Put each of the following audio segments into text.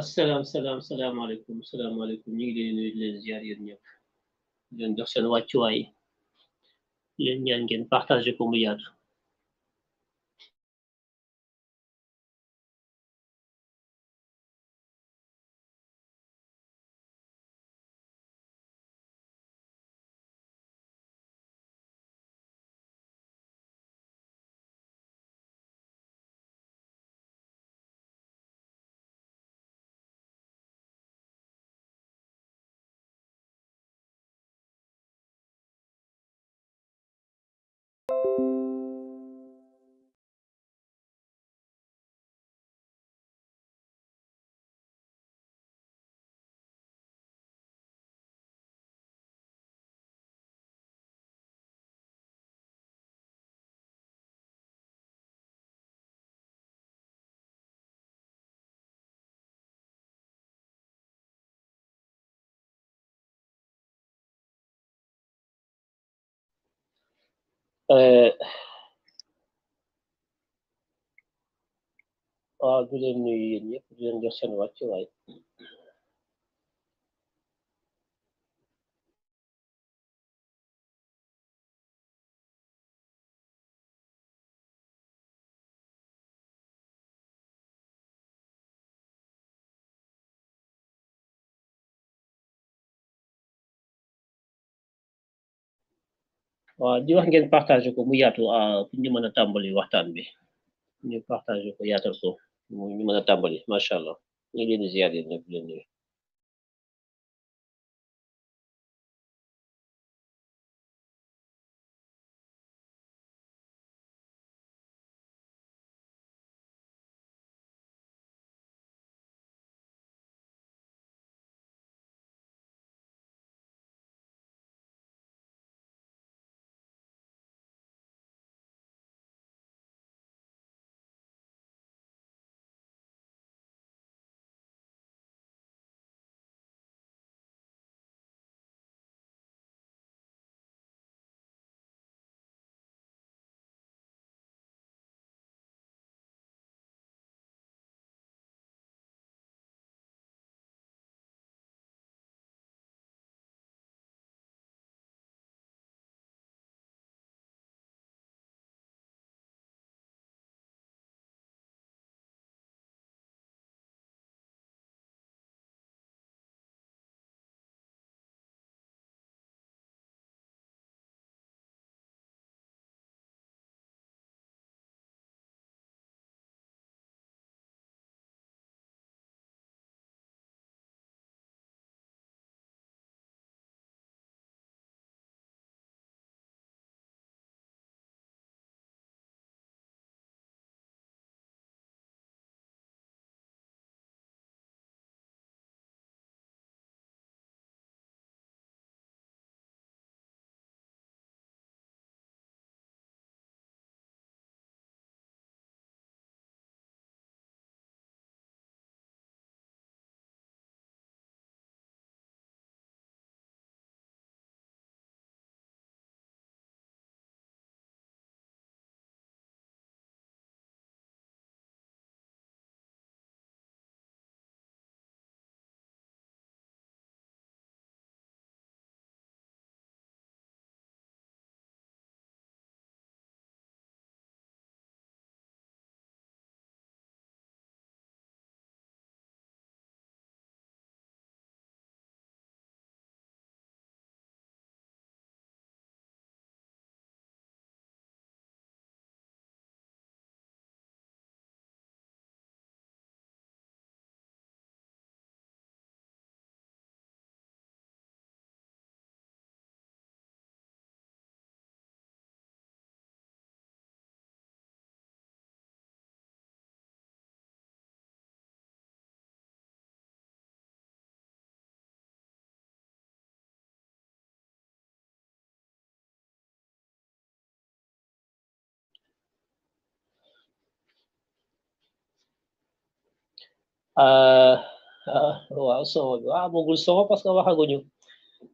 asalaam salaam salaamaaleykum salaamaaleykum ñu ngi leen nuyu di leen ziar yéen ñëpp leen jox seen wàccuwaay leen ñaan ngeen partagé ko mu yaatu Ee, waaw du leen nuyu yéen du leen jox seen wàccuwaay waaw ah, di wax ngeen partagé ko mu yaatu ah, pour ñu mën a tàmbali waxtaan bi ñu partagé ko yaatal ko ñu mën a tàmbali macha allah ñu ngi leen di ziar yéen ñëpp Uh, uh, waaw soow bi waaw bëggul soow parce que waxaguñu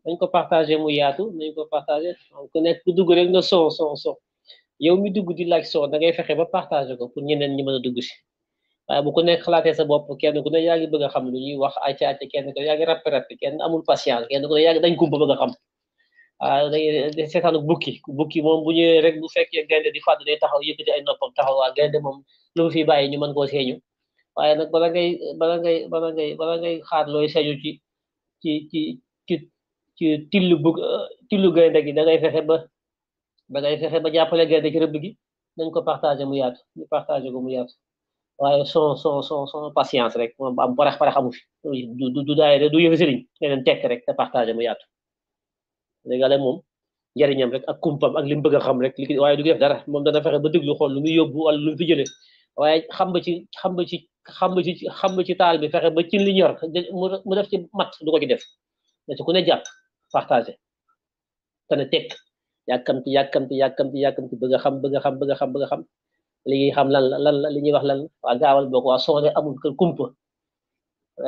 dañ ko partagé mu yaatu nañ ko partagé ku nekk ku dugg rek nga soow soow soow yow mi dugg di laaj soow da ngay fexe ba partagé ko pour ñeneen ñi mën a dugg si waaye bu ku nekk xalaatee sa bopp kenn ku ne yaa ngi bëgg a xam lu ñuy wax acca acca kenn ku ne yaa ngi rappe rappe kenn amul patience kenn ko ne dañ ngi dañ kumpa bëgg a xam waaw dañuy seetaanu bukki bukki moom bu ñëwee rek bu fekkee gaynde di fàdd day taxaw yëkkati ay noppam taxaw waa gaynde moom lu mu fi bàyyi ñu mën koo seeñu waaye nag bala ngay bala ngay bala ngay bala ngay xaar looy sañu ci ci ci ci ci tillu bu tillu gaynde gi da ngay fexe ba da ngay fexe ba jàppale gaynde ci rëbb gi nañ ko partagé mu yaatu ñu partagé ko mu yaatu waaye son son son son patience rek moom am parex parex amu fi du du daayira du yëfi sëriñ leneen tekk rek te partagé mu yaatu léegale moom njariñam rek ak kumpam ak li mu xam rek li waaye du def dara moom dana fexe ba déglu xool lu muy yóbbu wala lu mu fi jëlee waaye xam ba ci xam ba ci xam ba ci xam ba ci taal bi fexe ba ci li ñor mu def ci mat du ko ci def na ci ku ne jàpp partagé te ne tekk yàkkamti yàkkamti yàkkamti yàkkamti bëgg a xam bëgg xam bëgg xam bëgg a xam li xam lan lan la li ñuy wax lan waa gaawal boo ko waa soxna amul kër kumpa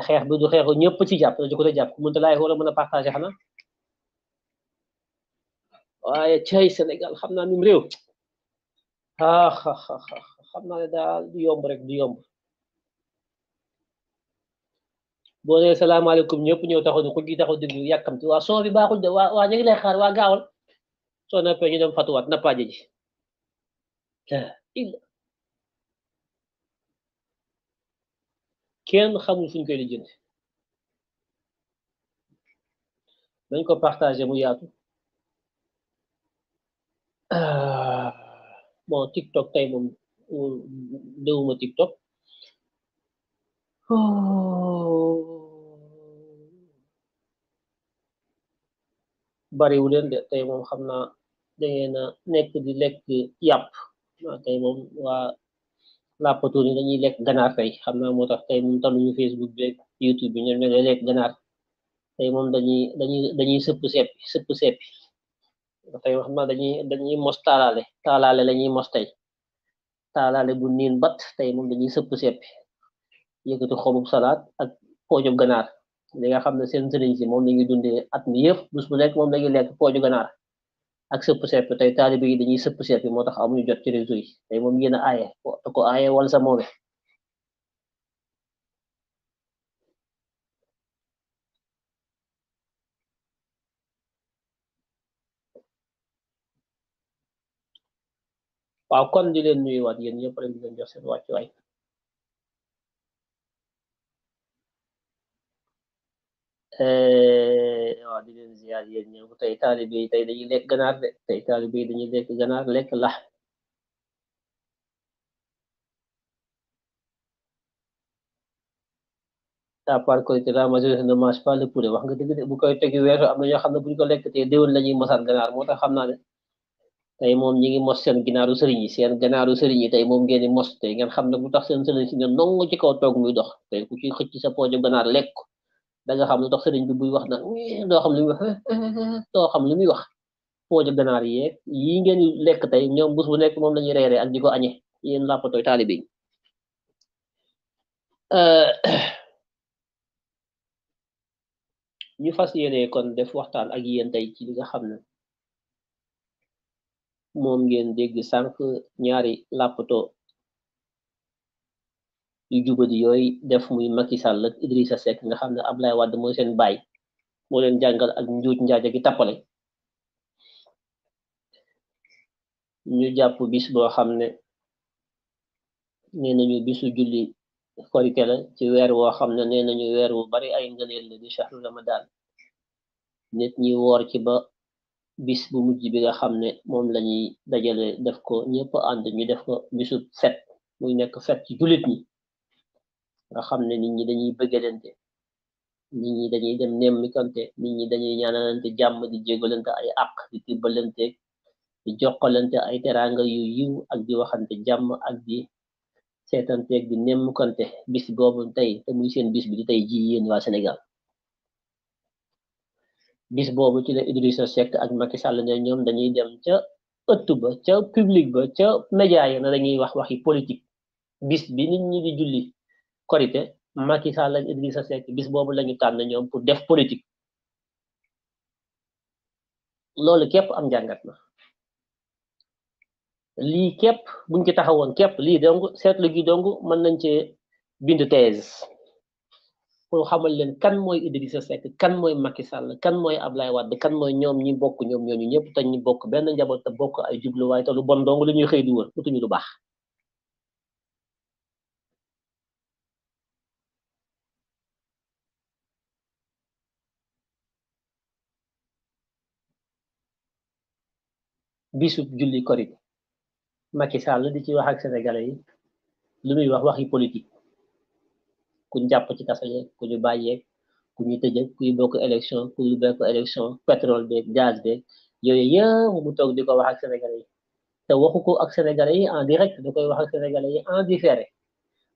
xeex bi du xeexu ñëpp ci jàpp na ci ku jàpp ku mënta laay wala mën a partagé xanaa waaye cay Sénégal xam naa ni réew ah ah ah xam naa ne daal du yomb rek du yomb boo nee alaykum ñepp ñew taxaw ne ku ci taxaw yakam ci wa son bi baaxul de wa ñi ngi lay xaar waa gaawal na pe ñu dem na paaje ji ta il kenn xamul fuñ koy lijeent dañ ko partager mu yaatu bon TikTok tay moom dewuma TikTok bariwu leen de tey moom xam naa dangeen a nekk di lekk yàpp waaw tey moom waa làppatoo ni dañuy lekk ganaar tey xam naa moo tax tey moom taluñu Facebook bi rek YouTube bi ñoom ñoo lekk ganaar tey moom dañuy dañuy dañuy sëpp seppi sëpp seppi tey moom xam naa dañuy dañuy mos taalaale taalaale la ñuy mos tey taalaale bu niin bat tey moom dañuy sëpp seppi yëkkati xobu salaat ak poojob ganaar li nga xam ne seen sëriñ si moom la ñuy dundee at mi yëpp bés bu nekk moom la ñuy lekk pooju ganaar ak sëpp seppi tey taalibe yi dañuy sëpp seppi moo tax amuñu jot ci réseau yi tey moom yéen a aaye ko aaye wal sa moome waaw kon di leen nuyuwaat yéen ñëpp rek di leen jox seen wàccuwaay waaw di leen ziar yéen ñëpp tey taalibe yi tey dañuy lekk ganaar de tey taalibe yi dañuy lekk ganaar lekk lax à part que la majorité ne mange wax nga dëgg de bu koy tegi weesu am na ñoo xam ne bu ñu lekk te déwén la ñuy mosaan ganaar moo tax xam naa ne tey moom ñi ngi mos seen ginnaaru sëriñ yi seen gannaaru sëriñ yi tey moom ngeen di mos tey ngeen xam ne lu tax seen sëriñ si ne nong ci kaw toog muy dox tey ku ci xëcc sa poojo ganaar lekk da nga xam lu tax sëriñ bi buy wax nag doo xam lu muy wax doo xam lu muy wax poojo ganaar yi yi ngeen lekk tey ñoom bus bu nekk moom la ñuy reeree ak di ko añe yéen làppatooy taalibe yi ñu fas yéene kon def waxtaan ak yéen tey ci li nga xam ne moom ngeen dégg sànq ñaari làpto yu jubadi yooyu def muy Macky Sall ak a Seck nga xam ne ab Ablaye Wade mooy seen baay moo leen jàngal ak njuut njaaja gi tappale ñu jàpp bis boo xam ne nee nañu bisu julli korite la ci weer woo xam ne nee nañu weer wu bari ay ngëneel la di shahru ramadan nit ñi woor ci bis bu mujj bi nga xam ne moom dajale def ko ñëpp ànd ñu def ko bisu fet muy nekk fet ci jullit ñi nga xam nit ñi dañuy bëggalante nit ñi dañuy dem nemmikante nit ñi dañuy ñaanalante jàmm di jégalante ay àq di tibbalante di jokkalante ay teraanga yu yiw ak di waxante jàmm ak di seetanteeg di nemmukante bis boobu tey te muy seen bis bi di tey ji Sénégal bis boobu ci la Idrissa Seck ak Macky Sall ne ñoom dañuy dem ca ëtt ba ca public ba ca média yi na dañuy wax waxi politique bis bi nit ñi di julli korite Macky Sall ak Idrissa Seck bis boobu lañu tànn ñoom pour def politique loolu képp am jàngat na lii képp buñ ci taxawoon képp lii dong seetlu gi dong mën nañ cee bind thèse pour xamal leen kan mooy Idrissa Seck kan mooy Macky Sall kan mooy Ablaye Wade kan mooy ñoom ñi bokk ñoom ñooñu ñëpp te ñi bokk benn njabot te bokk ay jubluwaay te lu bon dong lu ñuy xëy di wër utuñu lu baax bisub julli korit Macky Sall di ci wax ak sénégalais yi lu muy wax waxi politique ku ñu jàpp ci kaso yeeg ku ñu bàyyeeg ku ñu tëjee kuy bokk élection kuy bokk élection pétrole beeg gaz beeg yooyu yëpp mu toog di ko wax ak sénégalais yi te waxu ko ak sénégalais yi en direct da koy wax ak sénégalais yi en différé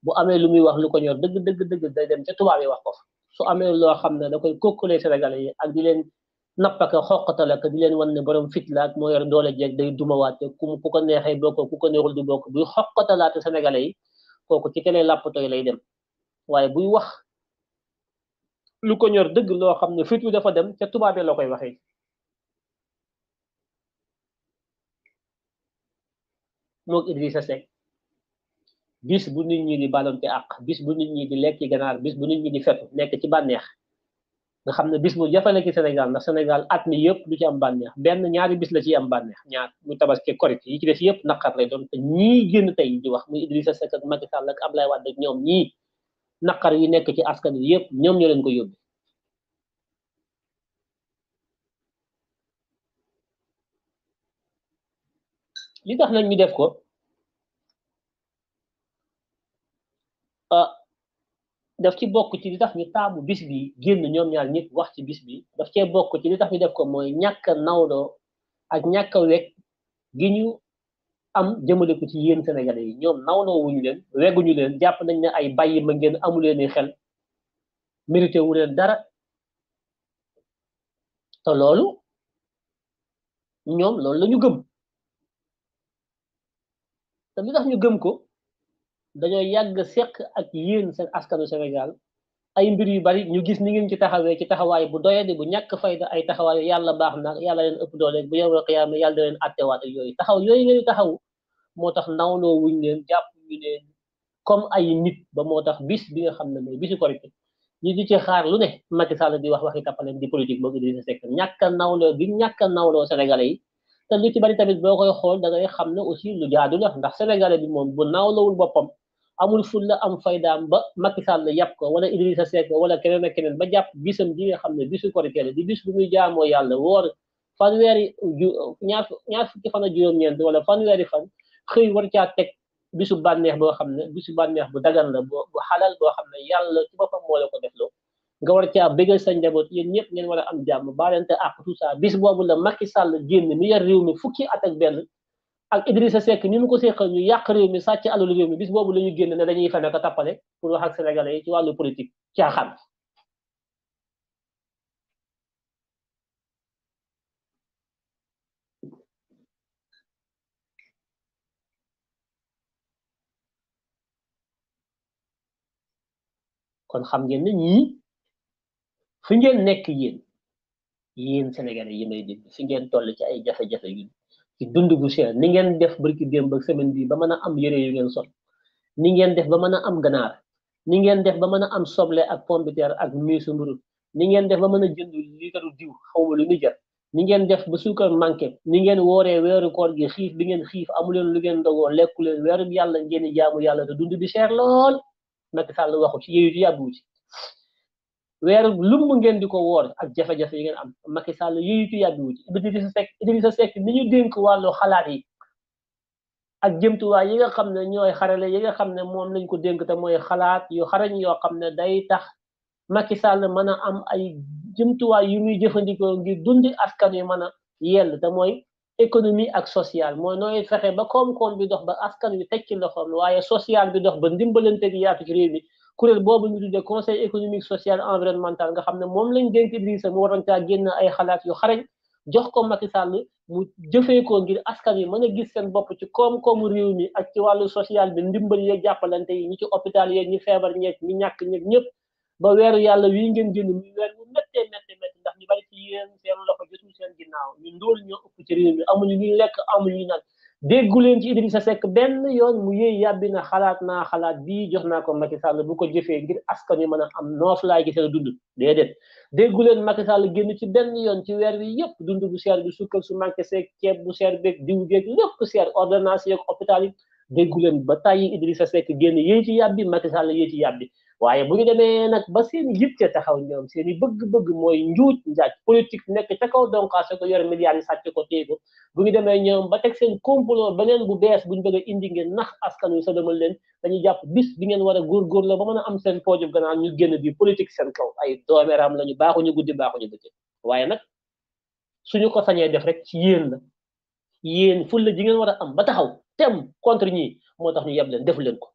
bu amee lu muy wax lu ko ñor dëgg dëgg dëgg day dem ca tubaab yi wax ko su amee loo xam ne da koy kokkalee sénégalais yi ak di leen napp ak xoqatal ak di leen wan ne borom fit la ak moo yor doole jeeg day dumawaate ku ku ko neexee bokkoo ku ko neexul du bokk buy xoqatalaate sénégalais yi kooku ci télé làppatoy lay dem waaye buy wax lu ko ñor dëgg loo xam ne fitu dafa dem ca tubaabe la koy waxee moog Idrissa Seck bis bu nit ñi di balonté àq bis bu nit ñi di lekk ganaar bis bu nit ñi di fetu nekk ci bànneex nga xam ne bis mu jafale ci Sénégal ndax Sénégal at mi yëpp du ci am bànneex benn ñaari bis la ci am bànneex ñaar mu tabaski korit yi ci def yëpp naqar lay doon te ñii génn tey di wax muy Idrissa Seck ak Macky ak Ablaye Wade ñoom ñii naqar yi nekk ci askan wi yëpp ñoom ñoo leen ko yóbbe li tax nag ñu def ko ah, def ci bokk ci li tax ñu taamu bis bi génn ñoom ñaar nit wax ci bis bi daf cee bokk ci li tax ñu def ko mooy ñàkk a ak ñàkk wekk gi ñu am jëmale ko ci yéen sénégalais yi ñoom nawloo wuñu leen wegguñu leen jàpp nañ ne ay bàyyi ma ngeen amu leen xel mérité wu leen dara te loolu ñoom loolu lañu gëm te li ñu gëm ko dañoo yàgg seq ak yéen seen askanu Sénégal ay mbir yu bari ñu gis ni ngeen ci taxawee ci taxawaay bu doyadi bu ñàkk fayda ay taxawaay yàlla baax na yàlla leen ëpp doole bu yow rek yàlla leen attewaat ak yooyu taxaw yooyu ngeen taxaw moo tax nawloo wuñ leen jàpp ñu leen comme ay nit ba moo tax bis bi nga xam ne mooy bisu korité ñi di ci xaar lu ne Macky Sall di wax waxi tappaleen di politique boobu Idrissa Seck ñàkk a gi ñàkk a nawloo yi te lu ci bari tamit boo koy xool da ngay xam ne aussi lu jaadu la ndax sénégalais bi moom bu nawlowul boppam amul fulla am faydaam ba Macky Sall yàpp ko wala Idrissa seeko wala keneen ak keneen ba jàpp bisam bi nga xam ne bisu korité la di bis bu muy jaamoo yàlla woor fanweeri ju ñaar ñaar fukki fan ak juróom-ñeent wala fanweeri fan xëy war caa teg bisu bànneex boo xam ne bisu bànneex bu dagan la boo xam ne yàlla ci boppam la ko def loo nga war caa bégal sa njaboot yéen ñëpp ngeen war a am jàmm baalante ak tout ça bis boobu la Macky Sall génn mi yar réew mi fukki at ak benn ak Idrissa Seck ni mu ko seqal ñu yàq réew mi sàcc alalu réew mi bis boobu lañu ñu génn ne dañuy fen ak tappale pour wax ak sénégalais yi ci wàllu politique caaxaan kon xam ngeen ne ñi fi ngeen nekk yéen yéen sénégalais yi may fi ngeen toll ci ay jafe-jafe yi ci dund gu cher ni ngeen def barki dem ak semaine bi ba mën a am yere yu ngeen sol ni ngeen def ba mën a am ganaar ni ngeen def ba mën a am soble ak pomme de terre ak miisu mburu ni ngeen def ba mën a jënd liitaru diw xawma lu muy jar ni ngeen def ba suukar manqué ni ngeen wooree weeru koor gi xiif bi ngeen xiif amuleen lu ngeen dogoo lekku leen weeru yàlla ngeen jaamu yàlla te dund bi cher lool Macky Sall waxu ci yéyu ci yàbbu weeru lumm ngeen di ko woor ak jafe-jafe yi ngeen am Macky Sall yooyu ci yàbbi wuti Idrissa Seck Idrissa Seck ni ñu dénk wàllu xalaat yi ak jëmtuwaay yi nga xam ne ñooy xarale yi nga xam ne moom lañ ko dénk te xalaat yu xarañ yoo xam ne day tax Macky Sall mën a am ay jëmtuwaay yu muy jëfandikoo ngir dundi askan yi mën a yell te mooy économie ak sociale mooy nooy fexe ba koom-koom bi dox ba askan wi tekki ci waaye sociale bi dox ba ndimbalante gi yaatu ci réew kuréel boobu ñu tuddee conseil économique social environnemental nga xam ne moom lañ dénk Idrissa mu waroon caa génn ay xalaat yoo xarañ jox ko Macky Sall mu jëfeekoo ngir askan wi mën a gis seen bopp ci koom-koomu réew mi ak ci wàllu social bi ndimbal yeeg jàppalante yi ñi ci hôpital yeeg ñi feebar ñeeg ñi ñàkk ñeeg ñëpp ba weeru yàlla wii ngeen jënd muy weer mu méttee méttee métti ndax ñu bari ci yéen seen loxo jotul seen ginnaaw ñu ndóol ñoo ëpp ci réew mi amuñu ñuy lekk amuñu nag déggu leen ci sa sekk benn yoon mu yëy yàbbi na xalaat naa xalaat bi jox naa ko Macky Sall bu ko jëfee ngir askan wi mën a am noof laay gi seen dund déedéet déggu leen Macky Sall génn ci benn yoon ci weer wi yëpp dund bu seer bi sukkal su manqué seek ceeb bu seer beeg diw beeg lépp seer ordonnance yeeg hôpital yi déggu leen ba tàyyi Idrissa Seck génn yëy ci yàbbi Macky Sall yëy ci yàbbi waaye bu ñu demee nag ba seen yitte taxaw ñoom seen i bëgg-bëgg mooy njuuj njaaj politique nekk ca kaw donkaase ko yor milliards yi sàcc ko téego bu ñu demee ñoom ba teg seen complot beneen bu bees bu ñu bëgg a indi ngeen nax askan wi demal leen dañuy jàpp bis bi ngeen war a góorgóorlu ba mën a am seen poojub gannaaw ñu génn bi politique seen kaw ay doomeeraam lañu baaxuñu guddi baaxuñu bëccëg waaye nag suñu ko sañee def rek ci yéen la yéen fulla ji ngeen war a am ba taxaw tem contre ñii moo tax ñu yeb leen defu leen ko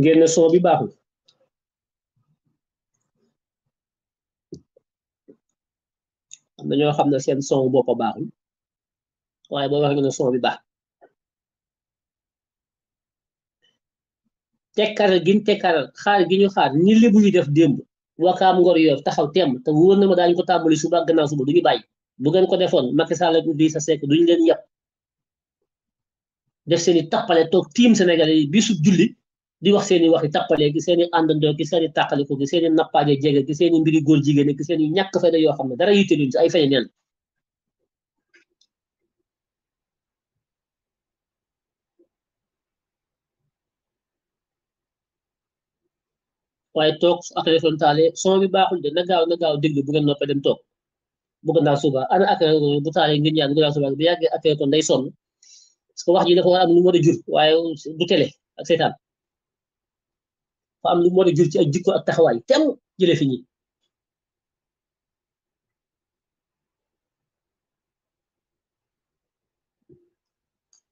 génn son bi baaxul am na ñoo xam ne seen son bopp baaxul waye gin, waxee ne son bi baax tekkaral giñ tekkaral xaar giñu xaar ni li buñu def démb wakaam ngor yoof taxaw tem te wóor na ma dañ ko tàmbali suba ak gannaaw suba duñu bay bu gën ko defoon Macky Sall ak Idrissa Seck duñu leen yapp def seeni tapale tok team Sénégalais bi bisu julli di wax seeni waxi tapale gi seeni andando gi seeni takaliko gi seeni nappaje jégué gi seeni mbiri goor jigéen gi seeni ñak fa da yo xamne dara yitelu ci ay fayé neen way tok ak akale son son bi baxul de na gaaw na gaaw déglu bu ngeen noppé dem tok bu ko naa suba ana ak bu taalee ngeen ñaan ngeen suba bu yagge ak kon day sonn parce que wax ji dafa wara am lu jur waye du télé ak seetaan fa am lu mo do jur ci ay jikko ak taxaway tem jele fi ni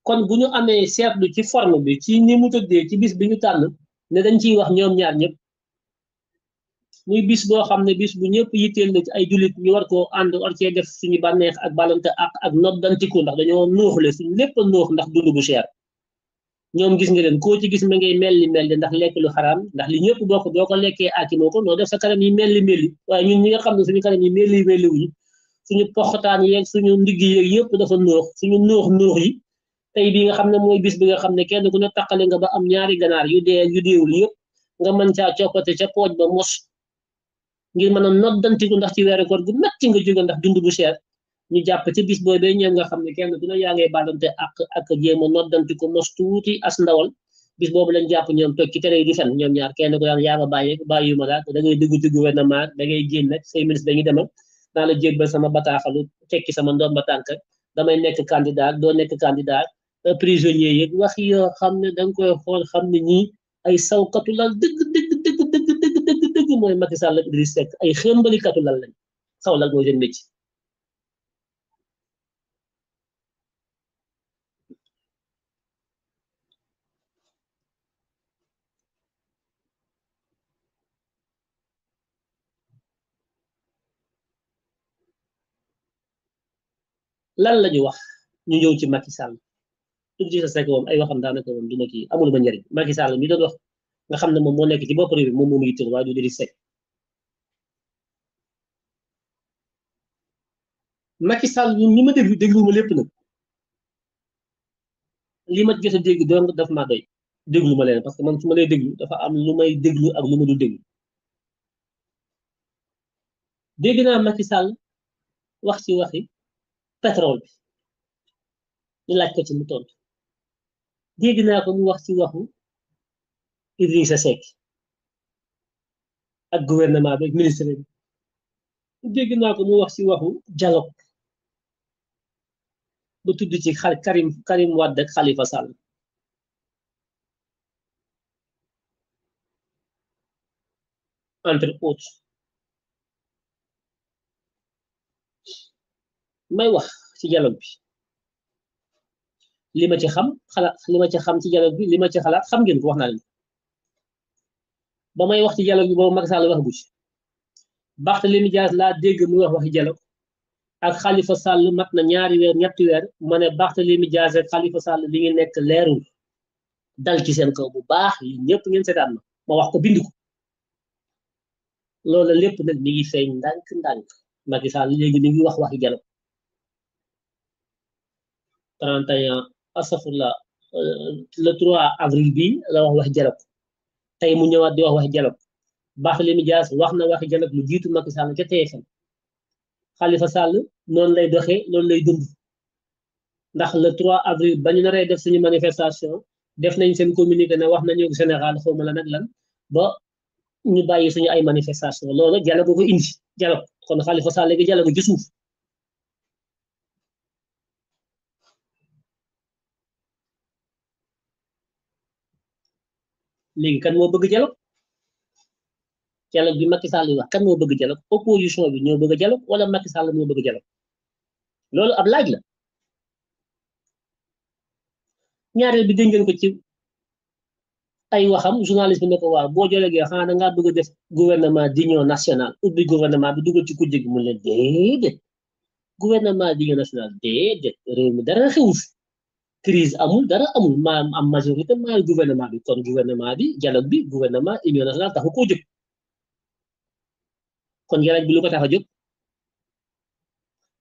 kon buñu amé amee seetlu ci forme bi ci ni mu tëddee ci bis biñu tan né ne dañ ci wax ñom ñaar ñep muy bis bo xamné bis bu ñep yitteel na ci ay julit ñu war ko and war ci def suñu banex ak balante ak ak noddantiku ndax dañoo nuuxle suñu lepp a nuux ndax dund bu cher ñoom gis nga leen koo ci gis ma ngay melli melli ndax lekk lu xaraam ndax li ñëpp bokk boo ko lekkee aakimoo ko noo def sa kanam yi melli melli waaye ñun ñi nga xam ne suñu kanam yi melli melli wuñu suñu poxtaan yeeg suñu ndigg yeeg yëpp dafa noox suñu noox noox yi tey bi nga xam ne mooy bis bi nga xam ne kenn ku ne taqale nga ba am ñaari ganaar yu dee yu deewul yëpp nga mën caa coppate ca pooj ba mos ngir mën a noddantiku ndax ci weeru koor gu metti nga jóge ndax dund bu cher ñu jàpp ci bis boobee ñoom nga xam ne kenn ku ne yaa ngay baadante ak ak jéem a noddanti ko mos tuuti as ndawal bis boobu lañ jàpp ñoom toog ci tere yi di fen ñoom ñaar kenn ku daan yaa ma bàyyi bàyyi ma daal da ngay dugg ci gouvernement da ngay génn ak say ministre dañuy demal naa la jébbal sama bataaxalu tekki sama ndoom ba tànk damay nekk candidat doo nekk candidat euh, prisonnier yi wax yoo xam ne da nga koy xool xam ne ñii ay sawkatu lal dëgg dëgg dëgg dëgg dëgg dëgg mooy Macky Sall ak Idriss Seck ay xëmbalikatu lal lañ saw lal mooy seen métier lan la ñu wax ñu ñëw ci Macky Sall Idrissa Seck moom ay waxam daanaka moom du ma kii amul ma njëriñ Macky Sall mi doon wax nga xam ne moom moo nekk ci bopp réew bi moom moomu yitteel waaye du ma déglu dégluwuma lépp nag li ma jot a dégg dong daf maa doy déglu ma leen parce que man su ma lay déglu dafa am lu may déglu ak lu ma du déglu dégg naa Macky Sall wax ci waxi pétrole bi ñu laaj ko ci mu tontu dégg naa ko mu wax si waxu Idrissa Seck ak gouvernement bi ak ministre bi dégg naa ko mu wax si waxu dialogue bu tudd ci Karim Karim Wade ak Khalifa entre autres may wax ci dialogue bi lima ci xam xala lima ci xam ci dialogue bi lima ci xalaat xam ngeen ko wax na leen ba may wax ci dialogue bi bo mag Sall wax bu ci limi Dias la deg mu wax waxi dialogue ak Khalifa Sall mat na ñaari wer ñetti wer mané baxta limi Dias ak Khalifa Sall li ngi nek leeru dal ci seen kaw bu baax yi ñepp ngeen seetaan ma ma wax ko bind ko lolu lepp nak mi ngi feeñ ndank ndank Macky Sall mi ngi wax wax dialogue 31 astafurlah euh, le 3 avril bi la wax wax dialogue tey mu ñëwaat di wax wax dialogue Barthélémy Dias wax na waxi dialogue lu jiitu Macky Sall ca TFM fa Sall noonu lay doxee loolu lay dund ndax le 3 avril ba ñu naree def suñu manifestation def nañ seen communiqué ne wax nañu général xaw ma la nag lan ba ñu bàyyi suñu ay manifestation loolu dialogue ko indi dialogue kon Khalifa Sall léegi dialogue ci suuf léegi kan moo bëgg dialogue dialogue bi Macky Sall yi wax kan moo bëgg dialogue opposition bi ñoo bëgg dialogue wala Macky Sall moo bëgg dialogue loolu ab laaj la ñaareel bi dégg ko ci ay waxam journaliste bi ne ko waaw boo dialoguee xanaa na ngaa bëgg a def gouvernement d'union nationale ubbi gouvernement bi dugal ci kujje gi mu ne déedéet gouvernement d'union nationale déedéet réew mi dara xewu crise amul dara amul ma am majorité ma gouvernement bi kon gouvernement bi dialogue bi gouvernement union nationale taxu ko jóg kon dialogue bi lu ko tax a jóg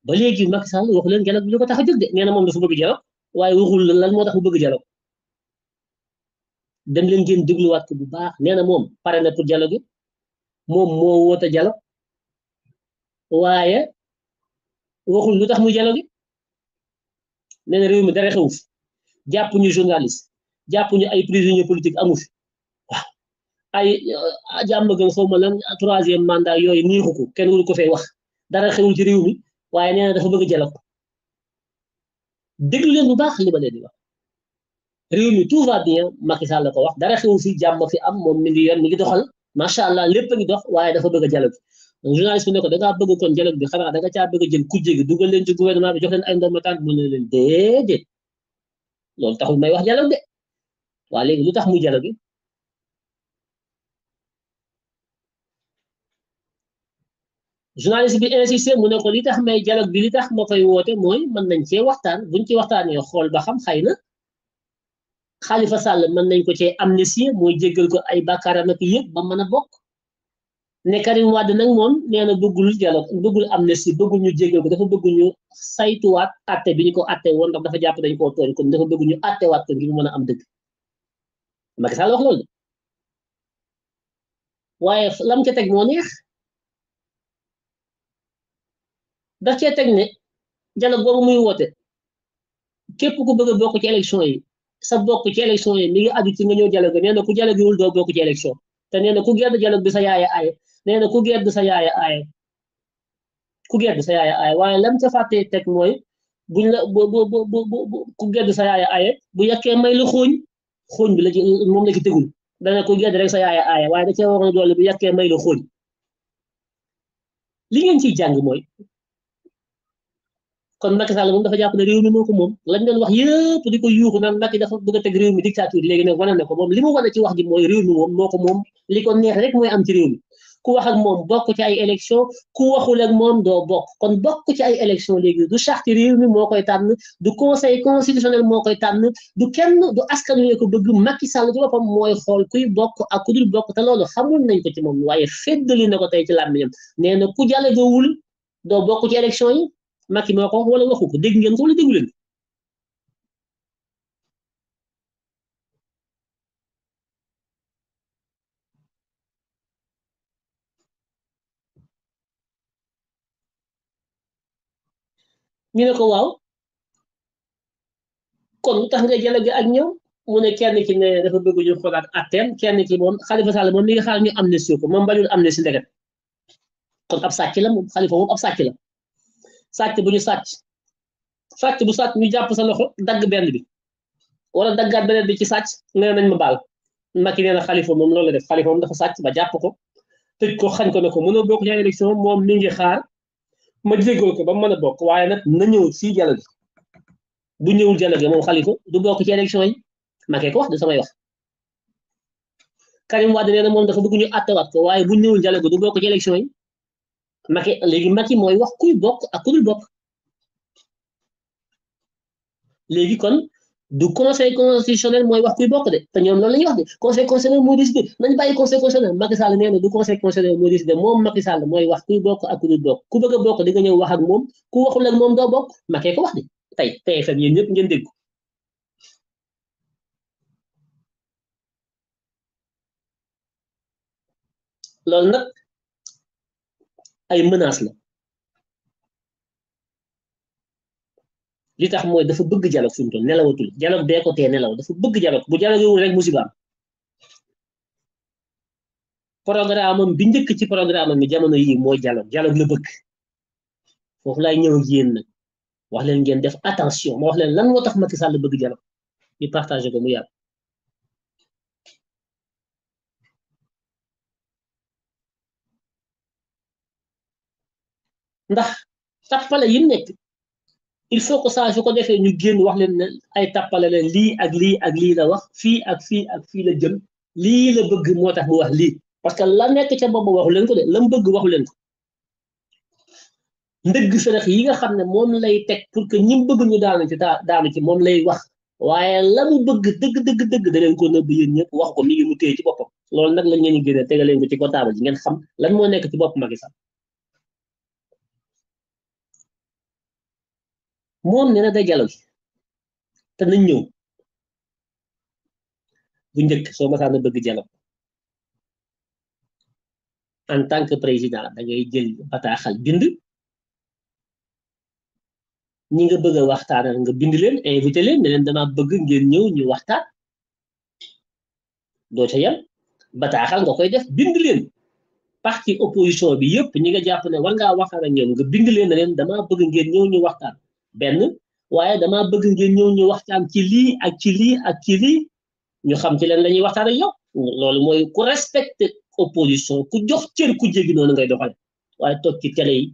ba léegi Macky Sall leen dialogue bi lu tax a jóg de nee na moom dafa bëgg dialogue waaye waxul lan moo tax mu bëgg dialogue leen ngeen dégluwaat bu baax nee na moom pare na pour gi moom moo woote dialogue lu tax muy dialogue nee na réew mi dara xewu fi jàpp ñu journaliste jàpp ñu ay prisonnier politique amu fi ay euh, jàmm gën xaw ma lan troisième mandat yooyu niixu ko kenn waru ko fay wax dara xewul ci réew mi waaye na dafa bëgg a jëlal ko déglu leen bu baax li ma leen di wax réew mi tout va bien Macky la ko wax dara xewu fi jàmm fi am moom mi ngi ngi doxal macha allah lépp ngi dox waaye dafa bëgg a jëlal journaliste bi ne ko da ngaa bëgg kon xanaa da nga caa bëgg a jël kujje gi dugal leen ci gouvernement bi jox leen ay ndomba tànk mu ne wax dialogue waa léegi lu tax muy dialogue bi journaliste bi insisté mu ne ko li tax may dialogue bi li tax ma koy woote mooy man nañ cee waxtaan buñ ci waxtaanee xool ba xam xay na Khalifa Sall man nañ ko cee amnistie mooy jéggal ko ay bàkkaaram ak yëpp ba mën a bokk. ne Karim Wade nag moom nee na bëggul dialogue bëggul amnistie bëggul ñu jéggal ko dafa bëgg ñu saytuwaat atte bi ñu ko atte woon ndax dafa jàpp dañ koo tooñ kon dafa bëgg ñu attewaat ko ngir mën a am dëgg waaye lam ca teg moo neex daf cee teg ne dialogue boobu muy woote képp ku bëgg a bokk ci élection yi sa bokk ci élection yi mi ngi aju ci nga ñëw dialogue nee na ku dialogue wul doo bokk ci élection te nee ku génn dialogue bi sa yaaya aaye nee na ku gedd sa yaaya aaye ku gedd sa yaaya waaye lam ca fàttee teg mooy buñ la bu bu bu bu ku gedd sa yaaya aaye bu yekkee may la xooñ xooñ bi la ci moom la ci tegul dana ku gedd rek sa yaaya aaye waaye cee waroon doole bu yekkee may la xooñ ciy jàng mooy kon Macky Sall moom dafa jàpp ne réew mi moom lañ leen wax yëpp di ko yuuxu naan Macky dafa bëgg a teg réew mi dictature léegi nag wane na ko moom li mu wane ci wax ji mooy réew mi moom moo moom li ko neex rek mooy am ci réew mi ku wax ak moom bokk ci ay élection ku waxul moom doo bokk kon bokk ci ay élection léegi du charte moo koy tànn du conseil constitutionnel moo koy tànn du kenn du askan wi ko bëgg Macky Sall ci boppam mooy xool kuy bokk ak ku dul bokk te loolu xamul nañ ko ci moom waaye feddali na ko tey ci làmmiñam nee na ku jàlle doowul doo bokk ci élection yi Macky ko wala waxu ko dégg ngeen ko wala déggu ñu ne ko waaw kon lu tax nga dialogue ak ñoom mu ne kenn ki ne dafa bëgg ñu xoolaat atteem kenn ki moom Khalifa Sall moom mi ngi xaar ñu amnistie ko moom bañul amnistie ndeket kon ab sàcc la moom Khalifa moom ab sàcc la sàcc bu ñu sàcc sàcc bu sàcc ñu jàpp sa loxo dagg benn bi wala daggaat beneen bi ci sàcc nee nañ ma baal Macky nee na moom loolu la def Khalifa moom ba jàpp ko tëj ko xañ ko ne ko mënoo bokk ci élection moom mi ngi xaar. ma jégal ko ba mu mën a bokk waaye nag na ñëw si dialogue bu ñëwul dialogue moom Khalifa du bokk ci élection yi ma koy ko wax de samay wax Karim Wade nee na moom dafa bëgg ñu àttewaat ko waaye bu ñëwul dialogue du bokk ci élection yi ma koy léegi mooy wax kuy bokk ak ku dul bokk léegi kon. du conseil constitutionnel mooy wax kuy bokk de te ñoom loolu la ñuy wax de conseil constitutionnel mooy décidé nañ bàyyi conseil constitutionnel moom Macky mooy wax kuy bokk ak ku dul bokk ku bëgg a bokk di nga ñëw wax ak moom ku waxul ak moom doo bokk Macky ko wax de tey TFM yéen ñëpp ngeen ko loolu nag ay menaces la. li tax mooy dafa bëgg dialogue fi mu toll nelawatul dialogue bee ko tee nelaw dafa bëgg dialogue bu dialogue wul rek musiba am programme bi njëkk ci programme mi bi jamono yii mooy dialogue dialogue la bëgg foofu laay ñëw ak yéen nag wax leen ngeen def attention ma wax leen lan moo tax Macky Sall bëgg dialogue ñu partagé ko mu yàlla ndax tappale yi nekk il faut que saa su ko defee ñu génn wax leen ne ay tàppale leen lii ak lii ak lii la wax fii ak fii ak fii la jëm lii la bëgg moo tax mu wax lii parce que la nekk ca boobu waxu leen ko de lam bëgg waxu leen ko ndëgg sërëx yi nga xam ne moom lay teg pour que bëgg ñu daanu ci daanu ci moom lay wax waaye la mu bëgg dëgg dëgg dëgg ko nëbb yéen ñëpp wax ko mi ngi mu téye ci boppam loolu nag lañ leen di génne tegaleen ko ci ko taabal ji ngeen xam lan moo nekk ci bopp Macky sax mom neena day dialogue te nañ ñew bu njëkk soo masaan a bëgg dialogue en tant que président da ngay jël bata xal bind ñi nga bëgg waxtaan nga bind leen eh, inviter leen ne leen damaa bëgg ngeen ñew ñu waxtaan doo ca bata xal nga koy def bind leen parti opposition bi yépp ñi nga japp ne war nga waxtaan ak ñoom nga bind leen ne leen damaa bëgg ngeen ñew ñu waxtaan benn waaye damaa bëgg ngeen ñëw ñu waxtaan ci lii ak ak ci lii ñu xam ci leen la ñuy waxtaan ak yow loolu mooy ku respecté opposition ku jox cër ku jéggi noonu ngay doxale waaye toog ci télé yi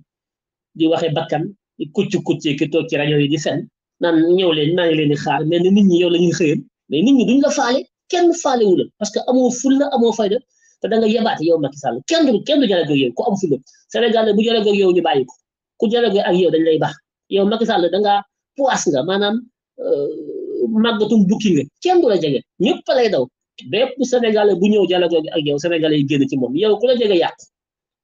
di waxe bakkan di kucc kuccee ki toog ci rajo yi di fen naan ñëw leen maa ngi leen di xaar mais nit ñi ñëw la ñuy xëyal mais nit ñi duñ la faale kenn faalewu la parce que amoo fulla amoo fayda te da nga yebaate yow Macky Sall kenn du kenn du jaragoog yow ku am fulla Sénégal bu jaragoog yow ñu bàyyi ko ku jaragoog ak yow dañ lay baax yow Macky Sall danga ngaa puas nga maanaam euh, màggatum bukki nga kenn du la jege ñëpp lay daw bépp sénégalais bu ñëw jàllale ak yow sénégalais yi génn ci moom yow ku la jege yàqu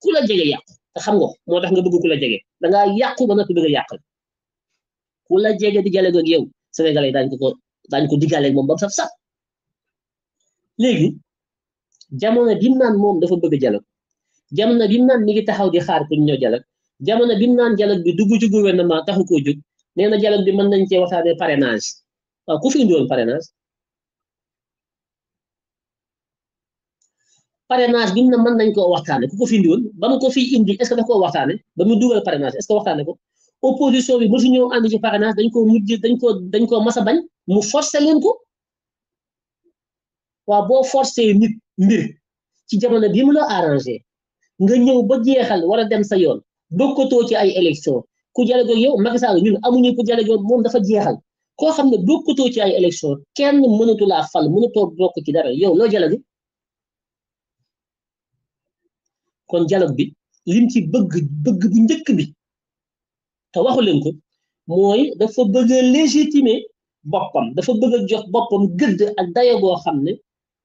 ku la jege yàqu te xam nga moo tax nga bëgg la jege da yàqu ba noppi bëgg a ku la jege di jàllale ak yow sénégalais yi daañu ko ko daañu ko diggalee moom ba mu saf saf léegi jamono bi mu naan moom dafa bëgg a jàllale jamono bi mu naan mi ngi taxaw di xaar ku ñëw jàllale jamono bi mu naan dialogue bi dugg ci gouvernement tax koo jóg nee na dialogue bi mën nañ cee waxtaanee parrainage waaw ku fi indiwoon parrainage parrainage bi mu ne mën nañ koo waxtaane ku ko fi indiwoon ba mu ko fi indi est ce que daf koo waxtaane ba mu dugal parrainage est ce que waxtaane ko opposition bi ñëw ànd ci dañ koo mujj dañ koo dañ koo mas a bañ mu forcer leen ko waaw boo forcer nit mbir ci jamono bi mu la arrangé nga ñëw ba jeexal war a dem sa yoon bokkatoo ci ay élection ku dialogue yow Macky Sall ñun amuñu ku dialogue moom dafa jeexal koo xam ne bokkatoo ci ay élection kenn mënatu laa fal mënatoo bokk ci dara yow loo dialogue kon dialogue bi lim ci bëgg bëgg bu njëkk bi te waxu leen ko mooy dafa bëgg a légitimer boppam dafa bëgg jox boppam gëdd ak dayo boo xam ne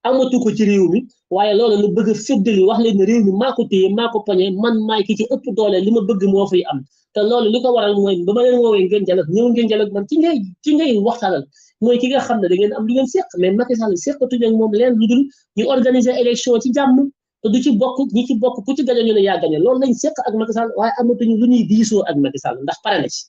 amatu ko ci réew mi waaye lool mu bëgg a féddali wax leen ne réew mi maa ko téye maa ko man maay ki ci ëpp doole li ma bëgg moo fay am te loolu li ko waral mooy ba ma woowee ngeen ñëw ngeen man ci ngay ci ngay waxtaanal mooy ki nga xam ne da ngeen am lu ngeen seq mais Macky Sall seqatuñ moom leen lu dul ñu organiser élection ci jàmm du ci bokk ñi ci bokk ku ci gañe ñu loolu lañ seq ak Macky Sall waaye amatuñu lu ñuy diisoo ak Macky ndax pare na ci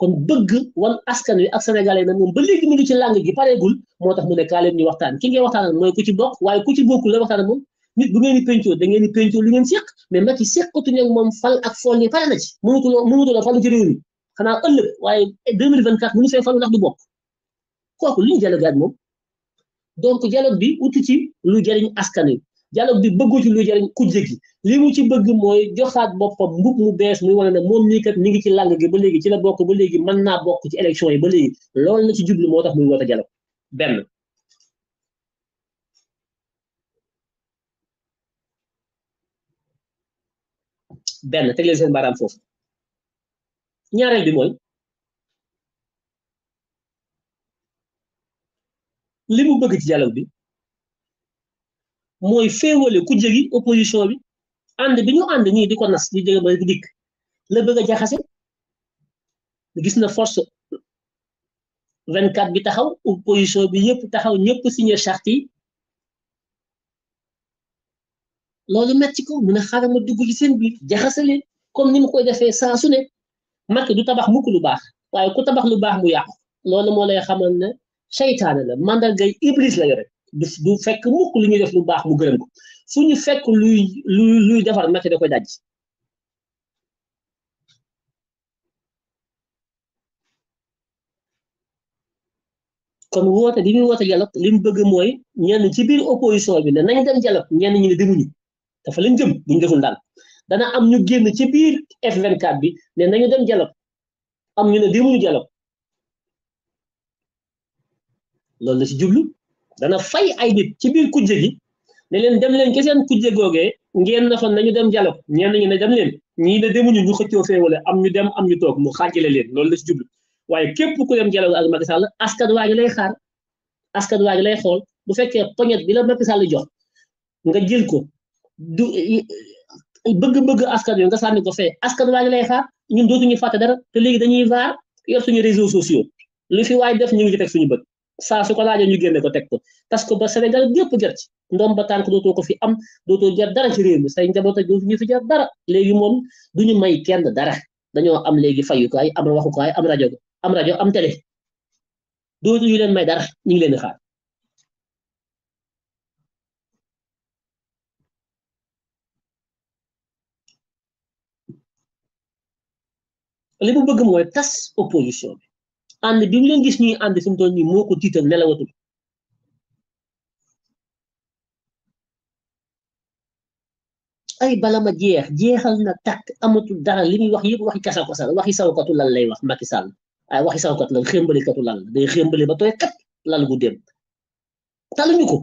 kon bëgg wan askan wi ak sénégalais nag moom ba léegi mu ngi ci làng gi pareegul moo tax mu ne kaa leen ñu waxtaan ki ngay waxtaan mooy ku ci bokk waaye ku ci bokkul la waxtaan moom nit bu ngeen di pencoo da ngeen di pencoo li ngeen seq mais Macky seqatuñu ak moom fal ak fool yi pare na ci mënutuloo mënutuloo falu ci réew kooku li ñu moom donc dialogue bi uti ci lu jëriñ askan wi dialogue bi bëggu ci lu jëriñ ku jéggi li mu ci bëgg mooy joxaat boppam mbub mu bees muy wane ne moom nii kat mi ngi ci làng gi ba léegi ci la bokk ba léegi mën naa bokk ci élection yi ba léegi loolu la ci jublu moo tax muy woote dialogue benn benn teg seen baaraam foofu ñaareel bi mooy li mu bëgg ci dialogue bi mooy féewale ku jëgi opposition bi ànd bi ñu ànd ñii di ko nas di jege ba di dikk la bëgg a jaxase gis na force 24 bi taxaw opposition bi ñëpp taxaw ñëpp signé charte yi loolu ci ko mun a xaaral ma dugg ci seen biir jaxase leen comme ni mu koy defee saa su ne Macky du tabax mukk lu baax waaye ku tabax lu baax mu yàqu loolu moo lay xamal ne seytaane la mandargay iblis la rek du fekk mukk lu ñuy def lu baax mu gërëm ko fu ñu fekk luy luy luy defar Macky da koy daj kon woote bi muy woote dialogue li mu bëgg mooy ñenn ci biir opposition bi ne nañ dem ñenn ñi ne demuñu dafa leen jëm bu ñu deful daal dana am ñu génn ci biir f bi ne nañu dem dialogue am ñu ne demuñu dialogue loolu la ci jublu. dana fay ay nit ci biir kujje gi ne leen dem leen ke seen kujje googee ngeen na fa nañu dem dialogue ñeen nañu ne dem leen ngi ne demuñu ñu xëccoo féewale am ñu dem am ñu toog mu xaajale leen loolu la ci jublu waaye képp ku dem dialogue ak Macky Sall askan waa ji lay xaar askan waa ji lay xool bu fekkee poñet bi la Macky Sall jox nga jël ko du bëgg-bëgg askan wi nga sànni ko fee askan waa lay xaar ñun dootuñu fàtte dara te léegi dañuy vaar yor suñu réseaux sociaux lu fi waay def ñu ngi ci teg suñu bët saa su ko laajee ñu génne ko teg ko tas ko ba Sénégal gépp jot ci ndoom ba tànk dootoo ko fi am dootoo jar dara ci réew mi say njaboot ak ñu fi jar dara léegi moom du ñu may kenn dara dañoo am léegi fayukaay am waxukaay am rajo am rajo am télé dootu ñu leen may dara ñu ngi leen di xaar. mu bëgg mooy tas opposition bi. Anda bi mu leen gis ñuy ànd fi mu toll nii moo ko tiital nelawatul ay balama ma jeex jeexal na tàkk amatul dara li muy wax yëpp waxi kasakasa la waxi sawkatu lan lay wax Macky Sall ay waxi sawkat lan xémbalikatu lan day xémbali ba tooy kat lal gu dem taluñu ko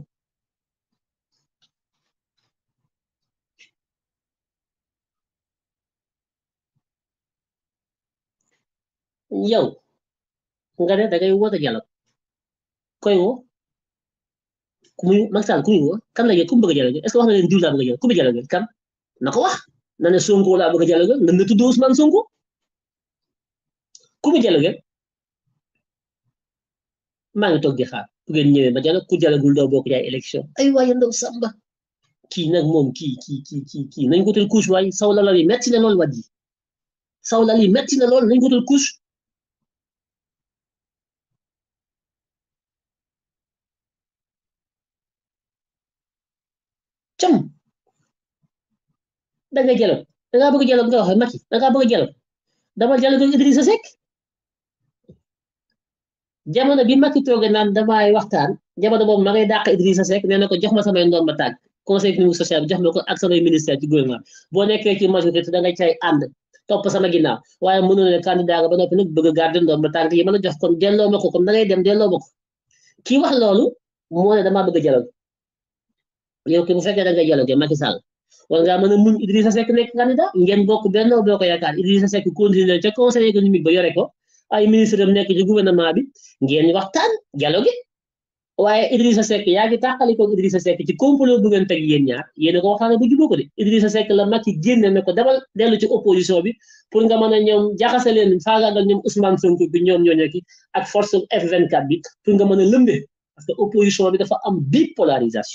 yow nga ne da ngay woote dialogue koy wo ku muy Macky ku muy woo bëgg a dialogue est-ce que wax na leen diw laa bëgg a dialogue ku muy dialogue kan na ko wax na ne Sonko laa bëgg a dialogue na ne tudd Ousmane Sonko ku muy dialogue maa ngi toog di ngeen ñëwee ba dialogue ku dialoguul doo bokk jaay élection ay waaye ndaw Samba kii nag moom kii kii kii kii kii nañ ko tel couche waaye saw lala yi metti na lool wàddi saw lala yi metti na lool nañ ko tel couche cam da nga jëloon da ngaa nga wax Macky da ngaa bëgg dama jëloon nga Idrissa Seck jamono bi Macky toogee naan damay waxtaan jamono boobu ma ngay dàq Idrissa Seck nee ko jox ma samay ndoom ma tàgg conseil économique social jox ma ko ak samay ministère ci gouvernement boo ci majorité da nga sama ginnaaw waaye mënoo ne candidat nga ba noppi nag bëgg garder ndoom ma tàgg yi ma jox kon delloo ma ko da ngay dem wax ne bëgg yow ki bu fekkee da nga dialogué Macky Sall war ngaa mën a muñ Idrissa Seck nekk candidat ngeen bokk benn boo ko yaakaar Idrissa continuer ca conseil économique ba yore ay ministre am nekk ci gouvernement bi ngeen waxtaan dialogué waaye Idrissa Seck yaa ngi tàqali ko Idrissa Seck ci complot bu ngeen teg yéen ñaar yéen a ko waxtaane bu jubóo ko de Idrissa Seck la Macky génne ne ko dellu ci opposition bi pour nga mën a ñoom jaxase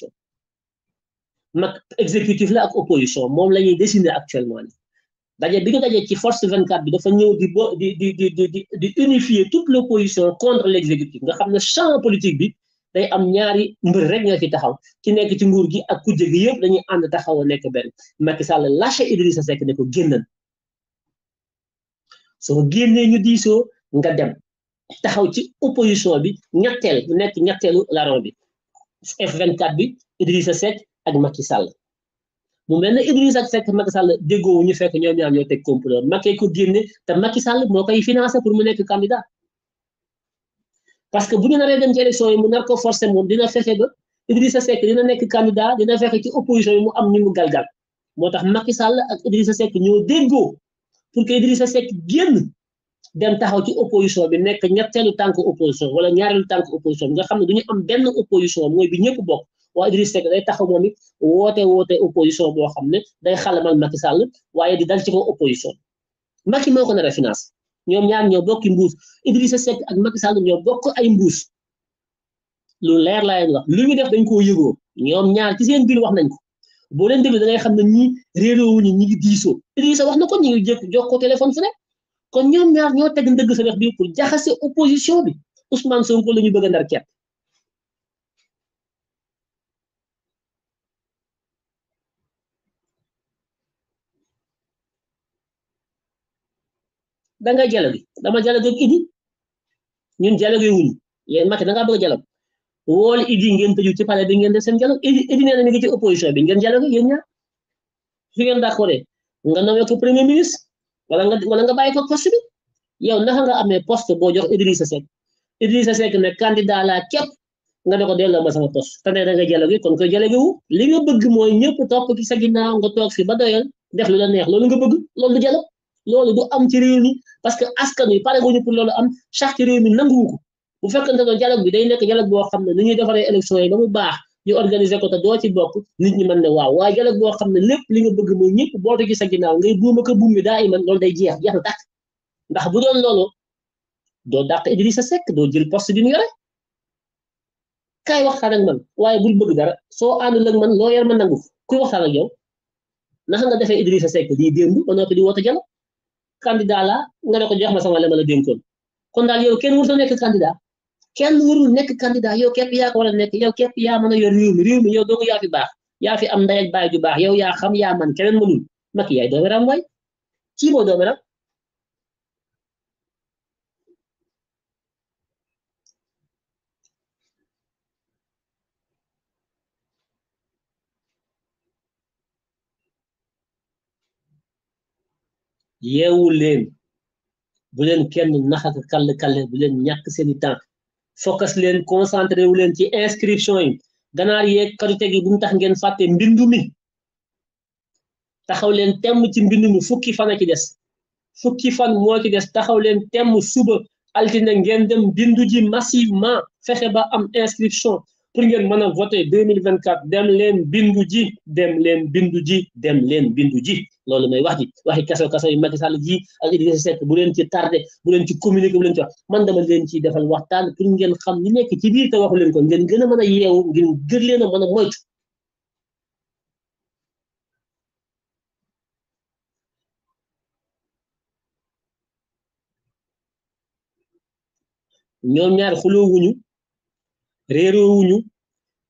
f nag exécutif la ak opposition moom la ñuy dessiner actuellement ni daje bi nga dajee ci force 24 bi dafa ñëw di bo di di di di di unifier toute l' opposition contre l' exécutif nga xam ne champ politique bi day am ñaari mbër rek nga ci taxaw ki nekk ci nguur gi ak kujje bi yëpp dañuy ànd taxaw nekk benn Macky Sall lâché Idrissa Seck ne ko génnal soo génnee ñu diisoo nga dem taxaw ci opposition bi ñetteel nekk ñetteelu larron bi F24 bi Idrissa ak Macky Sall mu mel ne Idrissa Seck Macky Sall déggoo ñu fekk ñoom ñaar ñoo teg complot Macky ko génne te Macky Sall moo koy financé pour mu nekk candidat parce que bu ñu naree dem ci élection yi mu nar ko forcé moom dina fexe ba Idrissa Seck dina nekk candidat dina fexe ci opposition yi mu am ñu mu galgal moo tax Macky Sall ak Idrissa Seck ñoo déggoo pour que Idrissa Seck génn dem taxaw ci opposition bi nekk ñetteelu tànk opposition wala ñaareelu tànk opposition bi nga xam ne du ñu am benn opposition mooy ñëpp bokk. waaye Idriss Seck day taxaw moom it woote woote opposition boo xam ne day xalamal Macky Sall waaye di dal ci kaw opposition Macky moo ko nar a finance ñoom ñaar ñoo bokki mbuus Idriss Seck ak Macky Sall ñoo bokk ay mbuus lu leer laa leen wax lu ñu def dañ koo yëgoo ñoom ñaar ci seen biir wax nañ ko boo leen déglu da xam ne ñi réeroowuñu ñi ngi diisoo Idrissa wax na ko ñi ngi jëkk jox ko téléphone fu ne kon ñoom ñaar ñoo teg ndëgg sa def bi pour jaxase opposition bi Ousmane Sonko la ñu bëgg a ndar kepp da nga dialogue dama dialogue idi ñun dialogue wuñ yeen mak da nga bëgg dialogue wol idi ngeen tëju ci palais bi ngeen def seen dialogue idi idi neena ni ci opposition bi ngeen dialogue yeen ñaar fi ngeen d'accordé nga nawé ko premier ministre wala nga wala nga bàyyi ko poste bi yow naka nga amé poste bo jox Idrissa Seck Idrissa Seck ne candidat la képp nga ne ko delloo ma sama poste tan da nga dialogue kon ko dialogue wu li nga bëgg moy ñepp top ci sa ginnaw nga tok ci ba doyal def lu la neex lolu nga bëgg lolu dialogue loolu du am ci réew mi parce que askan wi pare wuñu pour loolu am chaque ci réew mi nanguwu ko bu fekkante ne dialogue bi day nekk dialogue boo xam ne ni ñuy defaree élection yi ba mu baax ñu organiser ko te doo ci bokk nit ñi mën ne waaw waaye dialogue boo xam ne lépp li nga bëgg mooy ñëpp boote ci sa ginnaaw ngay buuma ko buum bi daa iman loolu day jeex jeex na tàkk ndax bu doon loolu doo dàq Idrissa Seck doo jël poste bi mu yore kay waxtaan ak man waaye bul bëgg dara soo àndul ak man loo yar ma nangu kuy waxtaan ak yow naka nga defee Idrissa Seck lii démb ba noppi di woote jalo candidat la nga ne ko jox ma sama la ma la dénkoon kon daal yow kenn warut a nekk candidat kenn warul nekk candidat yow képp yaa ko nekk yow képp yaa mën a yor réew mi yow doogu yaa baax yaa fi am ndey ak baay ju baax yow yaa xam yaa man keneen mënul Macky yaay doomeram waay kii moo doomeram yeewu leen bu leen kenn naxat kall kalle bu leen ñàkk seeni temps focus leen concentré wu leen ci inscription yi ganaar yeeg karité gi bu mu tax ngeen fàtte mbindu mi taxaw leen temm ci mbindu mi fukki fan a ci des fukki fan moo ci des taxaw leen temm suba altine ngeen dem bindu ji massivement fexe ba am inscription pour ngeen mën voter 2024 dem leen bindu ji dem leen bindu ji dem leen bindu ji loolu mooy wax ji waxi kaso kaso yu Macky Sall ji ak Idrissa Seck bu leen ci tardé bu leen ci communiqué bu leen ci wax man dama leen ciy defal waxtaan pour ngeen xam li nekk ci biir te waxu leen ko ngeen gën a a yeewu ngeen gën leen a a moytu ñoom ñaar xuloo wuñu réeroo wuñu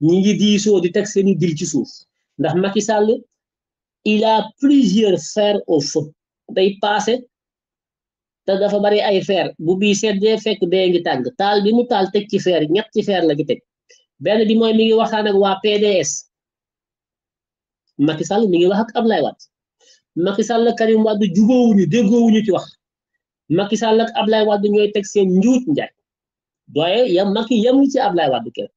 ñi ngi diisoo di teg seeni dil ci suuf ndax Macky il a plusieurs fers au feu day passé da dafa bari ay fer bu bii seddee fekk dé ngi tag tal bi mu tal tek ci fer ñet ci fer la gi tek ben bi moy mi ngi waxtaan ak wa PDS Macky Sall mi ngi wax ak Abdoulaye Wade Macky Sall ak Karim Wade wuñu déggo wuñu ci wax Macky Sall ak Abdoulaye Wade ñoy tek seen njuut njaay doye ya Macky yam ci Abdoulaye Wade kër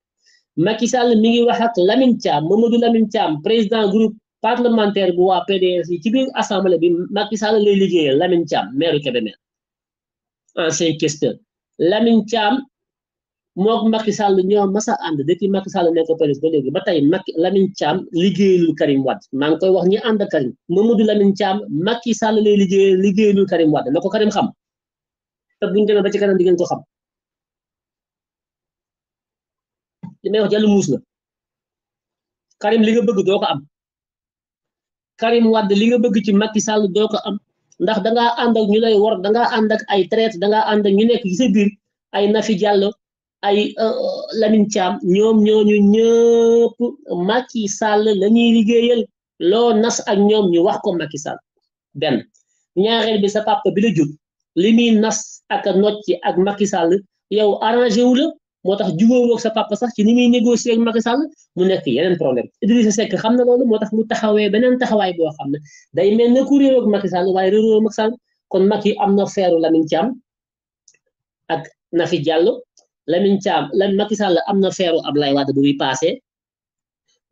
Macky Sall mi ngi wax ak Lamine Thiam Mamadou Lamine Thiam président groupe parlementaire bu wa PDS yi ci biir assemblée bi Macky Sall lay liggéeyal Lamine Thiam maire Kébémer ancien questeur Lamine Thiam mok Macky Sall ñoo massa and ànd depuis Macky Sall nek PDS ba légui ba tay Macky Lamine Thiam liggéeyalul Karim Wad ma ngi koy wax ñi and Karim Mamadou Lamine Thiam Macky Sall lay liggéeyal liggéeyalul Karim Wad na ko Karim xam te buñu demee ba ci kanam di ngeen ko xam li wax jallu muus la Karim li nga bëgg doo ko am Karim Wade li nga bëgg ci Macky Sall doo ko am ndax danga ànd ñu lay war danga ànd ak ay traite danga ànd ak ñu nekk ci sa biir ay Nafi Diallo ay euh, euh, Lamine Thiam ñoom ñu ñëpp Macky Sall la ñuy liggéeyal loo nas ak ñoom ñu wax ko Macky Sall benn ñaareel bi sa papa bi la jur li muy nas ak a nocci ak Macky Sall yow arrangé motax tax wok sa papa sax ci ni muy négocier ak Macky Sall mu nek yenen problème Idrissa Seck xam na loolu moo mu taxawé benen taxaway bo xamna ne day mel ne ku ak Macky Sall way rew Macky Sall kon Macky amna xéru Lamine Thiam ak Nafi Diallo Lamine Thiam lan Macky Sall amna xéru Abdoulaye Wade bu muy passé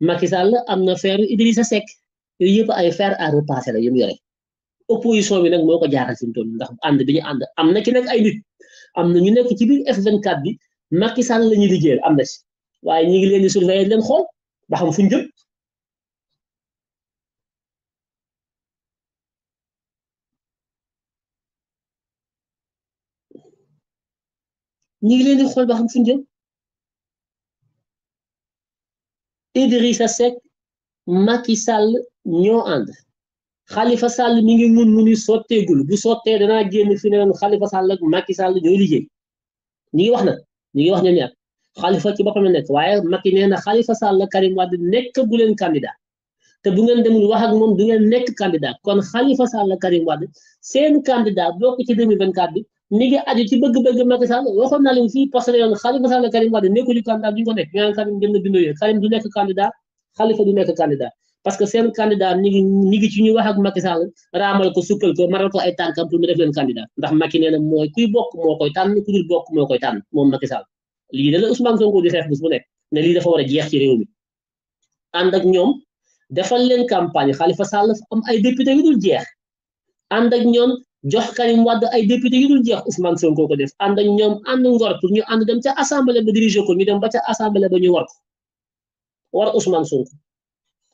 Macky Sall amna xéru Idrissa Seck yooyu yëpp ay fer à repasser la yu yoré opposition bi nak moko jaaxal ci ton ndax and biñu and amna am ki nak ay nit am ñu nek ci biir F24 bi. Macky Sall la ñuy liggéeyal am na si waaye ñu ngi leen di surveiller leen xool ba xam fu ñu jëm ñu ngi leen di xool ba xam fu jëm Idrissa Seck Macky Sall ñoo ànd Khalifa Sall mi ngi mun muni sotteegul bu sottee danaa génn fi ne leen Khalifa Sall ak Macky Sall ñoo liggéey ñu ngi wax na ñu ngi wax ñoom ñaar xalifa ci boppam la nekk waaye Macky nee na xalifa Sall Karim Wade nekk bu leen candidat te bu ngeen demul wax ak moom du ngeen nekk candidat kon xalifa Sall Karim Wade seen candidat bokk ci 2024 bi ni ngi aju ci bëgg-bëgg Macky Sall waxoon naa leen fii parce yoon xalifa Sall Karim Wade nekkul candidat du ñu ko nekk ñaan Karim dem na bindo Karim du nekk candidat parce que seen candidat ñi ngi ñi ngi ci ñu wax ak Macky Sall ramal ko sukkal ko maral ko ay tankam pour mu def leen candidat ndax Macky neena moy kuy bok mo koy tan ku dul bok mo koy tan mom Macky Sall li Ousmane Sonko di xef bu su nek ne li dafa wara jeex ci rew mi and ak ñom defal leen campagne Khalifa Sall am ay député yu dul jeex and ak ñom jox Karim Wade ay député yu dul jeex Ousmane Sonko ko def and ak ñom and ngor pour ñu and dem ci assemblée ba diriger ko ñu dem ba ci assemblée ba ñu war ko war Ousmane Sonko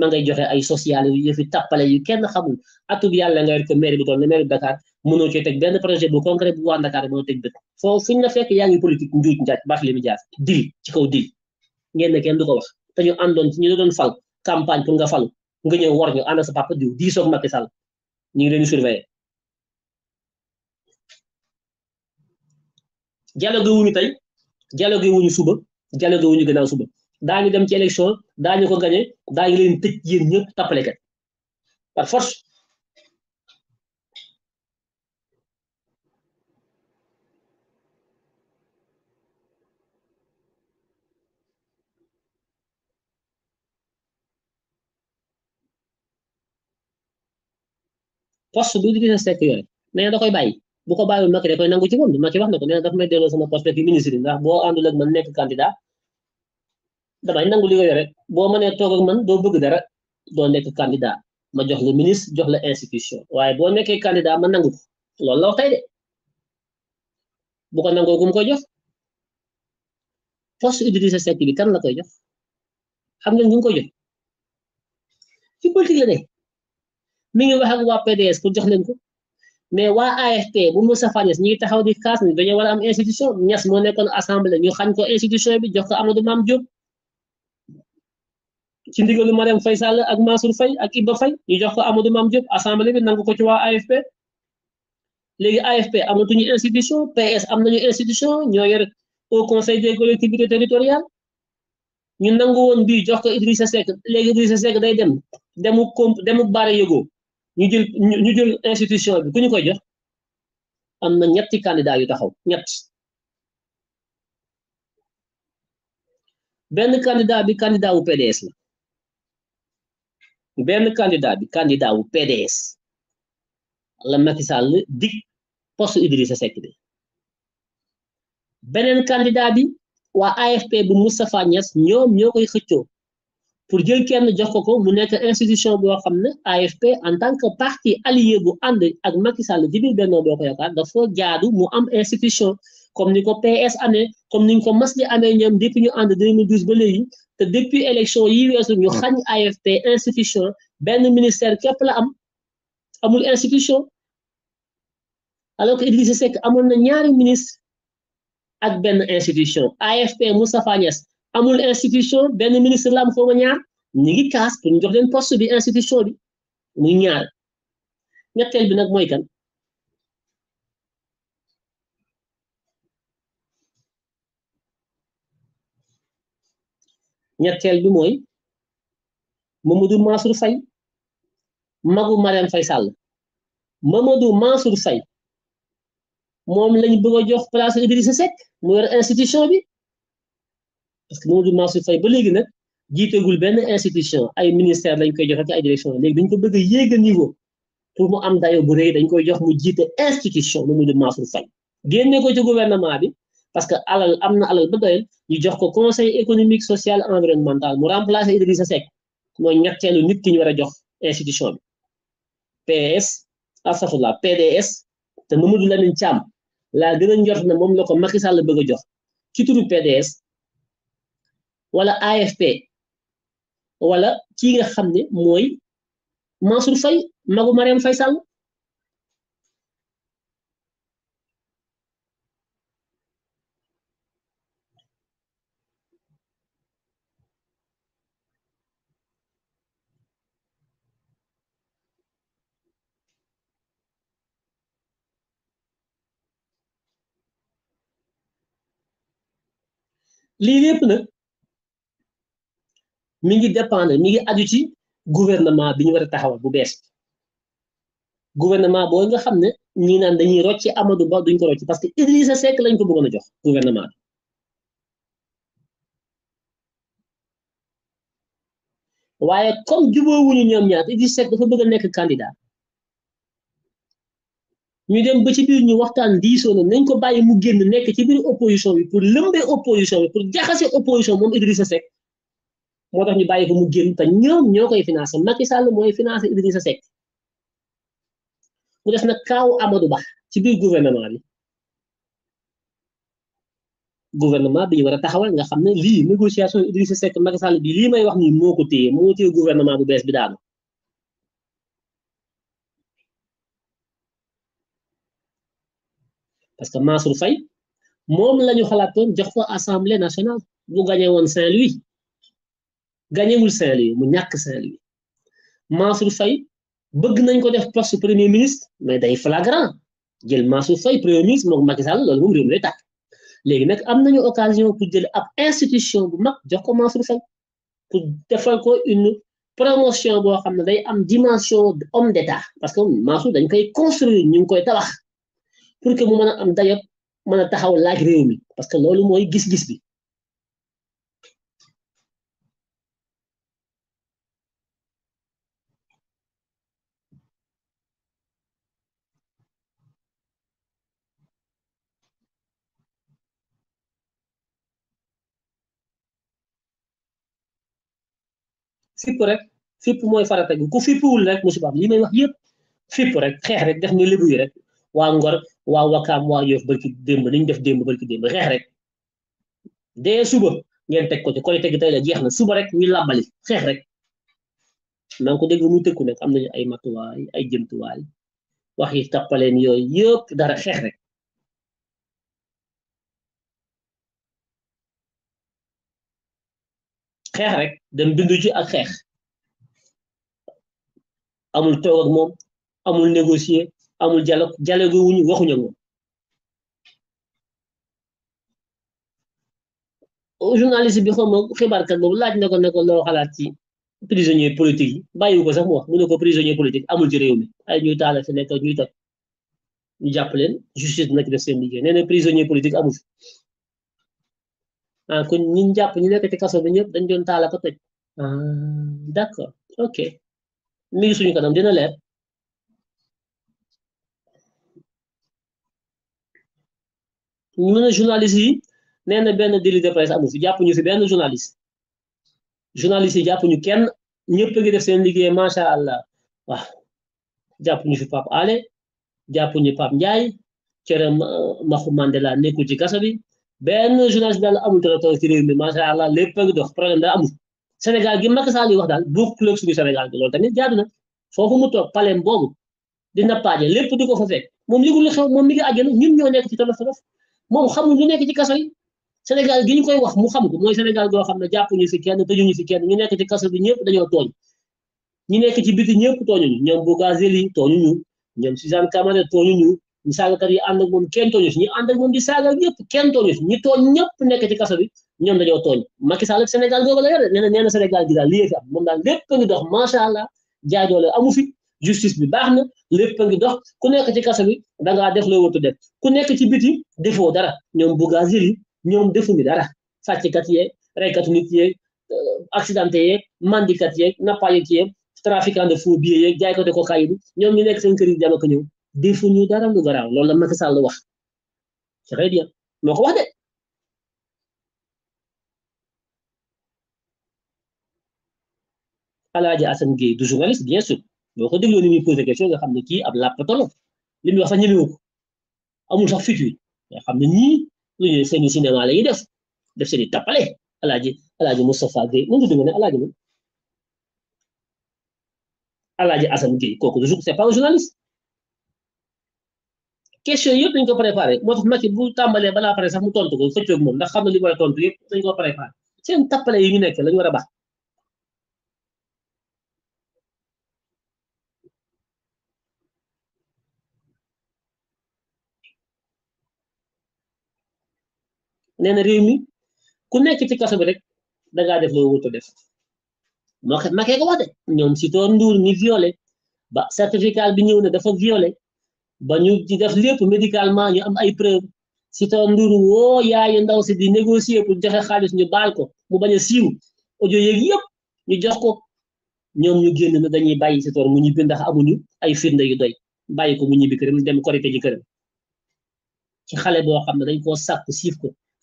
ma ngay joxe ay social yu fi tapale yu kenn xamul atub yalla nga rek maire bu ton ne mairie Dakar mëno ci tek ben projet bu concret bu waa Dakar mëno tek bët fo fuñ la fekk yaangi politique njuuj njaaj bax limi jaar dil ci kaw dil ngeen ne kenn duko wax te ñu andon ci ñu doon fal campagne pour nga fal nga ñew war ñu ana sa papa diw diisoog Macky sal ñi ngi leen surveiller dialogue wuñu tay dialogue wuñu suba dialogue wuñu gannaaw suba daañu dem ci élection daañu ko gañe daañu leen tëj yéen ñëpp tappalekat par force poste bu Idrissa Seck yore nee na da koy bàyyi bu ko bàyyiwul Macky da koy nangu ci moom Macky wax na ko nee na dafa may delloo sama poste bi ministre yi ndax boo àndul ak man nekk candidat damay nangu li nga yore boo mënee toog man doo bëgg dara doo nekk candidat ma jox la ministre jox la institution waaye boo nekkee candidat ma nangu ko loolu la wax tey de bu ko nangoo gum jox poste Idrissa Seck bi kan la koy jox xam ngeen ñu ngi koy ci politique la ne mi ngi wax ak waa PDS pour jox leen ko mais waa AFP bu Moustapha Niasse ñi taxaw di kaas ni dañoo war a am institution Niasse moo nekkoon assemblée ñu xañ ko institution bi jox ko Amadou Mame Diop. ci ndigalu Marème Faye Sall ak Mansour Faye ak Iba Faye ñu jox ko Amadou Mame Diop assemblée bi nangu ko ci waa AFP léegi AFP amatuñu institution PS am nañu institution ñoo yor au conseil des collectivités territoriales ñu nangu woon bi jox ko Idrissa Seck léegi Idrissa Seck day dem demu comp demu bare yëgoo ñu jël ñu jël institution bi ku ñu koy jox am na ñetti candidat yu taxaw ñett benn candidat bi candidat wu PDS la benn candidat bi candidat wu PDS la Macky Sall dig poste Idrissa bi beneen candidat bi waa AFP bu Moustapha Niass ñoom ñoo koy xëccoo pour jël kenn jox ko ko mu nekk institution boo xam ne AFP en tant que parti allié bu ànd ak Macky Sall ji biir Benno Bokk Yaakaar dafa jaadu mu am institution comme ni ko PS amee comme ni ko mas di amee ñoom depuis ñu ànd 2012 ba léegi. te depuis élection yi weesu ñu hmm. xañ AFP institution benn ministère képp la am amul institution alors que Idrissa Seck amoon na ñaari ministre ak benn institution AFP Moustapha Niasse amul institution benn ministre la am foo ma ñaar ñu ngi kaas pour ñu jox leen poste bi institution bi mu ñaar ñetteel bi nag mooy kan. ñetteel bi mooy moom Mamadou Mansour Faye magu Marième Faye Sall Mamadou Mansour Faye moom lañ bëgg a jox place Idrissa Seck mu yor institution bi parce que Mamadou Mansour Faye ba léegi nag jiitagul benn institution ay ministère lañ koy jox ak ay direction léegi dañ ko bëgg a yéega niveau pour mu am dayo bu rëy dañ koy jox mu jiite mu Mamadou Mansour Faye génnee ko ci gouvernement bi parce que alal amna alal ba doyal ñu jox ko conseil économique social environnemental mu remplacer Idrissa Seck moy ñetteelu nit ki ñu wara jox institution bi PS astafurlah PDS te Mamadou Lamine Thiam la gëna a na mom la ko Macky Sall bëgg jox ci turu PDS wala AFP wala kii nga xam moy Mansour Faye magu Mariam Faye Sall lii lépp nag mi ngi dépendre mi ngi aju ci gouvernement bi ñu war a taxawal bu bees bi gouvernement boo nga xam ne ñi naan dañuy rocci Amadou Ba duñ ko rocci parce que Idrissa Seck lañ ko bëggoon a jox gouvernement bi waaye comme jubóowuñu ñoom ñaar Idrissa Seck dafa bëgg a nekk candidat ñu dem ba ci biir ñu waxtaan diisoo na nañ ko bàyyi mu génn nekk ci biir opposition bi pour lëmbee opposition bi pour jaxase opposition moom Idrissa Seck moo tax ñu bàyyi ko mu génn te ñoom ñoo koy financé Macky Sall mooy financé Idrissa Seck mu def nag kaaw Amadou Ba ci biir gouvernement bi gouvernement bi ñu war a taxawal nga xam ne lii négociation Idrissa Seck Macky Sall bi lii may wax nii moo ko téye moo téye gouvernement bi daanu parce que Mansour Faye mom lañu ñu jox ko assemblée nationale bu gagné won Saint-Louis gañewul Saint-Louis mu ñak Saint-Louis Mansour Faye bëgg nañ ko def poste premier ministre mais day flagrant jël Mansour Faye premier ministre moom Macky Sall loolu moom réew mi lay tàkk léegi nag am nañu occasion pour jël ab institution bu mag jox ko Mansour Faye pour defal ko une promotion bo xam day am dimension d'homme d'état parce que Mansour dañ koy construire ñu koy tabax. pour que mu mën a am dayob mën a taxaw laaj réew mi parce que loolu mooy gis-gis bi fipp rek fipp mooy farata gi ku fippuwul rek musibaam li may wax yëpp fipp rek xeex rek def ni libu rek waa Ngor waa wakaam waa yoof barki démb li def démb barki démb xeex rek dee suba ngeen teg ko ci koy teg tey la jeex na suba rek ñu làbbali xeex rek maa ngi ko dégg mu tëkku nag am nañu ay matuwaay ay jëmtuwaay wax yi tappaleen yooyu yëpp dara xeex rek xeex rek dem bindu ci a xeex amul toog moom amul négocier amul dialogue dialogue wuñu waxuñu ak moom journaliste bi xaw ma xibaarkat boobu laaj na ko ne ko loo xalaat ci prisonnier politique yi bàyyiwu ko sax mu wax mu ne ko prisonnier politique amul ci réew ay ñuy taala fi nekk ñuy toj ñu jàpp leen justice dina ci def seen liggéey nee na prisonnier politique amul ah kon ñi ñu jàpp ñu bi ñëpp dañ doon taala ko toj ah d'accord ok mi ngi kanam dina leer. ñu mën a journaliste yi nee benn dili de presse amu fi jàpp ñu fi benn journaliste journaliste yi jàpp ñu kenn ñëpp a ngi def seen liggéey macha allah wa jàpp ñu fi pap Alé jàpp ñu Pape njaay Cere Maxu Mandela nekkul ci kaso bi benn journaliste daal amul tracteur ci réew mi ma allah lépp a ngi dox problème daal amul Sénégal gi Macky Sall yi wax daal bokkul ak suñu Sénégal gi loolu tamit jaadu na foofu mu toog palem boobu dina paaje lépp di ko fa moom li ko xew moom mi ngi àjjana ñun ñoo nekk ci tolof moom xamul lu nekk ci kaso yi Sénégal gi ñu koy wax mu xam ko mooy Sénégal goo xam ne jàppuñu fi kenn tëjuñu fi kenn ñu nekk ci kaso bi ñëpp dañoo tooñ ñu nekk ci biti ñëpp tooñuñu ñoom Bougazelli tooñuñu ñoom Suzanne Camara tooñuñu ñu saagakat yi ànd ak moom kenn tooñu si ñu ànd ak moom di saaga ñëpp kenn tooñu si ñu tooñ ñëpp nekk ci kaso bi ñoom dañoo tooñ Macky Sall Sénégal googu la yore nee na nee na Sénégal gi daal lii a am moom daal lépp a ngi dox macha allah jaajoole amu fi justice bi baax na lépp a ngi dox ku nekk ci kaso bi def loo wëtu def ku nekk ci biti defoo dara ñoom bugaazir yi ñoom defuñu dara sàcckat yeeg reykatu nit yeeg euh, accidenté yeeg mandikat yeeg nappaaykat yeeg trafiquant de faux billets yeeg jaaykatu ñoom ñu nekk seen kër yi jama ko ñëw defuñu dara lu garaaw loolu la Macky Sall wax très bien moo ko wax de. Alaaji Assane Gueye du journaliste bien sûr. boo ko dégloo ni muy posé question nga xam ne kii ab la li muy wax sax ñëwee ko amul sax futur nga xam ne ni lu ñuy seeni cinéma la ñuy def def seeni tappale alaaji alaaji Moustapha Guèye nan la dégg nga ne alaaji moom alaaji Assane Guèye kooku du c'est pas un journaliste question yëpp dañu ko préparé moo tax Macky bu tàmbalee balaa pare sax mu tontu ko fëccoog moom ndax xam na li mooy tontu yëpp dañu ko préparé seen tappale yi ñu nekk la war a baax. nee réew mi ku nekk ci kaso bi rek dangaa def loo wut a def moo xam makee ko wax de ñoom si toor nduur ñi violé ba certificat bi ñëw ne dafa violé ba ñu ci def lépp médicalement ñu am ay preuve si toor nduur yaayu ndaw si di négocier pour joxe xaalis ñu baal ko mu bañ a siiw audio yeeg ñu jox ko ñoom ñu génn na dañuy bàyyi si toor mu ñibbi ndax amuñu ay firnde yu doy bàyyi ko mu ñibbi këram dem korite ji këram ci xale boo xam ne dañ ko sàkku siif ko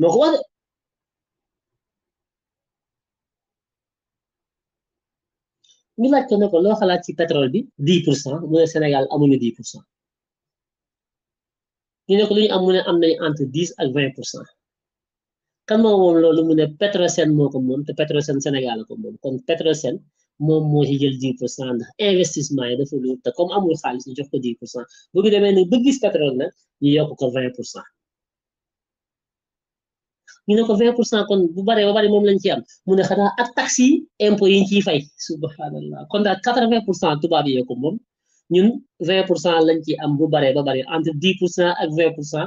ما ñu laaj ko ne ko loo xalaat ci pétrole bi 10 pour cent mu ne Sénégal amuñu 10 pour cent ñu ne ko lu ñu am mu ne am nañu entre 10 ak 20 pour cent kan moo moom loolu mu ne Petrosen moo ko moom te Petrosen Sénégal la ko moom kon Petrosen moom moo ci jël 10 pour cent ndax investissement yi dafa lu te comme amul xaalis ñu jox ko 10 pour cent bu ñu demee nag ba pétrole nag ñu yokk ko 20 pour cent. ñu ne ko 20 pour cent kon bu baree ba bari moom lañ ci am mu ne xanaa ak taxes yi impôts yi ñu ciy fay subhanallah kon daal 80 pour cent tubaab yee ko moom ñun 20 pour cent lañ ci am bu baree ba bari entre 10 pour cent ak 20 pour cent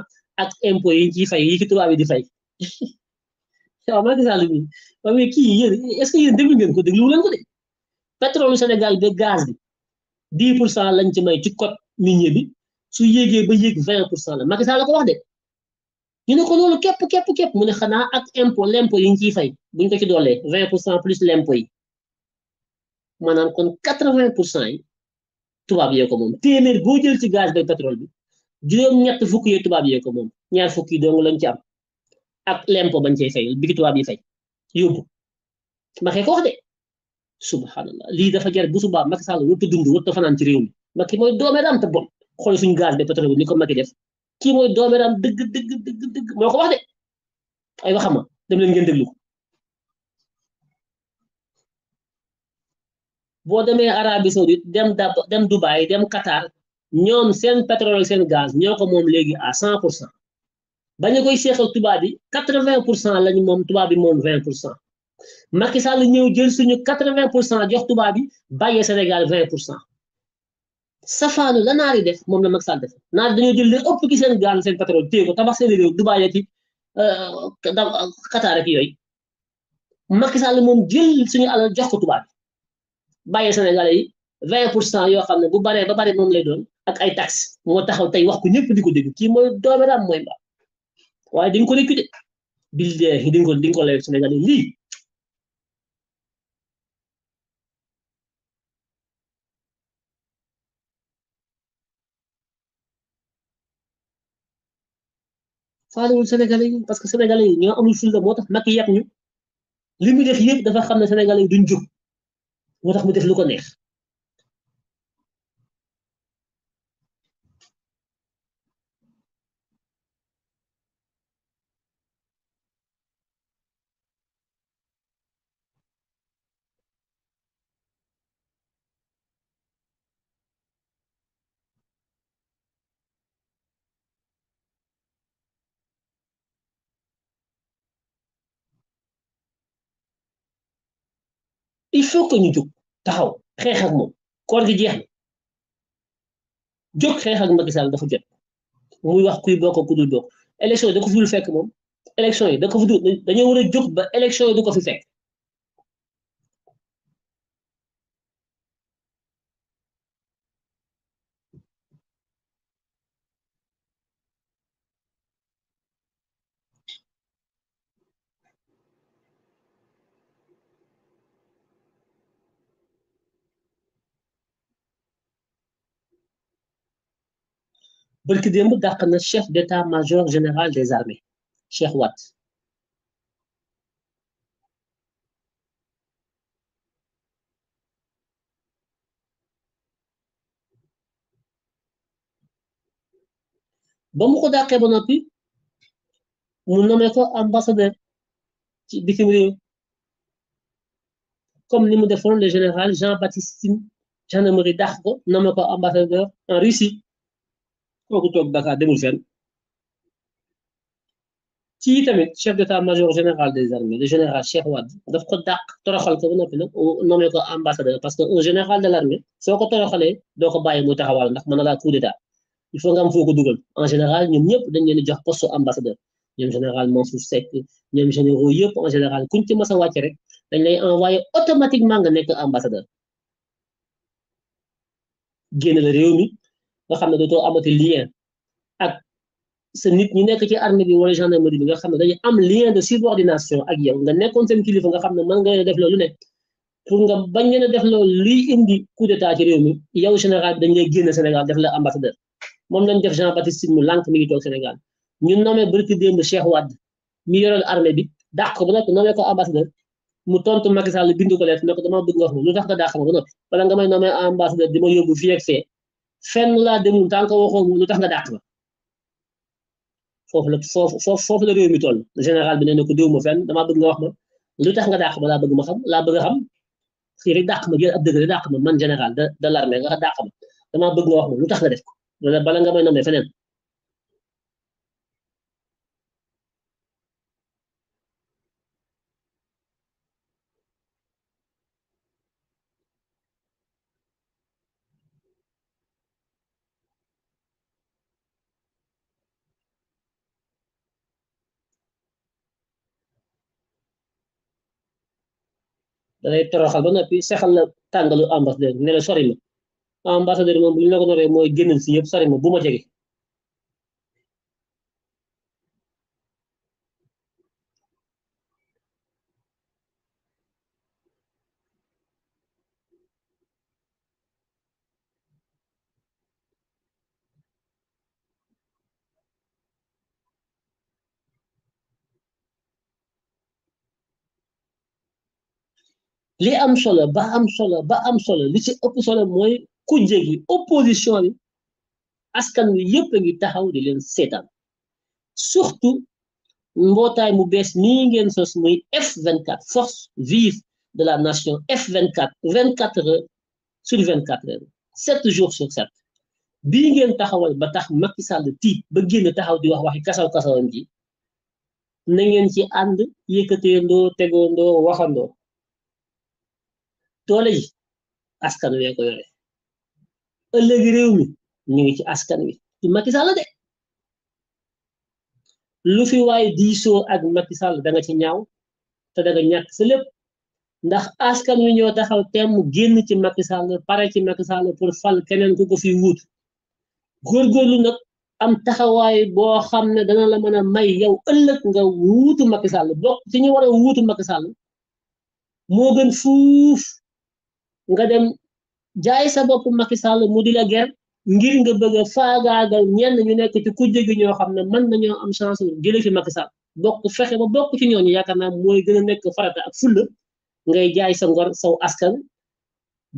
yi ñu fay yi ci tubaab yi di fay waaw Macky Sall mi waaw mais kii yéen est que yéen déglu ngeen ko dégluwu leen ko de pétrole Sénégal ba gaz bi 10 pour cent lañ ci may ci code minier bi su yéegee ba yéeg 20 pour cent la ko wax de. ñu ne ko loolu képp képp képp mu ne xanaa ak impôt lempo yi ñu ciy fay buñ ko ci doolee vingt pour cent plus l'impôt yi maanaam kon quatre vingt pour cent yi tubaab yee ko moom téeméer boo jël ci gaz ba pétrole bi juróom-ñett fukk yi tubaab yee ko moom ñaar fukk yi dong lañ ci am ak l'impôt bañ cey fay bi ki tubaab yi fay yóbbu maxee ko wax de subhanallah lii dafa jar bu subaa Macky Sall wut a dund wut a fanaan ci réew mi Macky mooy doomee daam te bon xool suñu gaz ba pétrole bi ni ko Macky def qui moy doomeram un... deug deug deug moko wax de ay dem len ngeen bo Arabie Saoudite dem Dubaï dem Qatar sen pétrole sen gaz ñoko mom à cent pour koy cheikhou bi 80% bi suñu jox bi safaanu la naar yi def moom la Macky Sall def naar dañoo jël li ëpp ki seen gaal seen pétrole téye ko tabax seen réew Dubaay euh, ak Qatar ak yooyu Macky Sall moom jël suñu alal jox ko tubaab bi bàyyee yi vingt pour cent yoo xam ne bu baree ba bare moom lay doon ak ay taxes moo taxaw tey wax ko ñëpp di ko dégg kii mooy dooméram mooy mbaam waaye dañ ko récupéré billaahi dañ ko dañ ko lay Sénégalais lii faalewul sénégalais yi parce que sénégalais yi ñoo amul fulla moo tax Macky yàq ñu li mu def yëpp dafa xam ne sénégalais yi duñ jóg moo tax mu def lu ko neex il faut que ñu jóg taxaw xeex ak moom koor gi jeex na jóg xeex ak Macky Sall dafa jot muy wax kuy bokk ku dul bokk élection yi da ko fi dul fekk moom élection yi da ko fi dul dañoo war a jóg ba élection yi du ko fi fekk bërki chef d'état-major général des armées Cheikh Watt. Bonjour, vous avez dàqee nom noppi nommez ambassadeur comme nous le général Jean-Baptiste Jean-Marie dàq nommé ambassadeur en Russie kooku toog Dakar demul fenn ci tamit chef d'état-major général des armées le général Cheikh Wade daf ko dàq toroxal ko ba noppi nag nommé ko ambassadeur parce que un général de l'armée soo ko toroxalee doo ko bàyyi muy taxawal ndax mën na laa coup d'état il faut nga am ko dugal en général ñoom ñëpp dañ leen di jox poste ambassadeur ñoom général Mansour Seck ñoom généraux yëpp en général kuñ ci mas a rek dañ lay envoyé automatiquement nga nekk ambassadeur génn la réew mi nga xamne do to amati lien ak sa nit ñi nekk ci armée bi wala gendarmerie bi nga xamne dañu am lien de subordination ak yow nga nekkon sen kilifa nga xamne man nga def lolu nek pour nga bañ ñëna def lolu li indi coup d'état ci réew mi yow général dañ lay génn Sénégal def la ambassadeur mom lañ def Jean Baptiste Tine lànk mi ngi tok Sénégal ñu nommé barki démb Cheikh wad mi yoral armée bi dakk bu nek noppi nommé ko ambassadeur mu tontu Macky Sall bindu ko leet ne dama bëgg wax lu tax nga dàq ma ba noppi wala nga may nommé ambassadeur dima yóbbu fi ak fee fenn laa demul tànk waxoo mu lu tax nga dàq ma foofu la foofu foofu la réew mi toll général bi nee na ko déw ma fenn damaa bëgg nga wax ma lu tax nga dàq ma laa bëgg ma xam laa bëgg a xam xëy na dàq ma jël ab dëgg la dàq ma man général de de l'armée nga dàq ma damaa bëgg nga wax ma lu tax nga def ko loolu bala nga may nommer feneen. dalay toroxal ba noppi sexal la tàngalu ambassadeur ne la sori ma ambassadeur moom bu ñu la ko noree mooy génnal si yëpp sori ma bu ma jege li am solo ba am solo ba am solo li ci ëpp solo mooy kujje gi opposition yi askan wi yëpp a ngi taxaw di leen seetaan surtout mbootaay mu bees nii ngeen sos muy F24 force vive de la nation F24 24 heures sur vingt heures 7 jours sur 7 bii ngeen taxawal ba tax Macky Sall tiit ba génn taxaw di wax waxi kasaw kasawam ji na ngeen ci ànd yëkkateendoo tegoondoo waxandoo. doole ji askan wee ko yore ëllëgi réew mi ñu ngi ci askan wi ci Macky Sall de lu fi waay diisoo ak Macky Sall da nga ci ñaaw te da nga ñàkk lépp ndax askan wi ñoo taxaw mu génn ci Macky Sall pare ci Macky Sall pour fal keneen ku ko fi wuut góorgóorlu nag am taxawaay boo xam ne dana la mën a may yow ëllëg nga wuutu Macky Sall bokk ci ñu war a moo gën fuuf nga dem jaay sa bopp Macky Sall mu di la ger ngir nga bëgg a faagaagal ñenn ñu nekk ci kujje gi ñoo xam ne mën nañoo am chance jële fi Macky Sall bokk fexe ba bokk ci ñooñu yaakaar naa mooy gën a nekk farata ak fulla ngay jaay sa ngor sow askan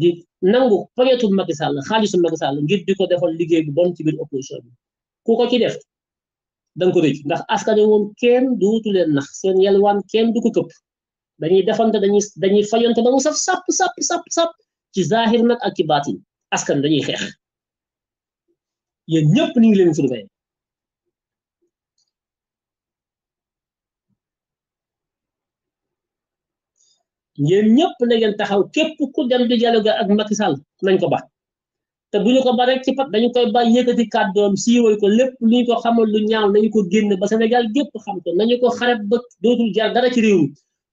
di nangu poñetu Macky Sall xaalisu Macky Sall ngir di ko defal liggéey bu bon ci biir opposition bi ku ko ci def dan ko rëcc ndax askan woon kenn du duutu leen nax seen yelwaan kenn du ko këpp dañuy defante dañuy dañuy fayante ba mu saf sàpp sàpp sàpp sàpp ci zahir nag ak ci baatin askan dañuy xeex yéen ñëpp ni ngi leen surveiller yéen ñëpp na ngeen taxaw képp ku dem di dialogue ak Macky Sall nañ ko ba te bu ñu ko ba rek ci pat dañu koy ba yëkkati kàddoom siiwal ko lépp ni ñu ko xamal lu ñaaw nañu ko génn ba senegal gépp xam ko nañu ko xarab ba dootul jar dara ci réew mi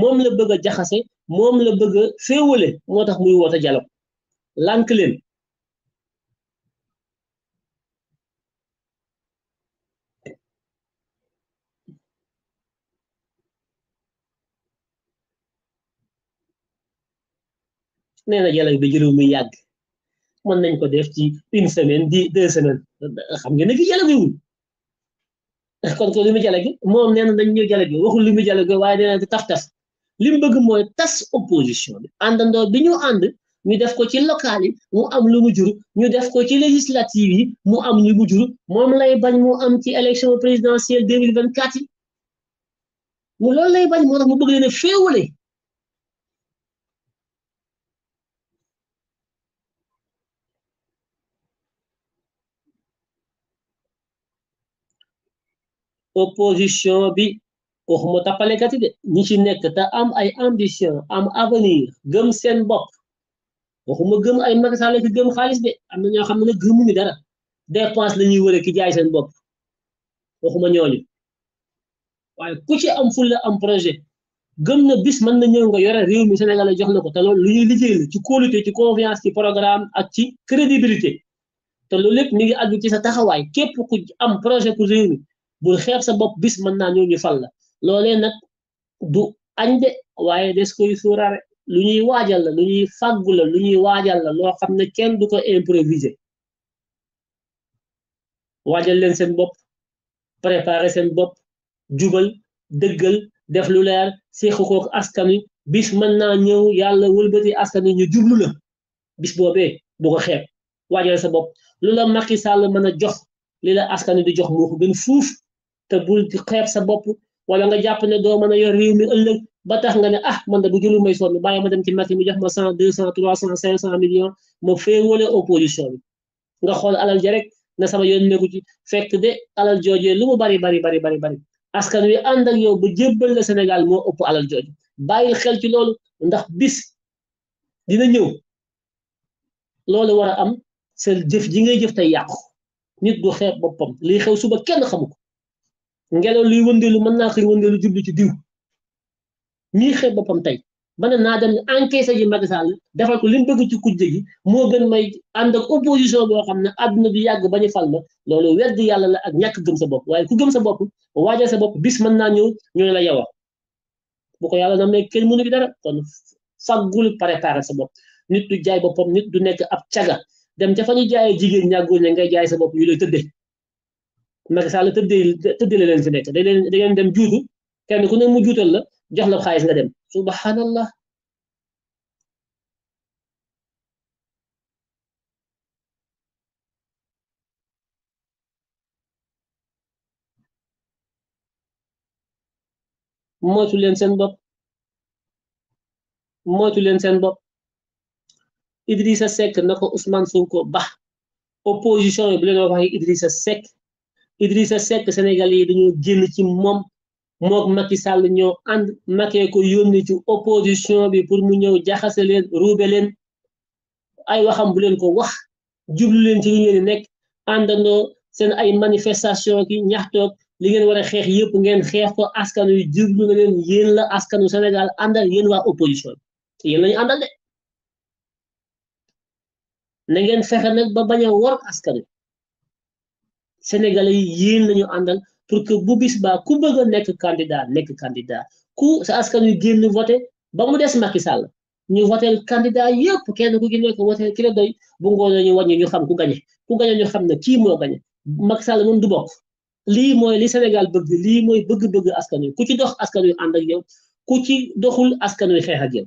moom la bëgg a jaxase moom la bëgg a féewale moo tax muy woote dialogue lànk leen nee na dialogue bi jëréw muy yàgg mën nañ ko def ci une semaine di deux semaine xam ngeen ne ki dialogue wul kon ko li mu moom nee na dañ ñëw dialogue waxul li mu dialogue waaye nee na di taf-taf li mu bëgg mooy tas opposition bi àndandoo bi ñu ànd ñu def ko ci local yi mu am lu mu jur ñu def ko ci législative yi mu am lu mu jur moom lay bañ mu am ci élection présidentielle 2024 yi mu loolu lay bañ moo tax mu bëgg leen a féewale opposition bi waxuma tappalekat yi de ñi ci nekk te am ay ambition am avenir gëm seen bopp waxuma gëm ay magasin ki gëm xaalis de am na ñoo xam ne gëmuñu dara dépense la ñuy wëre ki jaay seen bopp waxuma ñooñu waaye ku ci am fulla am projet gëm na bis mën na ñëw nga yore réew mi Sénégal jox na ko te loolu lu ñuy liggéey ci qualité ci confiance ci programme ak ci crédibilité te loolu lépp mi ngi àgg ci sa taxawaay képp ku am projet pour réew mi bul xeeb sa bopp bis mën naa ñëw ñu fal la. loole nag du añ de waaye des koy suuraare lu ñuy waajal la lu ñuy fàggu lu ñuy waajal la loo xam ne kenn du ko improviser waajal leen seen bopp préparer seen bopp jubal dëggal def lu leer séq kook askan wi bis mën naa ñëw yàlla wëlbati askan wi ñu jublu la bis boobee bu ko xeeb waajal sa bopp lu la Macky Sall mën a jox li la askan wi di jox moo ko gën fuuf te bul xeeb sa bopp wala nga jàpp ne doo mën a yor réew mi ëllëg ba tax nga ne ah man da bu jëlul may sonn bàyyi ma dem ci Macky mu jox ma cent deux cent trois cent cinq cent millions ma féewale opposition nga xool alal ja rek na sama yoon nekku ci fekk de alal joojee lu mu bari bari bari bari bari askan wi ànd ak yow ba jébbal la Sénégal moo ëpp alal jooju bàyyil xel ci loolu ndax bis dina ñëw loolu war a am sa jëf ji ngay jëf tey yàqu nit du xeeb boppam li xew suba kenn xamu ko ngelaw luy wëndeelu mën naa koy wëndeelu jublu ci diw ñii xeeb boppam tey ba naa dem encaissé ji Macky Sall defal ko li mu bëgg ci kujje gi moo gën may ànd ak opposition boo xam ne àdduna bi yàgg ba ñu fal ma loolu wedd yàlla la ak ñàkk gëm sa bopp waaye ku gëm sa bopp waajal sa bopp bis mën naa ñëw ñooy la yowa bu ko yàlla na mais kenn mënu ci dara kon faggul préparé sa bopp nit du jaay boppam nit du nekk ab caga dem ca fa ñu jaayee jigéen ñàggoo ne ngay jaay sa bopp ñu lay tëddee Macky Sall tëddee tëddee leen fi nekk da leen da ngeen dem juutu kenn ku ne mu juutal la jox la xaalis nga dem subhanallah moytu leen seen bopp moytu leen seen bopp Idrissa Seck na ko Ousmane Sonko ba opposition yi bu leen wax waxi Idrissa Seck Idrissa Seck Sénégalais yi dañu génn ci mom mok Macky Sall ñoo and maké ko yoni ci opposition bi pour mu ñew jaxase len roubé len ay waxam bu len ko wax jublu len ci li nek andano sen ay manifestation ki ñaxtok li ngeen wara xex yépp ngeen xex ko askan wi jublu nga yeen la askanu Sénégal andal yeen wa opposition yeen lañu andal de na ngeen fexé nak ba baña wor askan sénégalais yi yéen lañu àndal pour que bu bis baa ku bëgg a nekk candidat nekk candidat ku sa askan wi génn voté ba mu des Macky Sall ñu votel candidat yëpp kenn ku ci nekk voté ki la doy bu ngoonee ñu wàññi ñu xam ku gañe ku gañe ñu xam ne kii moo gañe Macky Sall moom du bokk lii mooy li Sénégal bëgg lii mooy bëgg-bëgg askan wi ku ci dox askan wi ànd ak yow ku ci doxul askan wi xeex ak yow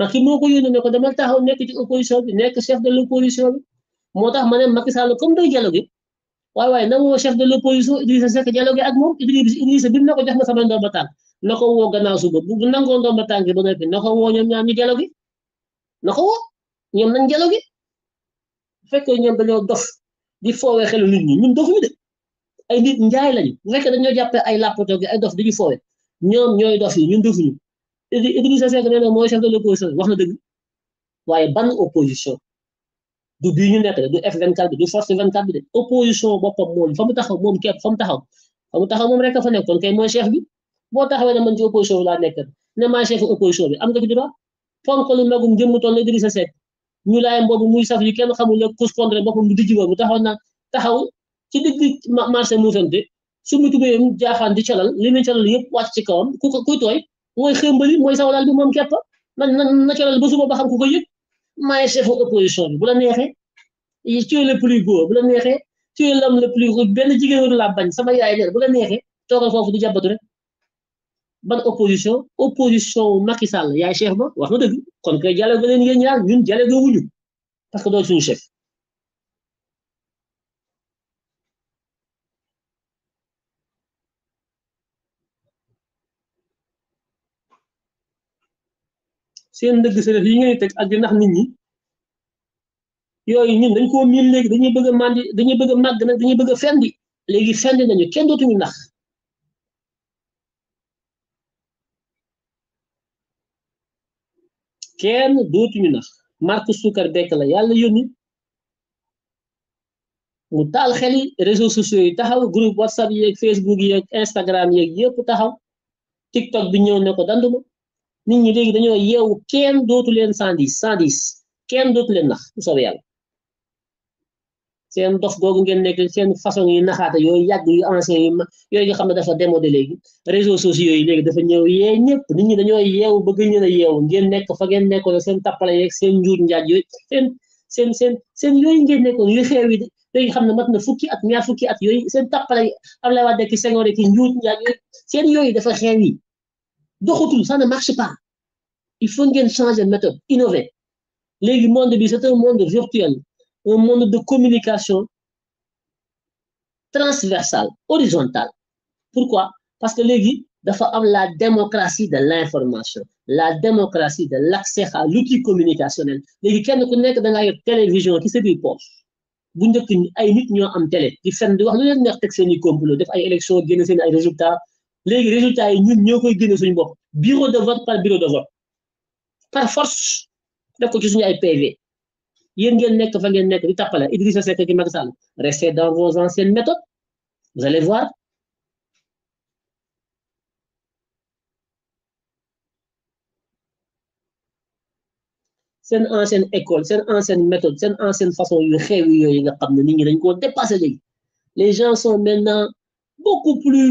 Macky moo ko yónnee ne ko demal taxaw nekk ci opposition bi nekk chef de l' opposition bi moo tax ma ne Macky Sall comme day dialogue waaye waaye na woo chef de l' opposition Idrissa Seck dialogue ak moom Idrissa Idrissa bi mu ne ko jox na sama ndomba tànk na ko woo gannaaw suba bu nangoo ndomba tànk ba noppi na ko ñoom ñaar ñu dialogue na ko ñoom nañ dialogue bu fekkee ñoom dañoo dof di foowee xelu nit ñi ñun dofuñu de ay nit njaay lañu bu fekkee dañoo jàppee ay làppatoo gi ay dof dañuy foowee ñoom ñooy dof yi ñun dofuñu Idrissa Seck nee na mooy chef de l'opposition wax na dëgg waaye ban opposition du bii ñu nekk de du F24 bi du force 24 bi de opposition boppam moom fa mu taxaw moom képp fa mu taxaw fa mu taxaw moom rek fa nekkoon kay mooy chef bi boo taxawee ne man ci laa nekk ne maa chef opposition bi am nga ci droit fonk lu magum jëmm toll Idrissa Seck ñu laayam boobu muy saf yi kenn xamul la cause contre boppam du dijji boobu taxaw na taxaw ci digg marché muusante su mu tubéyam jaaxaan di calal li calal yëpp wàcc ci kawam ku koy tooy mooy xëmbali mooy sawlal bi moom képp na na coolal ba ba xam ku ko yëg maay chef opposition bi bu la neexee tu es le plus gros bu la neexee tu es le plus benn jigéen waru la bañ sama yaay leer bu la neexee toogal foofu di jàbbatu rek ban opposition opposition Macky Sall yaay chef ba wax na dëgg kon koy jàlle ba leen yéen ñaar ñun jàlle wuñu parce que doo suñu chef seen ndëgg sa yi ngeen teg ak di nax nit ñi yooyu ñun dañ koo miin léegi dañuy bëgg a màndi dañuy bëgg a màgg nag dañuy bëgg a fendi léegi fendi nañu kenn dootuñu nax kenn dootuñu nax Mark Zuckerberg la yàlla yónni mu taal xel yi réseaux sociaux yi taxaw groupe whatsapp yeeg facebook yeeg instagram yeeg yëpp taxaw tiktok bi ñëw ne ko danduma nit ñi léegi dañoo yeewu kenn dootu leen cent dix cent kenn dootu leen nax bu soobee seen dof googu ngeen nekk seen façon yi naxaata yooyu yàgg yu ancien yu yooyu nga xam ne dafa démodé léegi réseaux sociaux yi léegi dafa ñëw yee ñëpp nit dañoo yeewu bëgg ngeen a yeewu ngeen nekk fa ngeen nekkoon seen tappale yeeg seen njuur njaaj yooyu seen seen seen seen yooyu ngeen nekkoon yu xeew xam ne mat na fukki at ñaar fukki at yooyu seen tappale Abdoulaye Wade ki Senghor ki njuur njaaj yooyu seen yooyu dafa xeew yi tout, ça ne marche pas il faut qu'on change de méthode innover Le monde c'est un monde virtuel un monde de communication transversale horizontale pourquoi parce que l'église dafa avoir la démocratie de l'information la démocratie de l'accès à l'outil communicationnel L'église qui se nekk da ngaa une télévision qui se biir poche bu njëkk ay nit ñoo am télé di fenn di wax lu des neex teg seen complot élections génne seen ay résultats les résultats nous ñun ñoo koy bureau de vote par bureau de vote par force un ko ci suñu ay PV yéen ngeen nekk fa ngeen nekk di tappale Idrissa Seck Macky Sall restez dans vos anciennes méthodes vous allez voir c'est une ancienne école c'est une ancienne méthode c'est une ancienne façon de xew les gens sont maintenant beaucoup plus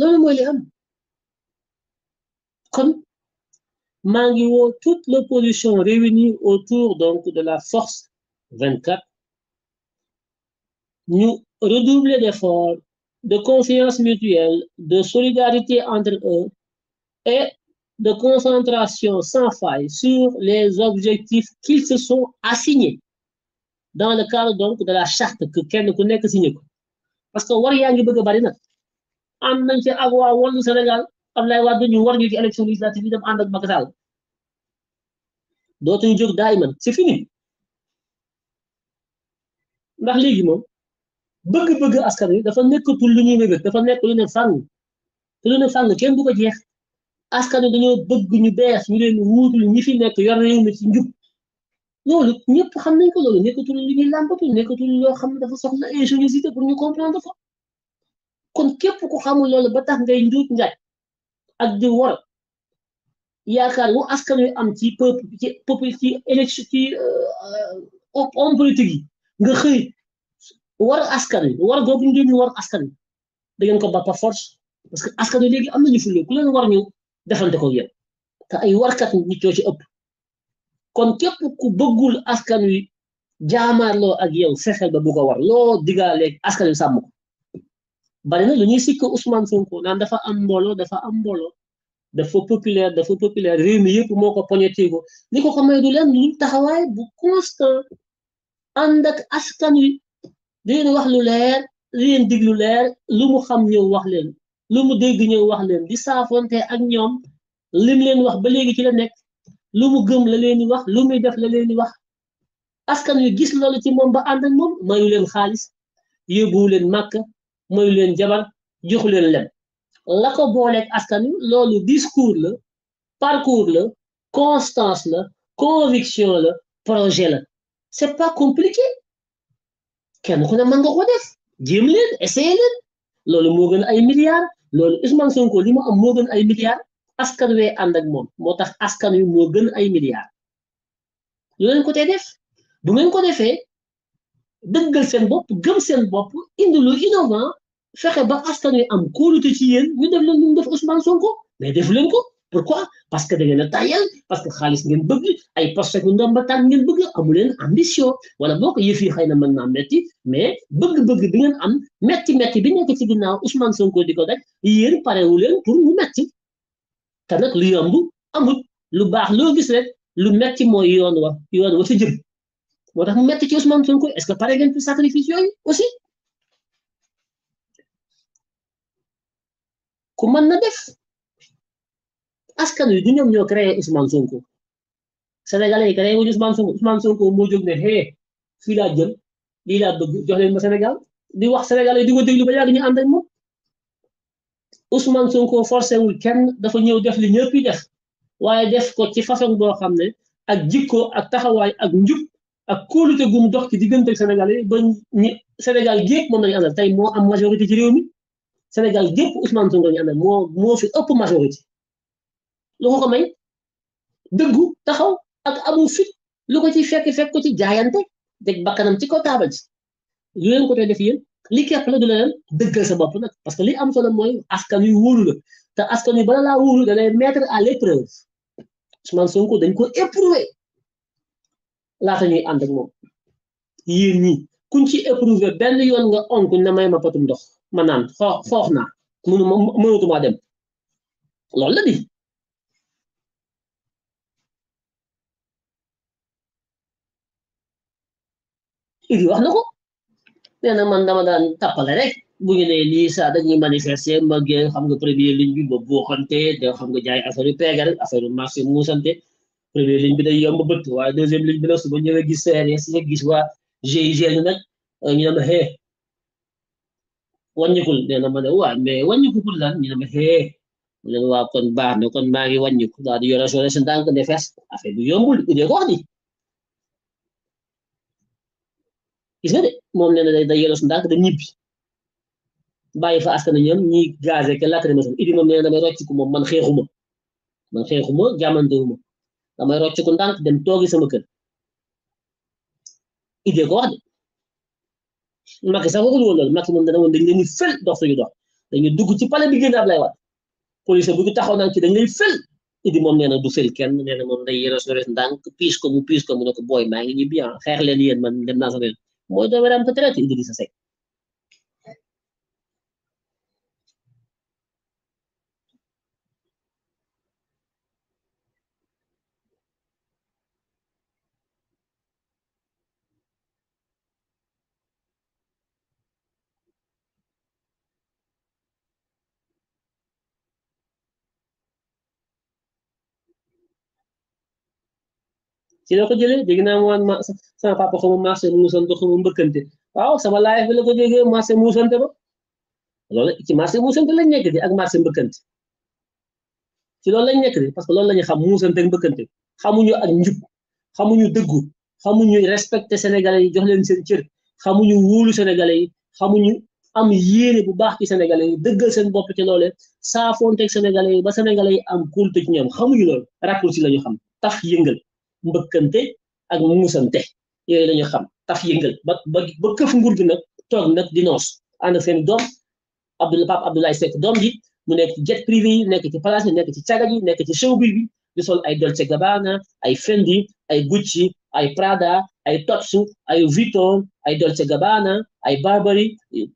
loolu mooy li am toute l'opposition réunie autour donc de la force 24 nous redoubler d'efforts de confiance mutuelle de solidarité entre eux et de concentration sans faille sur les objectifs qu'ils se sont assignés dans le cadre donc de la charte que qu'elle ne connaît que parce que ànd nañ ci ak waa wàllu Sénégal Abdoulaye Wade ñu war ñu ci élection législative yi dem ànd ak Macky jóg daay man c'est fini ndax léegi moom bëgg-bëgg askan wi dafa nekkatul lu ñuy mébét dafa nekk lu ne fàng te lu ne fàng kenn du ko jeex askan wi dañoo bëgg ñu bees ñu leen wuutul ñi fi nekk yor réew mi ci njub ñëpp xam nañ ko loolu nekkatul lu ñuy làmbatul nekkatul loo xam ne dafa soxla ingéniosité pour ñu comprendre ko kon képp ku xamul loolu ba tax ngay njuuj ak di yaakaar wu askan wi am ci peuple ci peuple ci élection ci euh, euh, homme politique yi nga askan wi war googu ngeen war askan wi da ko ba par force askan wi léegi am nañu fulla ku leen war ñu defante yéen ay warkat nit ñoo ci ëpp kon képp ku bëggul askan wi jaamaarloo ak yow fexeel ba bu ko war loo digaalee askan wi sàmm bari na lu ñuy sikk Ousmane Sonko naan dafa am mbooloo dafa am mbooloo dafa populaire dafa populaire réew mi yëpp moo ko poñetiku ni ko ko may du leen lu taxawaay bu constant ànd ak askan wi di leen wax lu leer di leen dig lu leer lu mu xam ñëw wax leen lu mu dégg ñëw wax leen di saafonte ak ñoom lim leen wax ba léegi ci la nekk lu mu gëm la leen di wax lu muy def la leen di wax askan wi gis loolu ci moom ba ànd ak moom mayu leen xaalis yóbbuwu leen màkk moy leen jabar joxu leen lem la ko booleeg askan wi loolu discours la parcours la constance la conviction la projet la c'est pas compliqué kenn ku ne mën nga ko def jéem leen essayer leen loolu moo gën ay milliards loolu Ousmane Sonko li mu am moo gën ay milliards askan wee ànd ak moom moo tax askan wi moo gën ay milliards lu leen ko tey def bu ngeen ko defee dëggal seen bopp gëm seen bopp indi lu innovant fexe ba askan wi am kóolute ci yéen ñu def leen ñu def Ousmane Sonko mais def leen ko pourquoi parce que da ngeen a tàyyal parce que xaalis ngeen bëgg ay poste gu ndomba tànk ngeen bëgg amu leen ambition wala boo ko yëf xëy na mën naa metti mais bëgg-bëgg bi ngeen am metti metti bi nekk ci ginnaaw Ousmane Sonko di ko daj yéen parewu leen pour mu metti te nag lu yomb amut lu baax loo gis rek lu metti mooy yoon wa yoon wa fi jëm moo tax mu metti ci Ousmane Sonko est-ce que pare ngeen pour sacrifice yooyu aussi ku man na def askan wi du ñoom ñoo créé Ousmane Sonko sénégalais yi créé wuñu Ousmane Sonko Ousmane Sonko moo jóg ne hee fii laa jëm lii laa bëgg jox leen ma Sénégal di wax sénégalais di ko déglu ba ñu ànd ak moom Ousmane Sonko forcé wul kenn dafa ñëw def li ñëpp yi waaye def ko ci façon boo xam ne ak jikko ak taxawaay ak njub ak kóolute gum dox ci diggante sénégalais ba ñi Sénégal gépp moom lañu àndal tey moo am majorité ci réew mi. Sénégal yëpp Ousmane Sonko ñu moo fi ëpp majorité lu ko ko dëggu taxaw ak amu lu ko ci fekk fekk ko ci jaayante deg bakkanam ci kaw ji leen ko def yéen li la du leen dëggal sa bopp nag parce que li am solo mooy askan wi wóolu la te askan wi bala laa wóolu da lay à l'épreuve Ousmane Sonko dañ ko éprouvé laata ñuy ànd ak moom yéen ñi kuñ ci éprouvé benn yoon nga onkuñ na may ma patum ndox ma naan xoo xoox naa mënu mënutuma dem loolu la di wax na ko nee na man dama daan tàppale rek bu ñu nee lii saa dañuy manifester ma génn xam nga premier ligne bi ba buuxante da xam nga jaay affaire yu peegar affaire yu marché muusante premier ligne bi day yomb bëtt waaye deuxième ligne bi nag su ma ñëwee gis seer si nga gis waa GIGN nag ñu ne ma xee wàññikul nee na ma ne waaw mais wàññiku pour lan ñu ne ma xee mu kon baax na kon maa ngi wàññiku daal di yore sore sa ndànk ne fees affaire bu yombul udee ko wax ni gis nga de moom nee na da day yore da ñibbi fa askan ñoom ñi gazé ke lakk dema son idi moom nee na damay rocciku moom man xeexuma man xeexuma jàmmantewuma damay rocciku ndànk dem toogi sama kër idée ko wax de Macky sax waxul woon loolu Macky moom dana woon dañ leen di fël dox suñu dox dañuy dugg ci palais bi génn Ablaye police bu ñu taxaw naan ci dañ lay fël Idi moom nee na du fël kenn nee na moom day yéene su rees ndànk piis ko mu piis ko mu ne ko booy maa ngi ñibbi ah xeex leen yéen man dem naa sama yoon mooy ci la ko jëlee dégg naa ma sama papa xamu marché muusante xamu mbëkkante waaw sama life bi la ko musan marché muusante ba loolu ci marché muusante lañ nekk di ak marché mbëkkante ci loolu lañ nekk di parce que loolu la ñu xam muusante ak mbëkkante xamuñu ak njub xamuñu dëggu xamuñu respecté sénégalais yi jox leen seen xamuñu sénégalais yi xamuñu am yene bu baax ci sénégalais yi dëggal seen bopp ci loolee saafoonteeg sénégalais yi ba sénégalais am kóolute ci ñoom xamuñu loolu raccourci ci lañu xam tax yëngal mbëkkante ak musante yooyu la ñu xam taf yëngal ba ba ba këf nguur gi nag toog nag di noos ànd ak seen doom Abdoul Pape Abdoulaye Seck doom ji mu nekk ci jet privé yi nekk ci palace yi nekk ci caga yi nekk ci showbiz bi di sol ay Dolce Gabbana ay Fendi ay Gucci ay Prada ay Totsu ay Vuitton ay Dolce Gabbana ay Burberry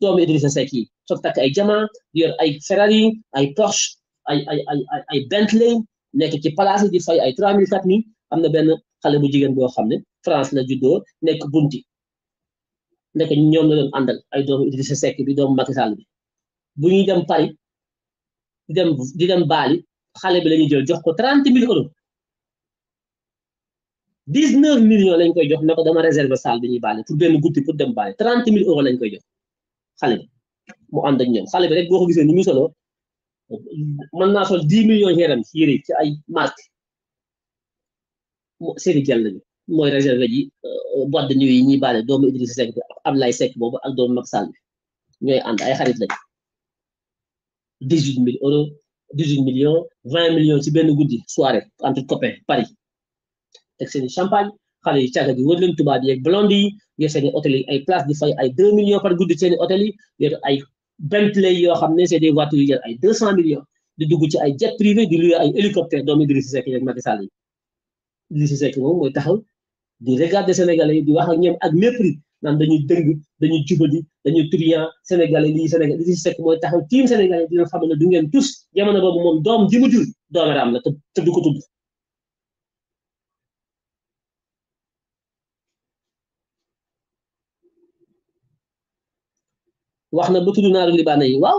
doomu Idrissa Seck yi soog takk ay jama yor ay Ferrari ay Porsche ay ay ay ay Bentley nekk ci palace yi di fay ay 3 000 4 am na benn xale bu jigéen boo xam ne France la juddoo nekk bunti nekk ñoom la doon àndal ay doomu Idrissa sekk bi doomu Macky Sall bi bu ñuy dem Paris di dem di dem Bali xale bi la ñuy jël jox ko trente mille euros dix neuf millions lañ koy jox ne ko dama réserver salle bi ñuy Bali pour benn guddi pour dem Bali trente mille euros lañ koy jox xale bi mu ànd ak ñoom xale bi rek boo ko gisee ni muy solo mën naa sol dix millions yéram yére ci ay marque seeni jël lañu mooy réservé ji euh, euh, boîte de nuit yi ñuy baale doomu Idrissa Seck bi ak Ablaye Seck boobu ak doomu Macky Sall bi ñooy ànd ay xarit lañu dix huit mille euros dix huit millions vingt millions ci benn guddi soirée entre copains Paris teg seeni champagne xale yi càgg gi wër leen tubaab yeeg blonde yi yor hôtel yi ay place di fay ay deux millions par guddi seeni hôtel yi yor ay Bentley yoo xam ne c'est des voitures ay deux cent millions di dugg ci ay jet privé di luye ay hélicoptère doomu Idrissa yi Idrissa Seck moom mooy taxaw di regarder sénégalais yi di wax ak ñoom ak mépris naan dañuy dëng dañuy jubadi dañuy triant sénégalais lii Sénégal Idrissa Seck mooy taxaw tiim sénégalais dina xam ne du ngeen tus jamono boobu moom doom ji mu jur doomeraam la te du ko tudd wax na ba tudd naaru libaane yi waaw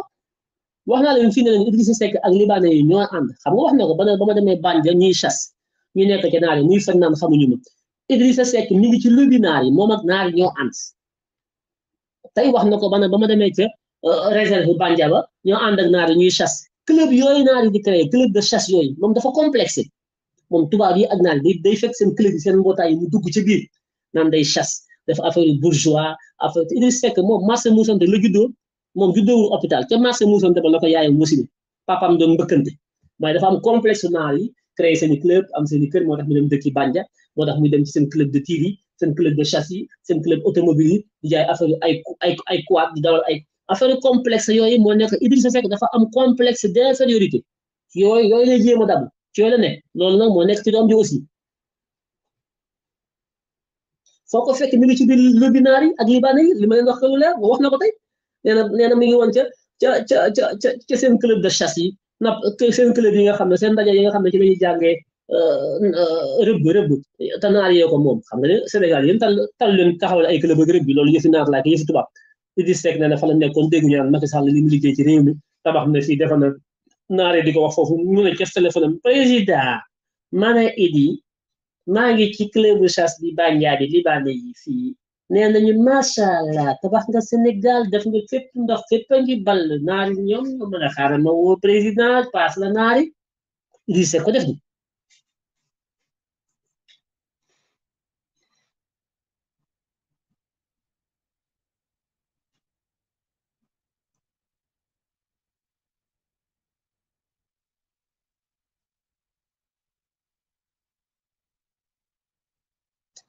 wax naa leen fii ne leen Idrissa Seck ak libaane yi ñoo ànd xam nga wax na ba ba ma demee Bandia ñuy chasse ñu nekk ca naar yi muy fen naan xamuñu ma Idrissa Seck mi ngi ci lobby naar yi moom ak naar yi ñoo ànd tey wax na ko ba ba ma demee ca euh, réserve Bandiaba ñoo ànd ak naar yi ñuy chasse club yooyu naar yi di créé club de chasse yooyu moom dafa complexe moom tubaab yi ak naar yi day fekk seen club yi seen mbootaay mu dugg ci biir naan day chasse def affaire yu bourgeois affaire Idrissa Seck moom marché Moussante la juddoo moom juddoowul hôpital ca marché Moussante ba la ko yaayam musini papam doon mbëkkante waaye dafa am complexe naar yi créer seen i club am seen i kër moo tax mu moo tax muy dem ci seen club de tir yi seen club de chasse yi seen club automobile yi di jaay affaire ay ay ay quad di dawal ay affaire complexe yooyu moo nekk Idrissa Seck dafa am complexe d'infériorité yooyu yooyu lay jéem a dabu ci yooyu la ne loolu nag moo nekk ci doom ji aussi foo ko fekk mi ngi ci biir lubinaar yi ak libaane yi li ma leen wax ko lu leer wax na ko tey nee na nee na mi ngi woon ca ca ca ca ca seen club de chasse yi napp seen club yi nga xam ne seen ndaje yi nga xam ne ci la jàngee euh, rëbb rëbb te naar yee ko moom xam nga ne Sénégal yéen ta tal leen taxawal ay club ak rëbb loolu yëfi naar laa ko yëfi tubaab Idriss Seck nee na fa la nekkoon dégg ñu naan Macky Sall li mu liggéey ci réew mi tabax na fii defa naar yi di wax foofu mu ne ca téléphone président ma ne maa ngi ci clubu chasse bi bànjaadi libaane yi fii nee nañu macha allah tabax nga Sénégal def nga fépp ndox fépp a ngi ball naari ñoom ñoo mën a xaaral ma woo président paas la naari Idrissa ko def ni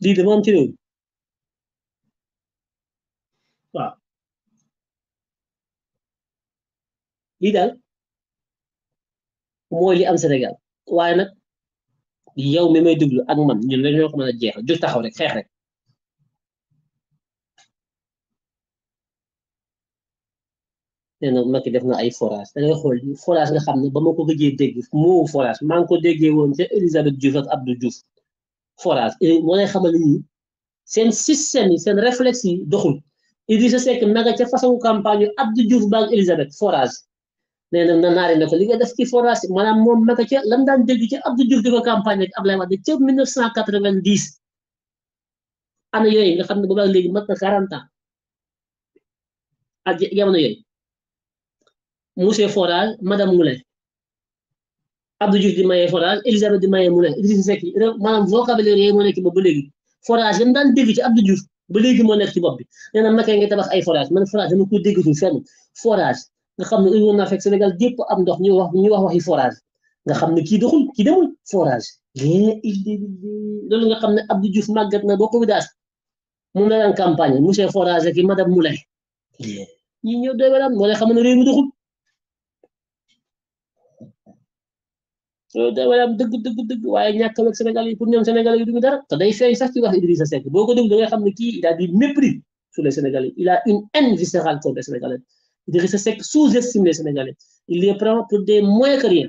lii dama am ci réew lii daal mooy li am Sénégal waaye nag yow mi may déglu ak man ñun dañoo ko mën a jeexal jóg taxaw rek xeex rek nee na Macky def na ay forage da ngay xool forage nga xam ne ba ma ko gëjee dégg moo forage maa ngi ko déggee woon ca Elisabeth Diouf ak Abdou Diouf forage moo lay xamal ni seen système yi réflexe yi doxul Idrissa Seck naga ca façon campagne Abdou Diouf ba Elisabeth forage nee na naari na ko li nga def ci forage maanaam moom naka ca lan daan dégg ci Abdou Diouf di ko campagne ak Ablaye Wade ca 1990 ana yooyu nga xam ne boobaag léegi mat na 40 ans jamono yooyu monsieur forage madame Moulin Abdou Diouf di maye forage Elisabeth di nekk ba léegi forage lan daan dégg ci Abdou Diouf ba léegi moo nekk ci bopp bi nee na makee nga tabax ay forage man forage dama ko déggatul fenn forage nga xamne ne heure woon naa fekk am ndox ñu wax ñu wax waxi forage nga xamne ki doxul ki demul forage il de loolu nga xamne Abdou Diouf magat na boo ko widaas mu la daan campagne monsieur forage ak madame Moulay ñi ñu doy waram mo lay xamne ne mu doxul doxul doy wala deug deug deug waye ñak wax senegal yi pour ñom senegal yi duñu dara te day fay sax ci wax Idrissa Seck boko ko da nga xamne ki kii il a du mépris sur les Sénégalais il a une haine viscérale contre les Sénégalais Idrissa Seck sous-estime les Sénégalais il les prend pour des moins que rien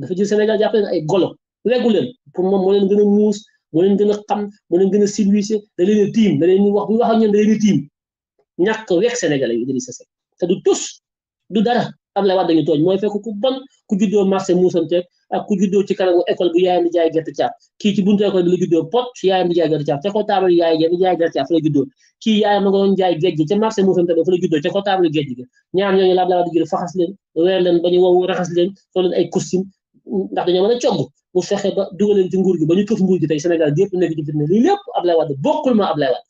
dafa jël Sénégal jàpp leen ay golo leggu leen pour moom moo leen gën a muus moo leen gën a xam moo gën a civilisé da leen a tiim da leen wax bu wax ak ñoom da leen a tiim ñàkk wekk Sénégalais yi Idrissa Seck te du tus du dara Abdoulaye Wade dañu tooñ mooy fekk ku bon ku juddoo marché muusanteeg ak ku juddoo ci kanamu école bu yaayam di jaay gerte caaf kii ci buntu école bi la juddoo pot yaayam di jaay gerte caaf ca kaw taabal yaay di jaay gerte caaf fa la juddoo kii yaayam nga jaay géej gi ca marché muusante ba juddoo ca kaw taabal géej gi ñaar ñooñu la Abdoulaye Wade jël faxas leen weer leen ba ñu wow raxas leen soo leen ay costume ndax dañoo mën a cogg bu tey Sénégal yëpp nekk ci fitna lii lépp Abdoulaye Wade bokkul ma Abdoulaye Wade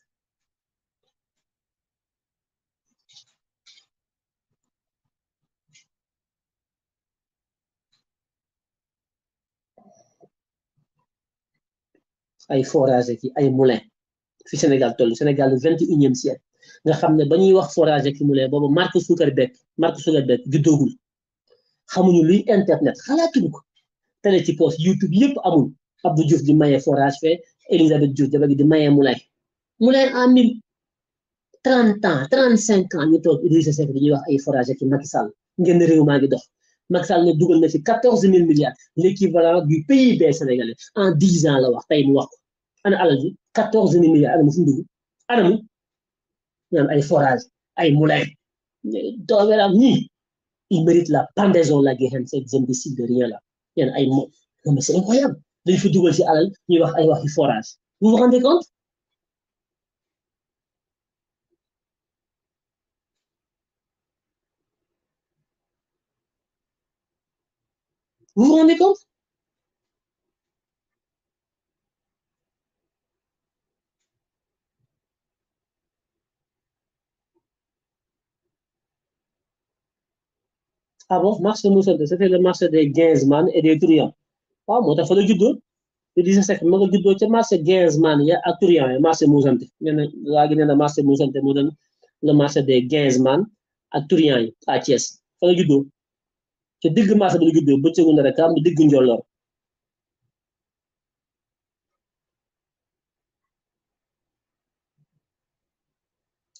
ay forage ki ay moulin fi Sénégal toll Sénégal vingt et unième siècle nga xam ne ba ñuy wax forage ki moulin boobu Mark Zuckerberg Mark Zuckerberg juddoogul xamuñu luy internet xalaatuñu ko télé ci post YouTube yëpp amul abu Diouf di maye forage fe Elisabeth Diouf dafa di maye moulin moulin en mille trente ans trente cinq ans ñu toog Idrissa Seck dañuy wax ay forage ki Macky Sall ngeen réew maa ngi dox Maxal ne double, 14 000 milliards l'équivalent du PIB sénégalais en 10 ans la wax 14 000 milliards ana y a dougu ana il ay forage ay il mérite la pendaison la guerre c'est imbéciles de rien là c'est incroyable dañ fi double, ci vous vous rendez compte Vous vous rendez compte ah bon marche Moussante c'était le marché des Gainsman et des Tourian Ah moo tax fallait la juddoo te di ça, sekk ma nga juddoo ca marché Gainsman et des Tourian et marché Moussante nee na laa gi nee na marché Moussante mu doon le marché des Gainsman ak Tourian yi à Thiès fa la juddoo ci digg marché bi la juddoo bëccëgu ndara kaam bi digg njolloor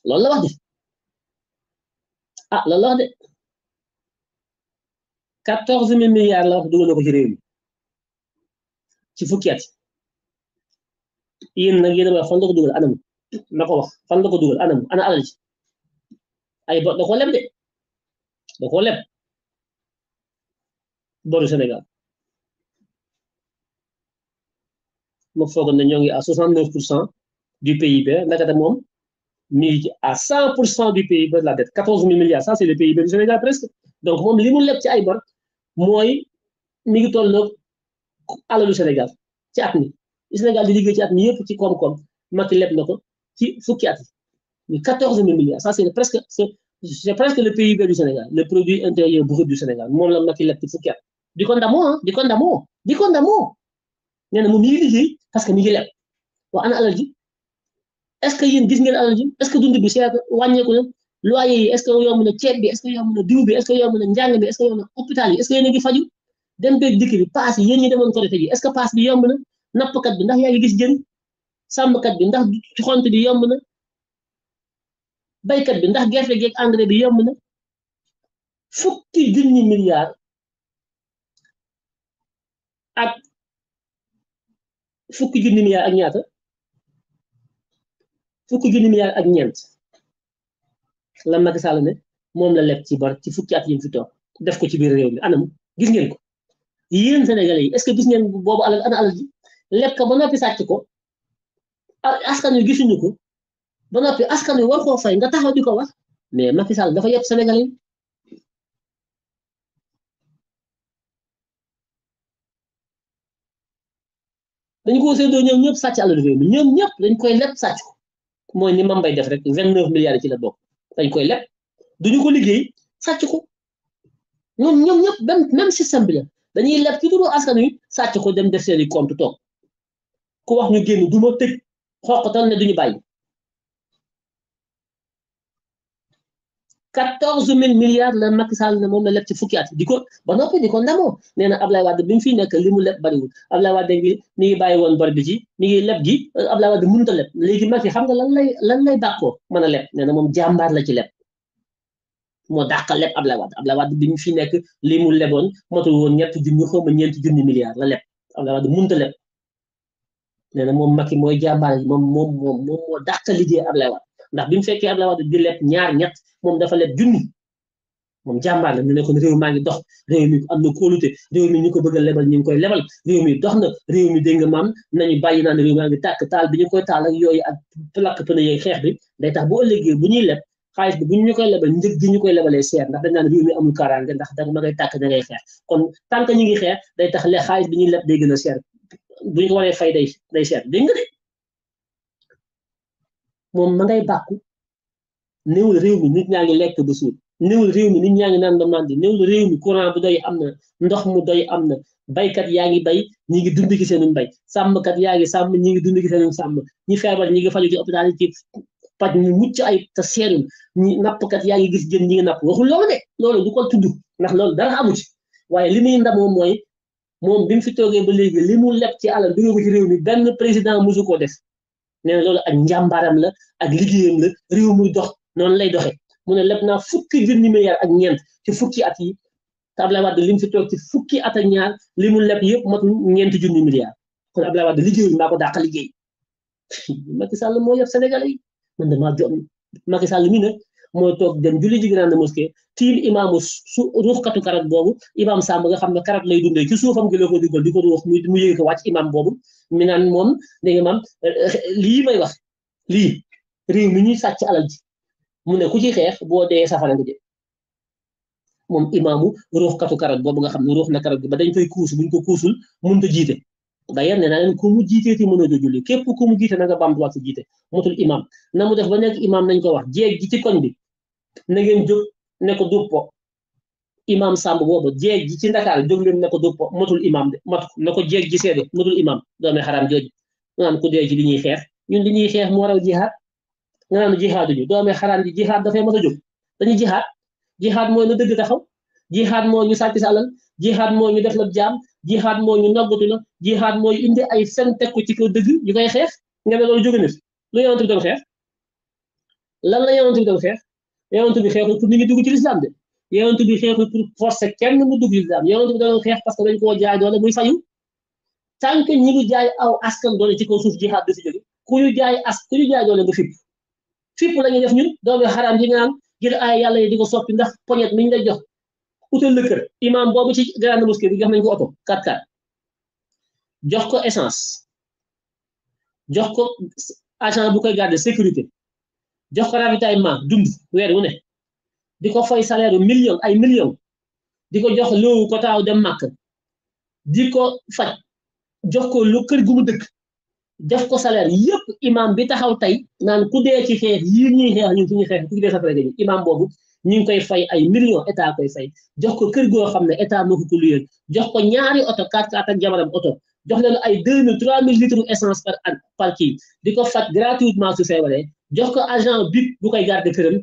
loolu la wax de ah loolu wax de quatorze mille milliards la dugal na ci réew mi ci fukki at yéen nag yéen a fan la dugal anam na ko wax fan la dugal anam ana alal ay bo da leb de da leb dans le Sénégal. ma foogoon ne à 69 du PIB mais moom à 100 du PIB de la dette 14 000 milliards ça c'est le PIB du Sénégal presque donc moom li à leb ci ay bor mooy mi ngi tolloog le Sénégal ci at mi Sénégal est liggéey ci at mi yëpp ci un koom Macky leb 14 000 milliards ça c'est presque presque le PIB du Sénégal le produit intérieur brut du Sénégal Mon la Macky leb ci di ko ndamoo ah di ko ndamoo di ko ndamoo nee na moom mi ngi liggéey parce que mi ngi leb waa ana ji est-ce que yéen gis ngeen alal ji est-ce bi seet wàññeeku na loyer yi est-ce que yomb na ceeb bi est-ce que yomb na diw bi est-ce que yomb na njàng bi est-ce que yomb na hôpital yi est-ce que yéen bi ñi demoon Korité ji est-ce que paas bi yomb na nappkat bi ndax yaa ngi gis jën sàmmkat bi ndax xont bi yomb na baykat bi ndax gerte gi engrais bi yomb na fukki junni milliards ak fukki junni milliards ak ñaata fukki junni milliards ak ñeent la Macky Sall ne moom la leb ci bor ci fukki at yi mu fi toog def ko ci biir réew mi anam gis ngeen ko yéen Sénégalais yi est-ce que gis ngeen boobu alal ana alal ji leb ko ba noppi sàcc ko askan wi gisuñu ko ba noppi askan wi war koo fay nga taxaw di ko wax mais Macky Sall dafa yeb Sénégalais yi dañ ko séddoo ñoom ñëpp sàcc àll réew mi ñoom ñëpp dañ koy leb sàcc ko mooy ni Mame Mbaye def rek vingt neuf milliards yi ci la bokk dañ koy leb duñu ko liggéey sàcc ko ñoom ñoom ñëpp même même système bi dañuy leb ci turu askan wi sàcc ko dem def seeni compte toog ku wax ñu génn duma tëj xoqatal ne duñu bàyyi quatorze mille milliards la Macky Sall ne moom la leb ci fukki at di ko ba noppi di ko ndamoo nee na Ablaye bi mu fi nekk li mu leb bariwul Ablaye mi ngi bàyyi woon bor bi ci mi ngi leb gi euh, Ablaye Wade mënut a leb léegi Macky xam nga lan lan lay bàkkoo mën a leb nee na moom jàmbaar la ci leb moo dàq leb Ablaye Wade Ablaye Wade bi mu fi nekk li mu leboon motu woon ñett junni xaw a ñeenti junni milliards la leb Ablaye Wade mënut munta leb nee na moom Macky mooy jàmbaar moom moom moom moom moo dàq liggéey Ablaye Wade ndax bi mu fekkee Ablaye Wade di leb ñaar ñett moom dafa leb junni moom jàmbaar la ñu ne kon réew maa ngi am na kóolute réew mi ñu ko bëgg a lebal ñu ngi koy lebal réew mi dox na réew mi dégg maam na ñu bàyyi naan réew maa ngi tàkk taal bi ñu koy taal ak yooyu ak lakk pëne yooyu xeex bi day tax bu ëllëgee bu ñuy leb xaalis bi bu ñu koy lebal njëg gi ñu koy lebalee seer ndax dañ naan réew mi amul kaaraange ndax da ma ngay tàkk da ngay xeex kon tant que ñu ngi xeex day tax le xaalis bi ñuy leb day gën a seer bu ñu ko waree fay day day seer dégg ma ngay bàkku néewul réew mi nit ñaa ngi lekk ba suur néewul réew mi nit ñaa ngi naan ba màndi néewul réew mi courant bu doy am na ndox mu doy am na baykat yaa ngi bay ñi ngi dund ci seenum bay sàmmkat yaa ngi sàmm ñi ngi dund ci seenum sàmm ñi feebar ñi ngi faju ci hôpital yi ci paj mu mucc ay te seerul ñi nappkat yaa ngi gis jën ñi ngi napp waxul loolu de loolu du ko tudd ndax loolu dara amu ci waaye li muy ndamoo mooy moom bi mu fi toogee ba léegi li mu leb ci alal dugal ko ci réew mi benn président mosu koo def nee na loolu ak njàmbaram la ak liggéeyam la réew muy dox noonu lay doxe mu ne leb naa fukki junni milliards ak ñeent ci fukki at yi te Abdoulaye Wade li mu fi toog ci fukki at ak ñaar li mu leb yëpp matul ñeenti junni milliards kon Abdoulaye Wade liggéeyul maa ko dàq liggéey Macky Sall moo yor Sénégalais yi man de Sall mi nag mooy toog dem julli ji grande mosquée tiim imaamu su ruuxkatu karat boobu imaam Samb nga xam ne karat lay dundee ci suufam gi la ko di ko ruux muy mu yëge ko wàcc imaam boobu mi naan moom da nga maam euh, lii may wax lii réew mi ñuy sàcc alal ji mu ne ku ci xeex boo dee safara nga jëm moom imaamu ruux katu karat boobu nga xam ne ruux na karat bi ba dañ koy kuus buñ ko kuusul mënut a jiite d'ailleurs nee naa leen ku mu jiitee ci mën a julli képp ku mu jiite na nga bamtuwaat si jiite motul imaam na mu def ba nekk imaam nañ ko wax jeeg ji ci koñ bi na ngeen jóg ne ko duppo imaam sàmb boobu jeeg ji ci ndakaar jóg leen ne ko duppo motul imaam de matu ko jeeg ji seede motul imaam doome xaraam jooju maanaam ku dee ci li ñuy xeex ñun li ñuy xeex moo raw jihaat nga naan jihaaduñu doomee xaraan ji jihaad dafay mën a jóg dañuy jihaad jihaad mooy na dëgg taxaw jihaad moo ñu sàcc sa alal jihaad moo ñu def la jaam jihaad moo ñu noggatu la jihaad mooy indi ay fen tekku ci kaw dëgg ñu koy xeex nga ne loolu jóge na fi lu yonent bi doon xeex lan la yonent bi doon xeex yonent bi xeexul pour nit dugg ci lislaam de yonent bi xeexul pour forcer kenn mu dugg ci lislaam yonent bi doon xeex parce que dañ koo jaay doole muy fayu tant ñi ngi jaay aw askan doole ci kaw suuf jihaad du fi fipp na ñuy def ñun doomi xaraam yi nga naan ngir ay yàlla yi di ko soppi ndax poñet mi ñu lay jox utal la kër imaam boobu ci grande mosquée bi jox nañ ko oto 4x4 jox ko essence jox ko agent bu koy garder sécurité jox ko ravitaillement dund weer wu ne di ko fay salaire million ay million di ko jox loowu ko taaw dem màkk di ko faj jox ko lu kër gu mu dëkk def ko salaire yëpp imam bi taxaw tey naan ku dee ci xeex yii ñuy xeex ñun suñuy xeex ku ci dee safara dañu imam boobu ñu ngi koy fay ay millions état koy fay jox ko kër goo xam ne état moo ko ko luyeel jox ko ñaari oto 4x4 ak jabaram oto jox leen ay 2000 3000 litres essence par an par kii di ko faj gratuitement su feebaree jox ko agent bip bu koy garder këram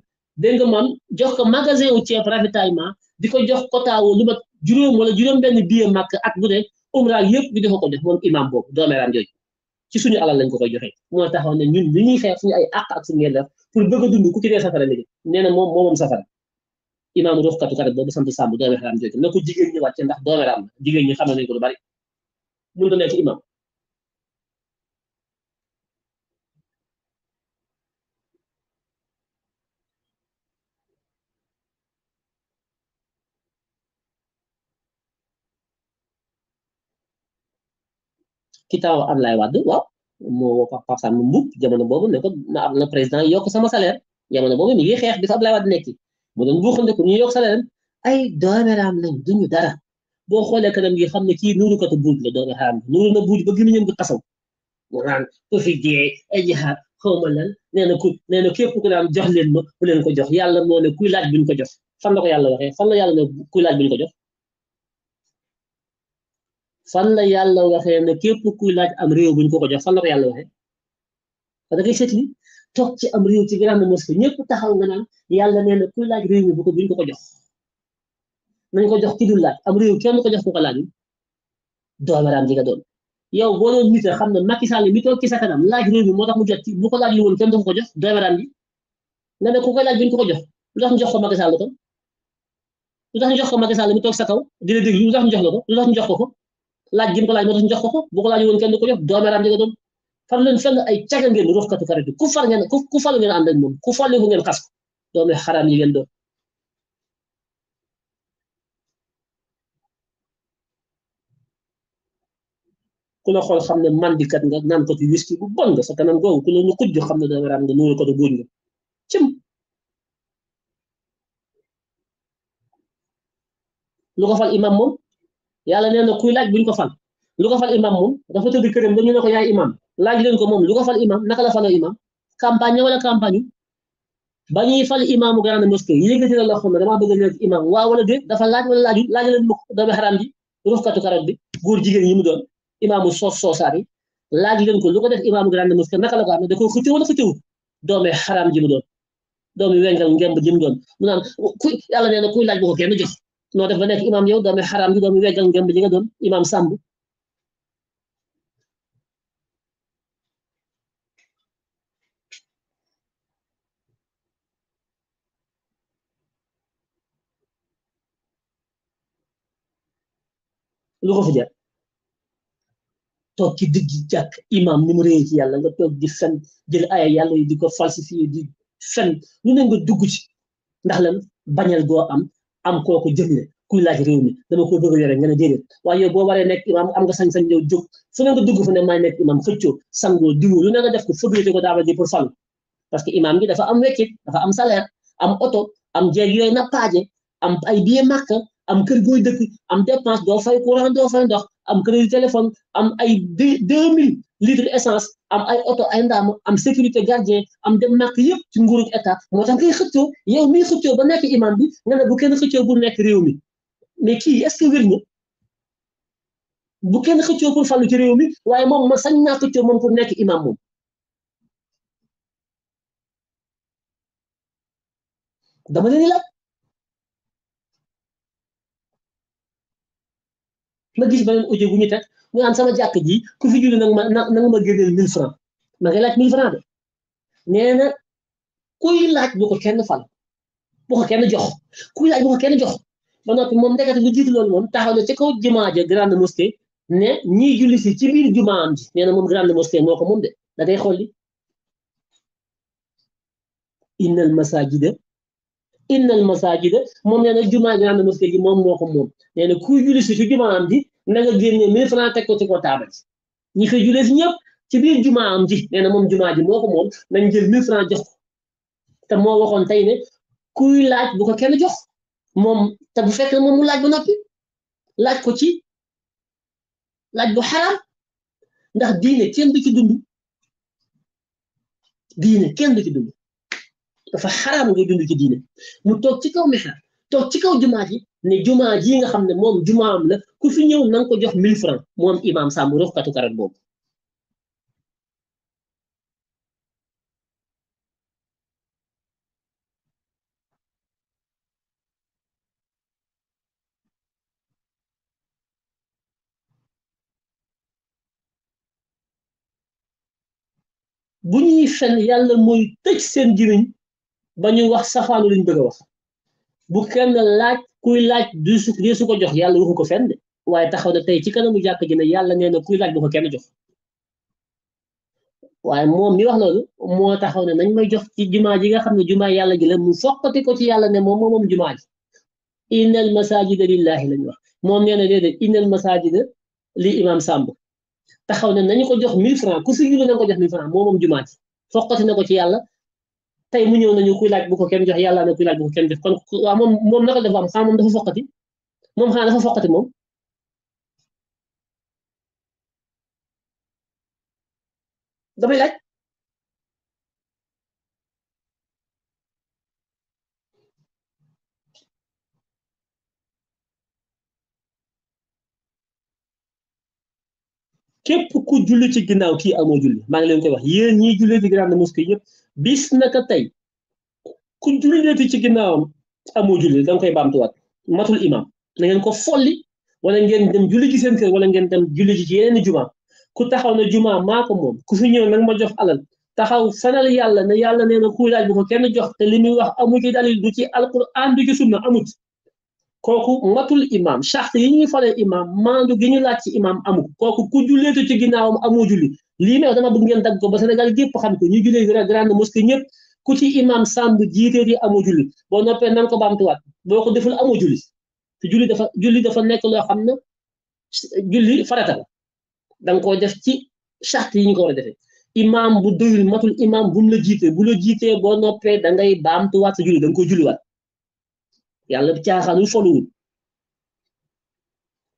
dégg nga moom jox ko magasin wu ceeb ravitaillement di ko jox kotaawu lu mat juróom wala juróom benn billet màkk ak bu dee umra yëpp bi dafa ko def moom imam boobu doomeeraam ci suñu alal lañ ko koy joxe moo taxaw ne ñun li ñuy xeex suñu ay àq ak suñu yelleef pour bëgg a ku ci dee safara la nee na moom moomoom safara imaam roofkatu karat boobu sant sàmm doomi xaraam jooju na ko jigéen ñi wàcce xam nañ bari mënut a nekk imaam ki taw Abdoulaye Wade waaw moo woo Pape Samba Mboup jamono boobu ne ko na am na président yokk sama salaire jamono boobu mi ngi xeex bi fa Abdoulaye Wade nekki mu doon buuxante ko ñu yokk salaire ay doome raam lañ duñu dara boo xoolee kanam gi xam ne kii nuurukatu buuj la doome raam nuuru na buuj ba gëmuñu ko tasaw mu naan ku fi dee ay jihaad xaw ma lan nee na ku nee na képp naan jox leen ma ku leen ko jox yàlla moo ne kuy laaj buñ ko jox fan la ko yàlla waxee fan la yàlla ne kuy laaj buñ ko jox. fan la yàlla waxee ne képp kuy laaj am réew buñ ko ko jox fan yàlla waxee da ngay seetli toog ci am réew ci grande mosquée ñëpp taxaw nga naan yàlla nee na kuy laaj réew mi ko buñ ko ko jox nañ ko am réew kenn ko jox ko ko laaj doomaraam ji nga doon yow boo doon nit a xam ne Macky Sall mi toog ci sa kanam laaj réew mi moo tax mu jot ci bu ko laaj li woon kenn du ko jox doomaraam ji nga ne ku koy laaj buñ ko ko jox lu tax ñu jox ko Macky Sall ko lu tax ñu jox ko Macky Sall mi toog sa kaw dina déglu lu tax ñu jox la ko lu tax ñu jox ko ko laaj gi mu ko laaj moo tax jox ko ko bu ko laaj woon kenn du ko jox doomeeraam jega doon far leen fenn ay caga ngeen ruuxkatu kare bi ku far ngeen ku falu ngeen ànd ak ku falu ngeen xas ko doome yi ngeen ku la xool xam ne mandikat nga naan ko ci whisky bu bon nga sa kanam googu ku la nu kujj xam ne doomeeraam nga nuuru ko te nga cim lu ko fal imam moom yàlla nee na kuy laaj buñ ko fal lu ko fal imam moom dafa tëdd këram dañu ne ko yaay imam laaj leen ko moom lu ko fal imam naka la faloo imam campagne wala campagne ba ñuy fal imaamu grande mosquée yéegati la loo xam ne damaa bëgg a nekk imam waaw wala déet dafa laaj wala laaju laaj leen mukk doomi xaram bi rufkatu karat bi góor jigéen yi mu doon imaamu soos soosaar yi laaj leen ko lu ko def imaamu grande mosquée naka la ko amee da ko xëcce wala xëccewut doomi xaram ji mu doon doomi wengal ngemb ji mu doon mu naan ku yàlla nee na kuy laaj bu ko kenn jox no def nek imam yow doomi haram yi doomi weggal ngëm bi li nga doon imam Sambu. lu ko fi jar digg imam ni mu réy ci yalla nga tok di fen jël aya yalla yi di falsifier di fen lu ne nga dugg ci ndax lan bañal go am am kooku jëmle kuy laaj réew mi dama ko bëgg yore nga ne déedéet waaye yow boo waree nekk imam am nga sañ-sañ yow jóg fu ne nga dugg fu ne maay def ko fëgglite ko daaba ji pour falu parce que imam bi dafa am weccit dafa am salaire am oto am jeeg na paaje am ay billet màkk am kër gooy dëkk am dépense doo fay courant doo fay ndox am crédit téléphone am ay deux mille litre essence am ay oto ay ndam am sécurité gardien am dem màkk yëpp ci nguurug état moo tax ngay xëccoo yow miy xëccoo ba nekk imam bi nga ne bu kenn xëccoo bu nekk réew mi kii est ce que wér na bu kenn xëccoo pour fàllu ci réew mi waaye moom ma sañ naa xëccoo moom pour nekk imam moom dama leen laaj ma gis beneen audio bu ñu naan sama jàkk ji ku fi julli nag ma na ma génneel 1000 francs ma ngi laaj 1000 francs de nee kuy laaj bu ko kenn fal bu ko kenn jox kuy laaj bu ko kenn jox ba noppi moom ndekete lu jiitu loolu moom taxaw na ci kaw jumaa ja grande mosquée ne ñiy julli si ci biir jumaam ji nee na moom grande mosquée moo ko moom de da day xolli innal masajida innal masajida moom nee na jumaa grande mosquée ji moom moo ko moom kuy julli si ci jumaam ji na nga génne 1000 francs teg ko ci ko taabal ñi fay julee si ñëpp ci biir jumaa am ji nee na moom jumaa ji moo ko moom nañ jël 1000 francs jox ko te moo waxoon tey ne kuy laaj bu ko kenn jox moom te bu fekkee moom mu laaj ba noppi laaj ko ci laaj bu xaraam ndax diine kenn du ci dund diine kenn du ci dund dafa xaraam ngay dund ci diine mu toog ci kaw mexar toog ci kaw jumaa ji ni jumaa ji nga xam ne moom jumaam la ku fi ñëw na ko jox 1000 francs moom imaam Samb ruxkatu karat boobu bu ñuy fen yàlla mooy tëj seen jëriñ ba ñuy wax safaanu liñ bëgg wax bu kenn laaj kuy laaj du su dee su ko jox yàlla waxu ko fenn de waaye taxaw na tey ci kanamu jàkk gi na yàlla nee na kuy laaj bu ko kenn jox waaye moom mi wax loolu moo taxaw ne nañ may jox ci jumaa ji nga xam ne jumaa yàlla ji la mu fokkati ko ci yàlla ne moom moom jumaa ji innal masajida lillahi lañ wax moom nee na déedéet innal masajida li imam Samb taxaw ne nañu ko jox 1000 francs ku si julli nañ ko jox na ko ci yàlla tay mu ñëw nañu kuy laaj bu ko kenn jox yàlla na kuy laaj bu ko kenn def kon waaw moom moom naka dafa am xam moom dafa foqati moom xanaa dafa foqati moom damay laaj képp ku julli ci ginnaaw kii amoo julli maa ngi leen koy wax yéen ñiy julli ci grande mosquée yëpp bis naka tey ku julliti ci ginnaawam amoo julli da nga koy baamtuwaat matul imam na ngeen ko folli wala ngeen dem julli ci seen kër wala ngeen dem julli ci yeneen juma ku taxaw na juma maa ko moom ku fi ñëw nag ma jox alal taxaw fanal yàlla na yàlla nee na ku laaj bu ko kenn jox te li muy wax amu ci dalil du ci alquran du ci sunna amut kooku matul imam charte yi ñuy falee imam mandu gi ñu laaj ci imam amu kooku ku julleetu ci ginnaawam amoo julli lii meew dama bëgg ngeen dagg ko ba Sénégal gépp xam ko ñu jullee grande mosquée ñëpp ku ci imam Samb jiiteeti amoo julli boo noppee nan ko baamtuwaat boo ko deful amoo julli te julli dafa julli dafa nekk loo xam ne julli farata la da nga koo def ci charte yi ñu ko war a defee imam bu doyul matul imam bu mu la jiitee bu la jiitee boo noppee da ngay baamtuwaat sa julli da nga koy julliwaat yàlla caaxaanu foluwul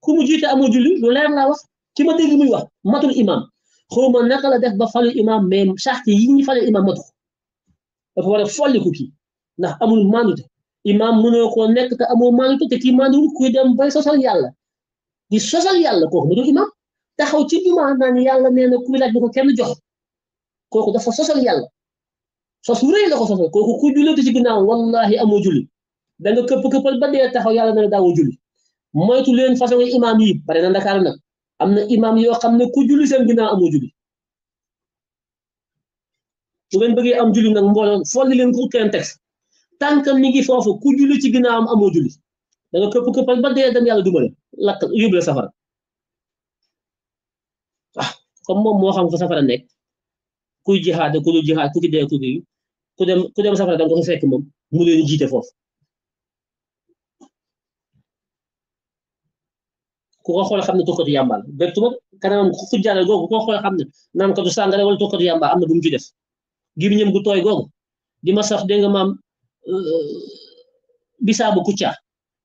ku mu jiite amoo julli lu leer laa wax ki ma dégg muy wax matul imam xawma naka la def ba falu imam mais charte yi ñi falu imam matu ko dafa war a ndax amul mandute imam mënoo koo nekk te amoo mandute te kii manduwul kuy dem bay sosal yàlla di sosal yàlla kooku mu dul imam taxaw ci jumaa naan yàlla nee na kuy laaj bu ko kenn jox kooku dafa sosal yàlla sos lu rëy la ko sosal kooku ku jullitu ci ginnaaw wallahi amoo julli da nga kepp keppal ba dee taxaw yalla na la daawoo julli moytu leen façon imam yi bare na dakar nak amna imam yo xamne ku julli seen ginnaaw amu julli su ngeen bëggee am julli nak mbolo folli leen ko ken texte tànk mi ngi fofu ku julli ci ginnaawam amu julli da nga kepp keppal ba dee dem yalla dumale lak yubla safar safara ah comme mom mo xam fa safara nek kuy jihad ku lu jihad ku ki dee ku dem ku dem safara da nga ko fekk mom mu leen jité fofu ku ko xol xamne ne yamba yàmba tuma kanam ku kanamam xujjaale googu ku ko xol xamne ne ko du sangale wala tukkatu yamba amna eh, bu mu ci def ñem gu toy googu di ma sax de nga maam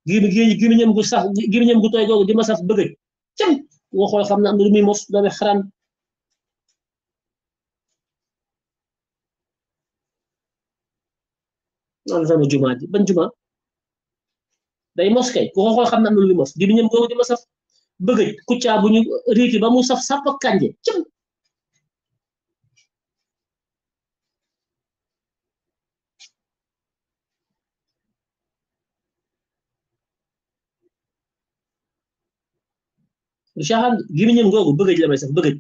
gimi gimi ñem gu sax ñem gu toy googu di ma sax bëggëj ci ku xol xamne amna lu mi mos doomi xaram non sama mu juma ban juma day mos kay ku ko xol xamne amna lu mi mos ñem googu di ma sax bëggëj kuccaa bu ñu riiti ba mu saf sàpp ak kànje cim Cheikh Anta gémmiñam googu bëggëj la may saf bëggëj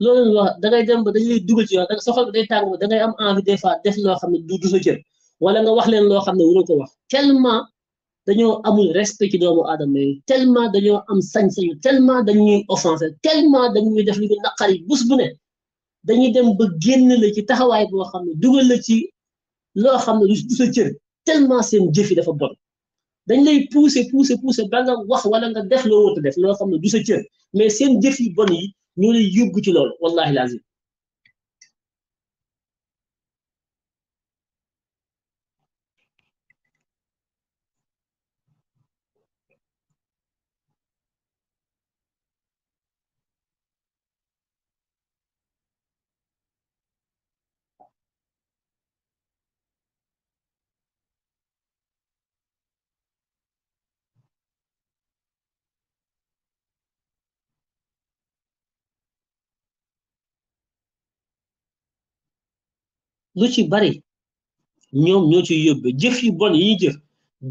loolu la wax da ngay dem ba dañ lay dugal ci yow da sa xol day tàng ba da am envie des fois def loo xam ne du du sa cër wala nga wax leen loo xam ne waroo ko wax tellement dañoo amul respect ci doomu aadama yi tellement dañoo am sañ-sañu tellement dañuy offensé tellement dañuy def lu ñu naqari bus bu ne dañuy dem ba génn la taxawaay boo xam ne dugal la ci loo xam ne du cër tellement seen jëf yi dafa bon dañ lay pousser pousser pousser ba nga wax wala nga def loo wut loo xam ne du sa cër mais seen jëf yi bon yi. ñoo lay yóbbu ci loolu wallahi lazim lu ci bari ñoom ñoo ciy yóbbe jëf yu bon yi ñuy jëf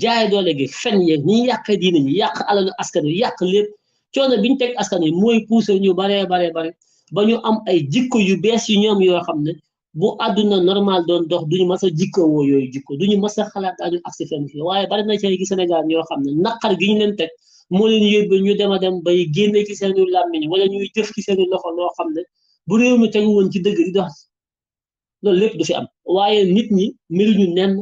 jaay doole gi fen yeeg ñi yàqee diine ñu yàq alalu askan wi yàq lépp coono bi ñu teg askan wi mooy pousser ñu baree baree bare ba ñu am ay jikko yu bees yu ñoom yoo xam ne bu àdduna normal doon dox duñu mas a jikko woo yooyu jikko duñu mas a xalaat daañu agsi fenn fi waaye bari na ci Sénégal ñoo xam ne naqar gi ñu leen teg moo leen yóbbe ñu dem a dem bay génne ci seenu làmmiñ wala ñuy jëf ci seenu loxo loo xam ne bu réew mi tegu woon ci dëgg di loolu lépp du fi am waaye nit ñi meluñu nenn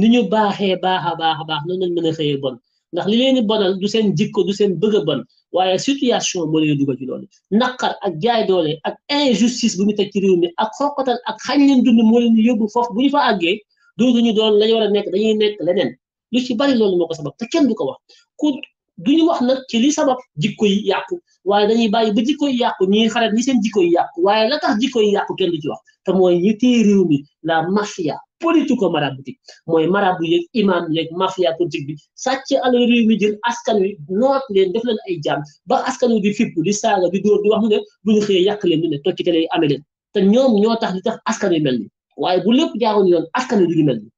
ni ñu baaxee baax a baax a baax noonu lañ mën a xëyee bon ndax li leen di bonal du seen jikko du seen bëgg a bon waaye situation moo leen dugal ci loolu naqar ak jaay doole ak injustice bu ñu teg ci réew mi ak xokkatal ak xañ leen dund moo leen yóbbu foofu bu ñu fa àggee dootuñu doon la ñu war a nekk dañuy nekk leneen lu ci bari loolu moo ko sabab te kenn du ko wax du duñu wax nag ci li sabab jikko yi yàqu waaye dañuy bàyyi ba jikko yi yàqu ñuy xaret ni seen jikko yi yàqu waaye la tax jikko yi yàqu kenn du ci wax te mooy ñi téye réew mi la mafia bu marabutique mooy marabu yeeg imam yeeg mafia politique bi sàcc alal réew mi jël askan wi noot leen def leen ay jaam ba askan wi di fipp di saaga di dóor di wax mu ne duñu xëyee yàq leen ñu ne tocc tele yi amee leen te ñoom ñoo tax li tax askan wi mel ni waaye bu lépp jaaroon yoon askan wi duñu mel ni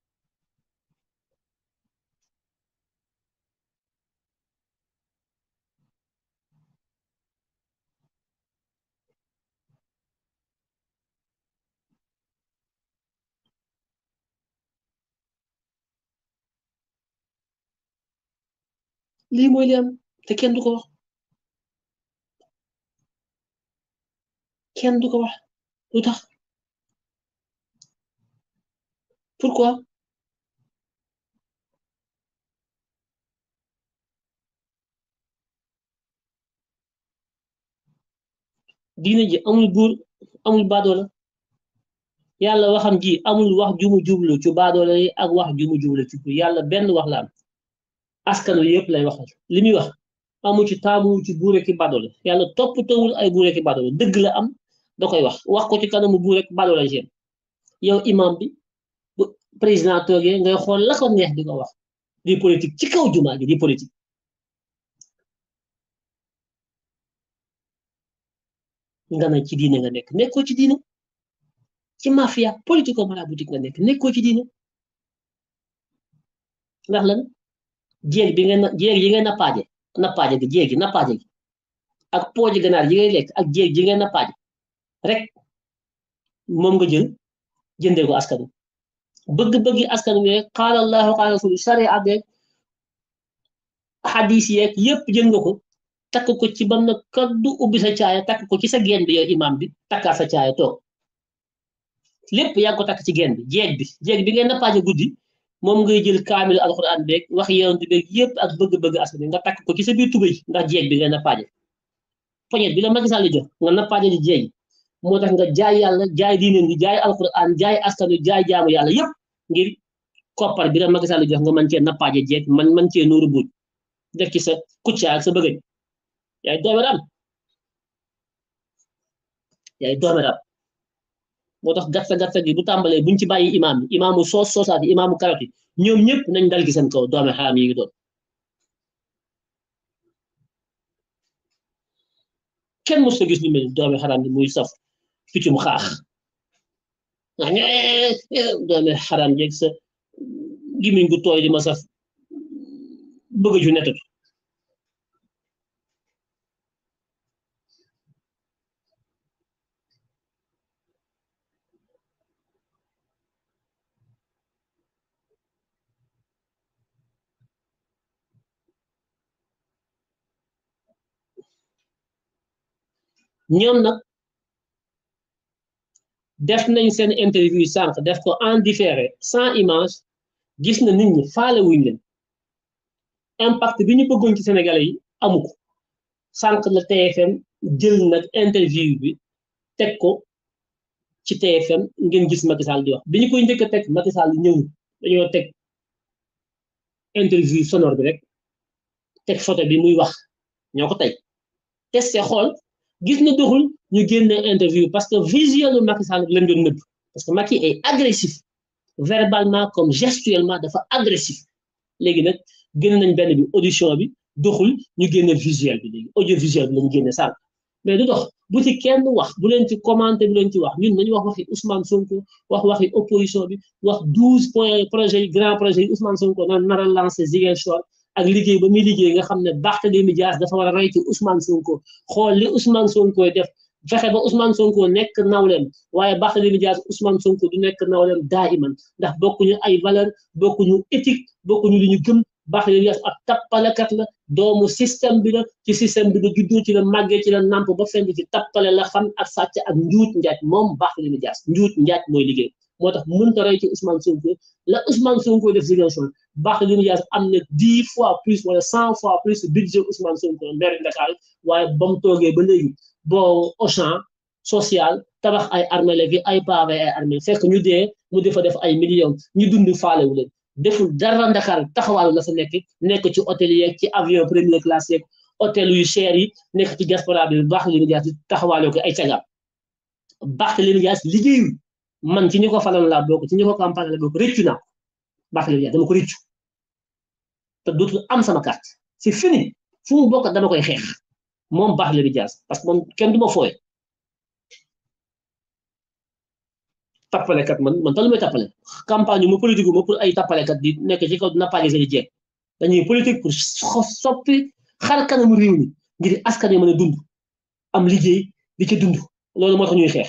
lii mooy li te kenn du ko wax kenn du ko wax lu tax pourquoi diine ji amul buur amul baadoola yàlla waxam ji amul wax ju mu jublu ci baadoola yi ak wax ju mu jublu ci buur yàlla benn wax askano yëpp lay waxal li muy wax amu ci taamu ci buure ki badola yàlla toppatoowul ay buure ki badola dëgg la am da koy wax wax ko ci kanamu buure ki badola jéem yow imam bi bu président toogee ngay xool lakoo ko neex di ko wax di politique ci kaw jumaa ji di politique nga ne ci diine nga nekk nekkoo ci diine ci mafia politico marabutique nga nekk nekkoo ci diine ndax lan jéeg bi ngeen jéeg yi ngeen nappaaje nappaaje gi jéeg gi nappaaje gi ak pooji ganaar yi ngay lekk ak jéeg yi ngeen nappaaje rek moom nga jël jënde ko askan bëgg-bëggi askan wi rek qaala allahu qaala rasulu sariya beeg xadis jël nga ko takk ko ci bam kaddu ubbi sa caaya takk ko ci sa gen bi yow imaam bi takkaat sa caaya toog lépp yaa ngi takk ci gen bi jéeg bi jéeg bi ngeen nappaaje guddi mom ngay jël kamil alquran bek wax yonent bek yépp ak bëgg-bëgg asbi nga tak ko ci sa biir tubey ndax jeeg bi nga na faaje poñet bi la Macky Sall jox nga nappaaje di jeeg moo tax nga jaay yalla jaay diine gi jaay alquran jaay askan jaay jaamu yalla yépp ngir koppar bi la Macky Sall jox nga man ci na faaje jeeg man man ci nuuru buuj def ci sa kuccia ak sa bëgg yaay doomaram yaay doomaram moo tax gatsa gatsa gi bu tàmbalee buñ ci bàyyi imaam yi imaamu soos soosaati imaamu karot yi ñoom ñëpp nañ dal gi seen kaw doome xaram yi doon kenn mos gis ñu mel doome xaram bi muy saf piccum xaax nga ñe doome xaram jeeg sa gimiñ tooy di ma saf bëgg ñoom na def nañ seen interview sànq def ko en différé sans image gis na nit ñi faale wuñ leen impact bi ñu bëggoon ci Sénégalais yi amu ko sànq la TFM jël na interview bi teg ko ci TFM ngeen gis Macky Sall di wax bi ñu koy njëkk a teg Macky Sall ñëw dañoo teg interview sonore bi rek teg photo bi muy wax ñoo ko tey testé xool. gis na doxul ñu génne interview parce que visuelu Macky Sall bi lañ doon nëbb parce que Macky est agressif verbalement comme gestuellement dafa agressif léegi nag génne nañ benn bi audition bi doxul ñu génne visuel bi léegi visuel bi lañ génne sàll mais du dox bu ci kenn wax bu leen ci commenté bu leen ci wax ñun nañ wax waxi Ousmane Sonko wax waxi opposition bi wax douze points projet yi grand projet yi Ousmane Sonko nan nar a lancé Ziguinchor ak liggéey ba muy liggéey nga xam ne mi Dias dafa war a roy ci Ousmane Sonko xool li Ousmane Sonko def fexe ba Ousmane Sonko nekk nawleem waaye Barthélémy Dias Ousmane Sonko du nekk nawleem daayiman ndax bokkuñu ay valeur bokkuñu éthique bokkuñu li ñu gëm Barthélémy Dias ab tappalekat la doomu système bi la ci système bi la juddoo ci la màggee ci la nàmp ba fenn ci tappale la xam ak sàcc ak njuut njaaj moom Barthélémy Dias njuut njaaj mooy liggéey motax tax mënta rey ci Ousmane Sonko la Ousmane Sonko def Ziguinchor Barthélémy Dias am na 10 fois plus wala 100 fois plus budget Ousmane Sonko maire Dakar waye bam mu ba ba bo au champ social tabax ay armée fi ay pavé ay armée fekk ñu dé mu difa def ay millions ñu dund faalé wu leen deful dara Dakar taxawal la sa nek nek ci hôtel yi ci avion premier classe yi hôtel yu cher yi nek ci gaspara bi Barthélémy ñu di taxawal ko ay cagam ñu Dias liggéeyul man ci ñu ko faloon laa bokk ci ñu ko campagne la bokk rëccu naa ko Barthélémy Dias dama ko rëccu te dootul am sama carte si fini fu mu bokk dama koy xeex moom Barthélémy jaas parce que moom kenn du ma fooye tappalekat man man talu may tappale campagne yu ma politique ma pour ay tappalekat di nekk ci kaw dina palisé di jeeg dañuy politique pour soppi xar kanamu réew mi ngir askan yi mën a dund am liggéey di ci dund loolu moo tax ñuy xeex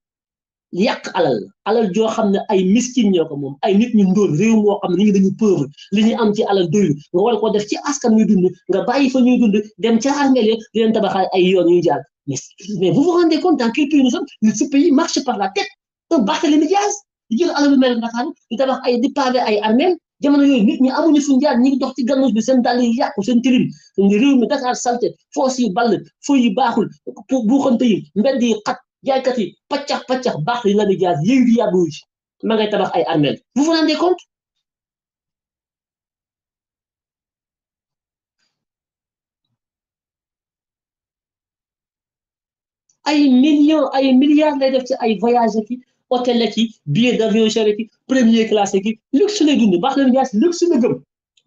Yak alal alal jo xamne ay miskin ñoko mom ay nit ñu ndóol rew mo xam ne nit ñi dañu li ñi am ci alal doyul nga war ko def ci askan ñuy dund nga bayyi fa ñuy dund dem ci armeel ya di leen tabaxal ay yoon ñuy jaar mais mais vous vous rendez compte dans quel pays nous sommes ce pays marche par la tête un Barthélémy Dias di jël alal bu mel Dakar di tabax ay di pavé ay armeel jamono yooyu nit ñi amuñu fu jaar ñi dox ci gannaaw bi seen dal yi yàqu seen tilim rew mi Dakar salté fo yu ball yu baxul bu buuxante yi mbedd yi xat jaaykat yi paccax paccax baax li la di gaz yëy di il ma tabax ay vous vous rendez compte ay millions ay milliards lay def ci ay voyage hôtel ki billet d'avion cher ki premier classe ki luxe lay dund baax la di luxe la gëm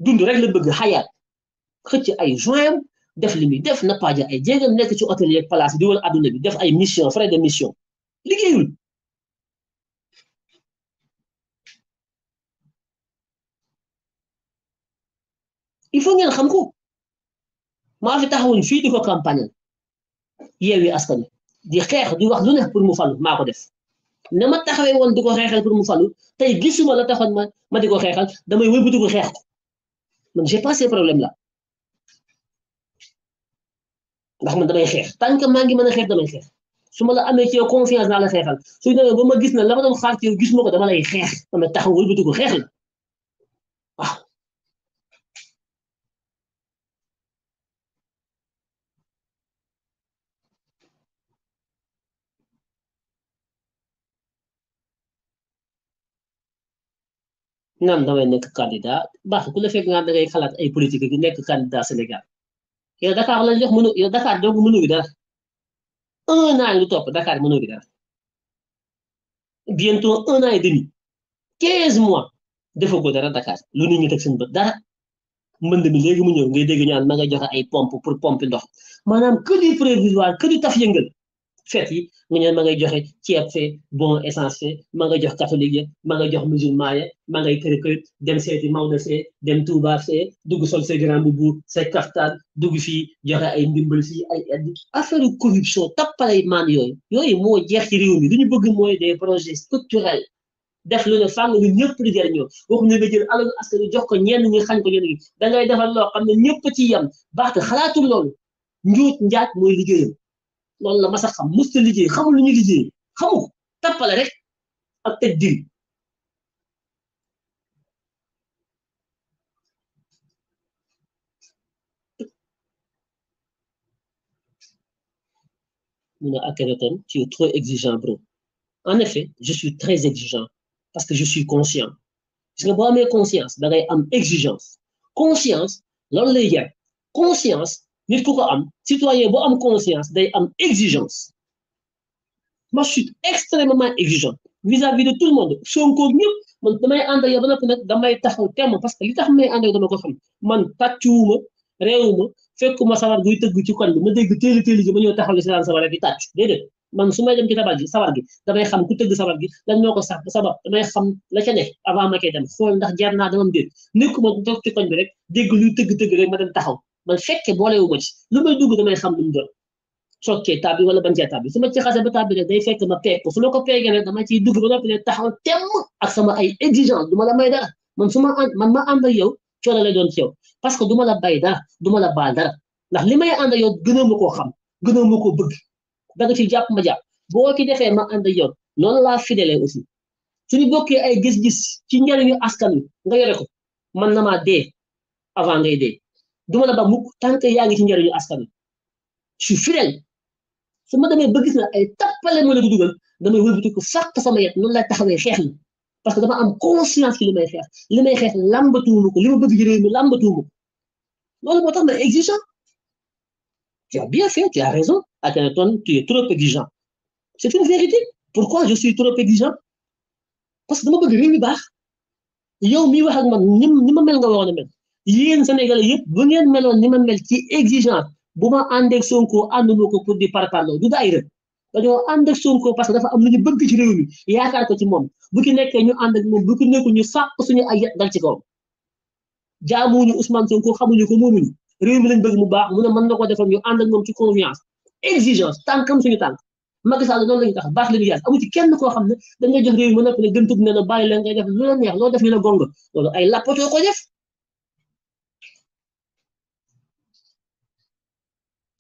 dund rek la bëgg hayat xëc ay joint def limi def na ja ay jéegam nek ci hôtel ak place di wol aduna bi def ay mission frais de mission liggéeyul il faut ngeen xam ko ma fi taxawuñ fi diko campagne yewi askan di xex di wax lu ne pour mu fallu mako def na ma won diko xexal pour mu fallu tay gisuma la taxoon ma ma di ko damay wëbutu ko xex ko man j'ai pas ces problèmes là ndax man damay xeex tant que maa ngi mën a xeex damay xeex su ma la amee ci confiance naa la xeexal su demee ba ma gis ne la ma doon xaar ma ko dama lay xeex dama taxaw wëlbatiku xeex la waaw naan damay nekk candidat baax ku la fekk nga da ngay xalaat ay politique yu nekk candidat Sénégal yow Dakar lañ jox mënu yow Dakar doogu mënu bi dara un an lu topp Dakar mënu bi dara bientôt un an et demi quinze mois defoo dara Dakar lu nit ñi teg seen bët dara mbënd mi léegi mu ñëw ngay dégg ñu naan ma nga joxe ay pompe pour pompe ndox maanaam que du prévisoire que du fet yi nga ma ngay joxe ceeb fee bon essence fee ma ngay jox catholique ya ma ngay jox musulman ya ma ngay kër kër dem seeti Maodo fee dem Touba fee dugg sol sa grand boubou sa kaftan dugg fii joxe ay ndimbal si ay aide affaire corruption tappalay maan yooyu yooyu moo jeex ci réew mi lu ñu bëgg mooy des projets structurels def lu ne fàng lu ñëpp di jëriñoo waxuñu nga jël alalu askan wi jox ko ñenn ñi xañ ko ñenn ñi da ngay defal loo xam ne ñëpp ci yam baax te xalaatul loolu njuut njaat mooy liggéeyam loolu la masa xam musta liggéey xamul lu ñu liggéey xamu tappale rek ak teg dil Mouna Akhenaton, tu es trop exigeant, bro. En effet, je suis très exigeant parce que je suis conscient. Parce que moi, conscience da ngay am exigence. Conscience, l'on Conscience, nit ku ko am citoyen bo am conscience day am exigence moi suis extrêmement exigeant vis-à-vis de tout le monde Sonko ñep man damay ànd ya yow nak damay taxaw tem parce que li tax may ànd dama ko xam man tàccuwuma réewuma fekkuma sawar guy tëgg ci kon bi ma dégg téeli téeli ji ma ñëw taxaw ci si daan sabar gi tàcc déedéet man suma may dem ci tabac gi sawar gi damay xam ku tëgg sawar gi lan ñoko sax sabab damay xam la ca ne avant ma kay dem xol ndax jar naa damam déet nekkuma toog ci kon bi rek dégg lu tëgg-tëgg rek ma dem taxaw man fekke boolewu ma ci lu may dugg damay xam lu mu doon sokkee tab bi wala bañ cee bi su ma ci xase ba tab day fekk ma peeg ko su ma ko peegee rek dama ciy dugg ba noppi ne taxaw temm ak sama ay exigence du ma la may dara man su ma man ma ànd ak yow coono lay doon ci yow parce que du ma la bay dara du ma la baal dara ndax li may ànd ak yow gënoon ma koo xam gënoon ma koo bëgg da nga ci jàpp ma jàpp boo ki defee ma ànd ak noon noonu laa fidèle aussi suñu bokkee ay gis-gis ci njariñu askan wi nga yore ko man na maa dee avant ngay dee. duma la ba mukk tant que yaa ngi ci njëriñu askan wi je su ma demee bëgg na ay tappale ma la du dugal damay wëlbati ko fàtt sama yet noonu lay taxawee xeex mi parce que dama am conscience ci li may xeex li may xeex làmbatuuma ko li ma bëgg réew mi làmbatuuma ko loolu moo tax ma exigeant tu as bien fait tu as raison Akhenaton tu es trop exigeant c'est une vérité pourquoi je suis trop exigeant parce que dama bëgg réew mi baax yow miy wax ak man ni ma mel nga waroon a mel yéen Sénégalais yëpp bu ngeen meloon ni ma mel ci exigence bu ma ànd ak Sonko ànduma ko pour di parparloo du daay rek dañoo ànd ak Sonko parce que dafa am lu ñu bëgg ci réew mi yaakaar ko ci moom bu ki nekkee ñu ànd ak moom bu ki nekkul ñu sàq suñu ay yet dal ci kawam jaamuñu Ousmane Sonko xamuñu ko moomuñu réew mi lañ bëgg mu baax mu ne mën na ko defal ñu ànd ak moom ci confiance exigence tànkam suñu tànk Macky Sall noonu la ñu tax baax la ñu yaas kenn koo xam ne da ngay jox réew ne bàyyi leen ngay def lu la neex def ñu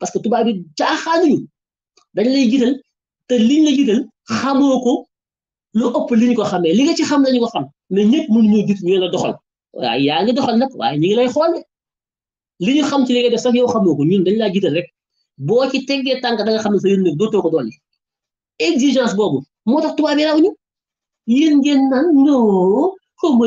parce que tubaab yi jaaxaanuñu dañ lay jiital te liñ la jiital xamoo ko lu ëpp li ñu ko xamee li nga ci xam lañu ko xam mais ñëpp ñoo jiit ñu la doxal waaye yaa ngi doxal nag waaye ñu ngi lay xool li ñu xam ci li def sax yow xamoo ko ñun dañ laa jiital rek boo ci teggee tànk da xam ne sa yéen nag dootoo ko dolli exigence boobu moo tax tubaab yi raw ngeen naan non xawma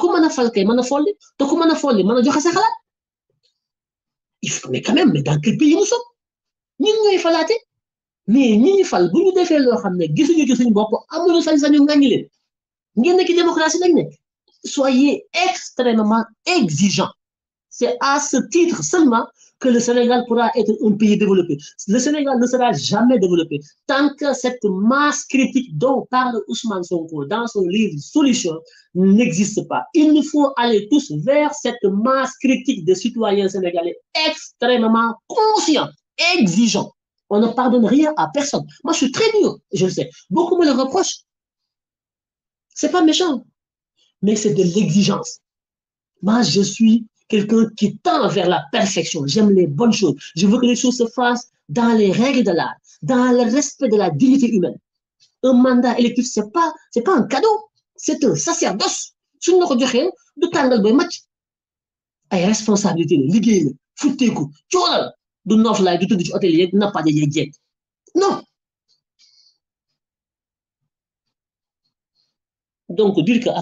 ku mën a fal kay mën a folli te ku mën a folli mën a joxe sa xalaat il faut mais quand même mais dans quel pays nous sommes ñun ñooy falaate mais ñi ñu fal bu ñu defee loo xam ne gisuñu ci suñu bopp amuñu sañ-sañu ŋàññi leen ngeen nekk démocratie lañ nekk soyez extrêmement exigeant C'est à ce titre seulement que le Sénégal pourra être un pays développé. Le Sénégal ne sera jamais développé tant que cette masse critique dont parle Ousmane Sonko dans son livre Solution n'existe pas. Il nous faut aller tous vers cette masse critique des citoyens sénégalais extrêmement conscients, exigeants. On ne pardonne rien à personne. Moi, je suis très dur, je le sais. Beaucoup me le reprochent. C'est pas méchant, mais c'est de l'exigence. Moi, je suis quelqu'un qui tend vers la perfection. J'aime les bonnes choses. Je veux que les choses se fassent dans les règles de l'art, dans le respect de la dignité humaine. Un mandat électif, ce n'est pas, pas un cadeau, c'est un sacerdoce. su ñu ne ko joxee du tàngal bay màcc une responsabilité la liggéey la futteeku coolal du noof laay du tëdd hôtel yeeg pas de non donc dire que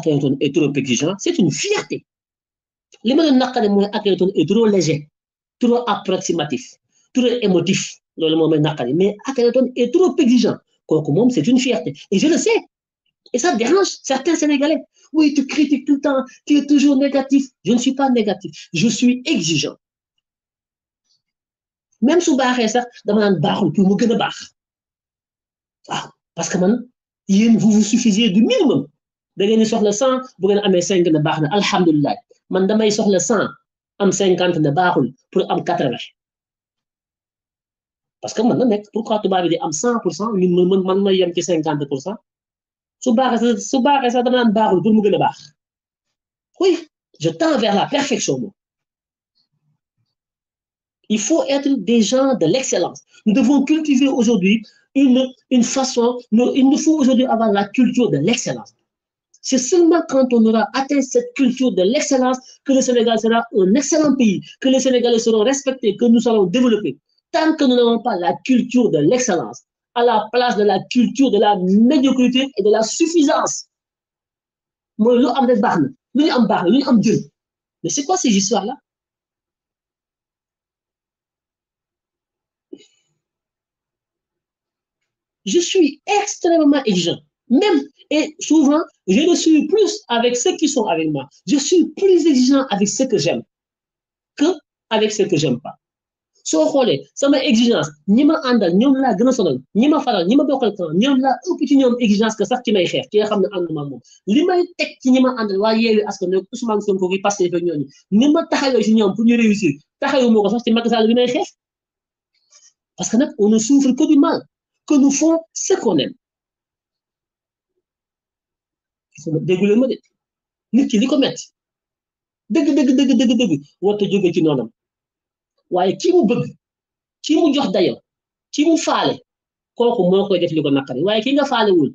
est trop exigeant c'est une fierté li ma doon naqare est trop léger trop approximatif trop émotif loolu moom may naqare mais accueil est trop exigeant kooku c'est une fierté et je le sais et ça dérange certains Sénégalais oui tu critiques tout le temps tu es toujours négatif je ne suis pas négatif je suis exigeant même su baaxee sax dama naan baaxul pour mu gën a baax ah, parce que man vous vous suffisiez du minimum da ngeen soxla 100 bu ngeen amee 5 na baax na alhamdulilah man damay soxla 100 am 50 na baaxul pour am 80 parce que man na pourquoi tubaa bi di am 100% ñun man ci 50% su baaxee sa su baaxee sa dama naan baaxul pour mu gën baax oui je tends vers la perfection Il faut être des gens de l'excellence. Nous devons cultiver aujourd'hui une, une façon. il nous faut aujourd'hui avoir la culture de l'excellence. C'est seulement quand on aura atteint cette culture de l'excellence que le Sénégal sera un excellent pays, que les Sénégalais seront respectés, que nous serons développés. Tant que nous n'avons pas la culture de l'excellence à la place de la culture de la médiocrité et de la suffisance. Mais c'est quoi ces histoires-là Je suis extrêmement exigeant. Même, et souvent, je le suis plus avec ceux qui sont avec moi. Je suis plus exigeant avec ceux que j'aime que avec ceux que j'aime pas. so, ça sama exigence Ni ma àndal ni ma grande a ni ma faral ni ma bokkal kan ñoom laa petit ci ma exigence que sax ki may qui ki nga xam ne ànduma moom li may tek ci ni ma àndal wa yeewi askan ne Ousmane Sonko gi passé fek ni ma taxawee ci ñoom pour ñu réussir taxawu moo ko sax ci Macky Sall bi may parce qu'on ne souffre que du mal que nous font ce qu'on aime déggu leen ma de nit ki li ko metti dëgg dëgg dëgg dëgg dëgg warta jóge ci noonam waaye ki mu bëgg ki mu jox dayo ki mu faale kooku moo koy def li ko naqari waaye ki nga faale wul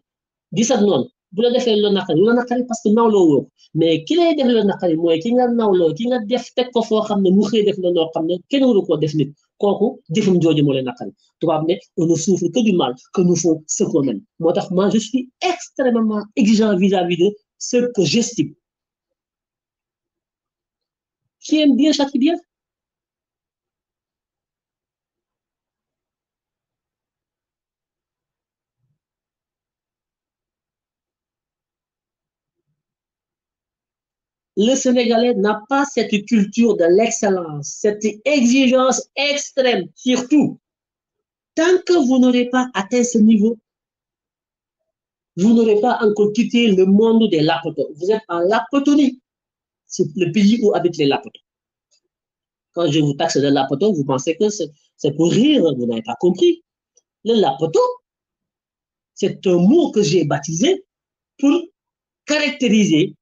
di sat noonu bu la defee loo naqari loo naqari parce que nawloo woo ko mais ki lay def loo naqari mooy ki nga nawloo ki nga def teg ko foo xam ne mu xëy def la noo xam ne kenn waru koo def nit kooku ne on ne souffre que du mal que nous font ce qu'on aime Moi, je suis extrêmement exigeant vis-à-vis de ce que j'estime qui aime bien châtie bien le Sénégalais n'a pas cette culture de l'excellence, cette exigence extrême, surtout. Tant que vous n'aurez pas atteint ce niveau, vous n'aurez pas encore quitté le monde des Lapotons. Vous êtes en Lapotonie. C'est le pays où habitent les Lapotons. Quand je vous taxe de Lapoton, vous pensez que c'est pour rire, vous n'avez pas compris. Le Lapoton, c'est un mot que j'ai baptisé pour caractériser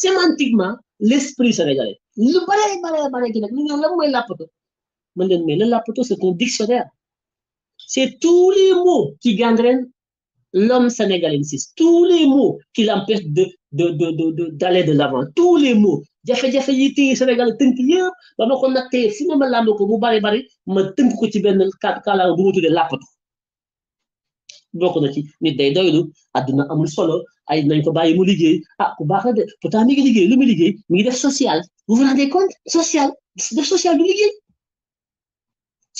sémantiquement l'esprit sénégalais Le baree baree baree ci nag ñu ñoom mais le làppato c'est un dictionnaire c'est tous les mots qui gangrènent l'homme sénégalais tous les mots qui l'empêchent de de de de d'aller de l'avant tous les mots jafe-jafe yi téye Sénégal tënk yëpp ba ma ko nattee si ma ma làmb ko bu bari bari ma tënk ko ci benn kàllaama bu ma tuddee làppatu bokk na ci nit day doylu àdduna amul solo ay nañ ko bàyyi mu liggéey ah ku baax la de pourtant mi ngi liggéey lu mu liggéey mi ngi def social vous vous rendez compte social def social du liggéey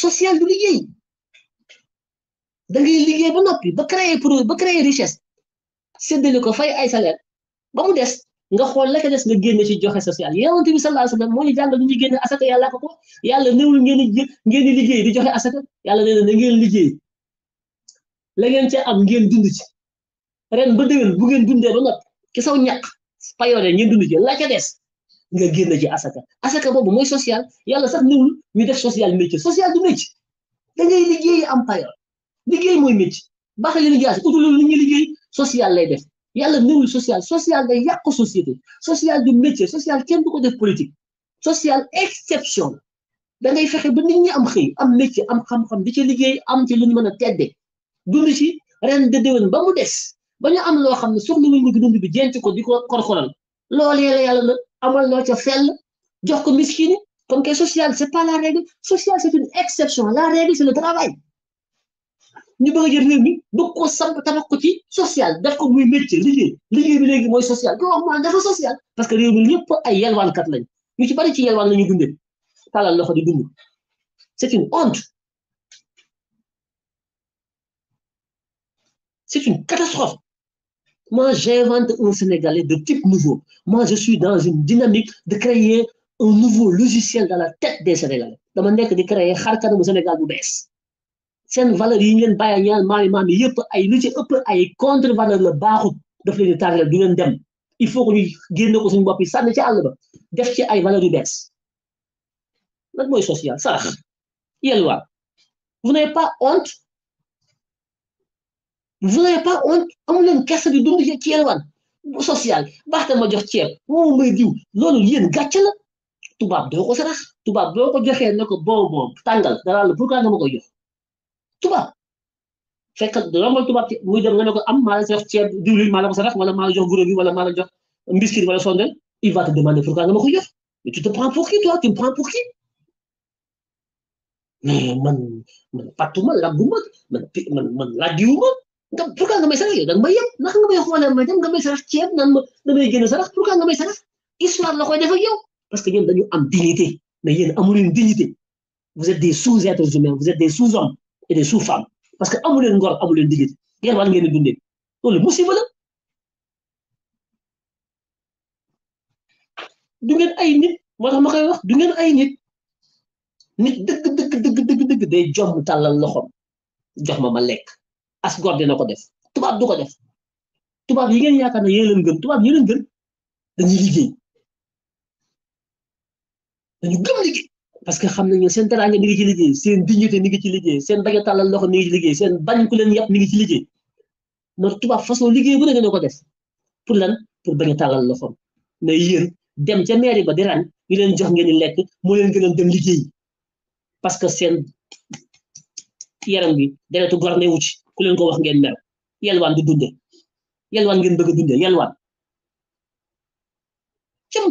social da ngay liggéey ba noppi ba créer produit ba créer richesse séddale ko fay ay salaire ba mu des nga xool la ka des nga génne ci joxe social yonent bi sallallahu alayhi wa sallam moo ñu jàngal ñu ñuy ko ko yàlla néewul ngeen di ngeen di liggéey di joxe asaka yàlla nee na na ngeen liggéey la ngeen cee am ngeen dund ci ren ba déwén bu ngeen dundee ba noppi ki saw ñaq payooree ngeen du ci la ca des nga génn ci asaka asaka boobu mooy sociale yàlla sax newul ñu def social métier social du métier da ngay liggéey am payoor liggéey mooy baax li liggéey utu lu ñuy social lay def yàlla newul social social day yàq société social du métier social kenn du ko def politique social exception da ngay fexe ba nit ñi am xëy am métier am xam-xam di ci liggéey am ci lu ñu mën a teddee dundu ci ren de dewen ba mu des ba ñu am lo xamne ne soxla ngi dundu bi jent ko di ko korkoral lolé la yalla na amal loo ci fell jox ko miskini comme que social c'est pas la règle social c'est une exception la règle c'est le travail ñu bëgg jël réew mi bu ko samp tabax ko ci social def ko muy métier liggéey liggéey bi légui moy social ko wax maanaam dafa social parce que réew mi ñepp ay kat lañ ñu ci bari ci yelwaan lañu dundé talal loxo di dund c'est une honte C'est une catastrophe. Moi, j'invente un Sénégalais de type nouveau. Moi, je suis dans une dynamique de créer un nouveau logiciel dans la tête des Sénégalais. dama nekk de créer xar kanamu Sénégal Sénégalais C'est une valeur yi ñu leen bàyyi ñaan il maami yëpp ay lu ci ëpp contre la valeur daf la barre de du leen il faut que ñu génne ko suñu bopp yi sànni ci àll ba def ci ay valeurs yu bees lan mooy social sarax yelwaa vous n'avez pas honte vous n'avez pas honte amu leen kersa di dund ci yelwaan social baaxte ma jox ceeb moom may diw loolu yéen gàcce la tubaab doo ko sarax tubaab boo ko joxee ne ko boobu boobu tàngal danaa la pourquoi nga ma koy jox tubaab fekk rombal tubaab ci muy nga ne ko am maa la jox ceeb diwlin maa ko sarax wala maa la jox guro bi wala maa la jox mbiskit wala sondel il va te demander pourquoi nga ma koy jox mais tu te prends pour qui tu me prends pour qui mais man man pattuma lagguma man man nga pourquoi nga may sarax yow da nga may yëpp naka nga may xoolal ma dem nga may sarax ceeb naan ma nga may génn sarax pourquoi nga may sarax histoire la koy def ak yow parce que da dañu am dignité mais yéen amu leen dignité vous êtes des sous êtres humains vous êtes des sous hommes et sous femmes parce que amu leen ngor amu leen dignité yéen war ngeen di dundee loolu musiba la ay nit moo tax ma du ngeen ay nit nit dëgg dëgg dëgg dëgg dëgg day jomm tàllal loxoom jox ma ma lekk. as gor dina ko def tubaab du ko def tubaab yi ngeen yaakaar ne yéen leen gën tubaab yéen leen gën dañuy liggéey dañu gëm liggéey parce que xam nañu seen teraanga mi ngi ci liggéey seen dignité mi ngi ci liggéey seen bañ a tàllal loxo mi ngi liggéey seen bañ ku leen yàpp mi ngi ci liggéey moo liggéey bu ne dina ko def pour lan pour bañ a tàllal loxoom mais yéen dem ca mairie ba di ran ñu leen jox ngeen di lekk moo leen gënal dem liggéey parce que seen yaram bi deretu gor ne wu ku ko wax ngeen mer yelwaan du dunde yelwaan ngeen bëgg a dunde yelwaan cëm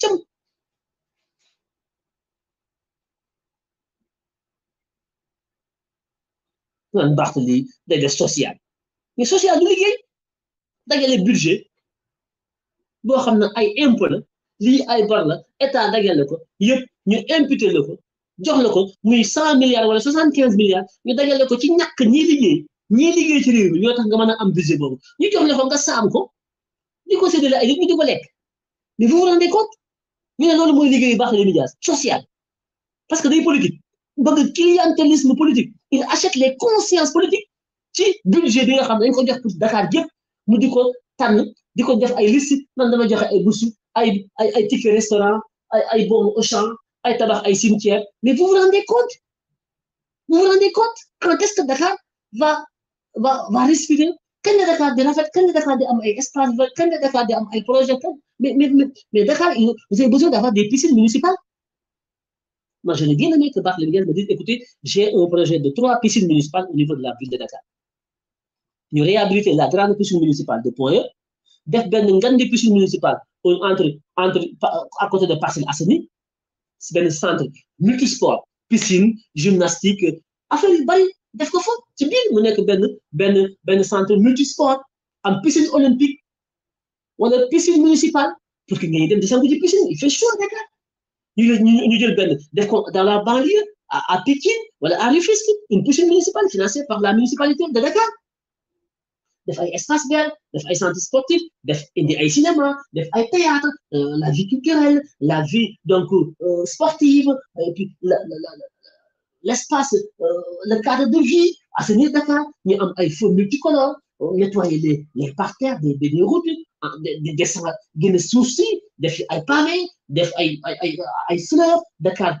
cëm naan baax lii day def social mais social du liggéey dajale budget boo xam ne ay impôt la lii ay bar la état dajale ko yëpp ñu imputé la ko jox la muy milliards wala 75 milliards ñu dajale ko ci ñak ñi liggéey ñi liggéey ci réew mi tax nga a am ñu nga ko mais vous vous rendez compte social parce que day politique bëgg clientélisme politique il achète les consciences politiques ci budget xam dañ ko pour Dakar mu def ay liste dama ay ay ay ay restaurant ay ay bon champ. À tabax cimetière mais vous vous rendez compte vous vous rendez compte quand est-ce que Dakar va va va respirer ce que Dakar va rafet Quand la Dakar di am ay espace vert Quand la Dakar di am ay projet mais mais mais Dakar vous avez besoin d'avoir des piscines municipales moi je bien aimé que le me dise écoutez j'ai un projet de trois piscines municipales au niveau de la ville de Dakar ñu réhabiliter la grande piscine municipale de Pointe, d'être def une grande piscine municipale entre entre à côté de Parcelle Assainies c'est un centre multisport piscine gymnastique affaire yu bari def ko fa ci olympiques, mu nek centre multisport piscine olympique wala piscine municipale pour que ngay dem des piscines, ci piscine il fait chaud d'accord ñu jël dans la banlieue à à on wala une piscine municipale financée par la municipalité de Dakar def ay espace vert def ay centre sportif def indi ay cinéma def ay théâtre la vie culturelle la vie donc sportive et puis la la l'espace le cadre de vie assainir il y am ay feux multicolores nettoyer les les parterres des des routes des des génne suuf si def ay pavé def ay ay des fleurs, fleurs Dakar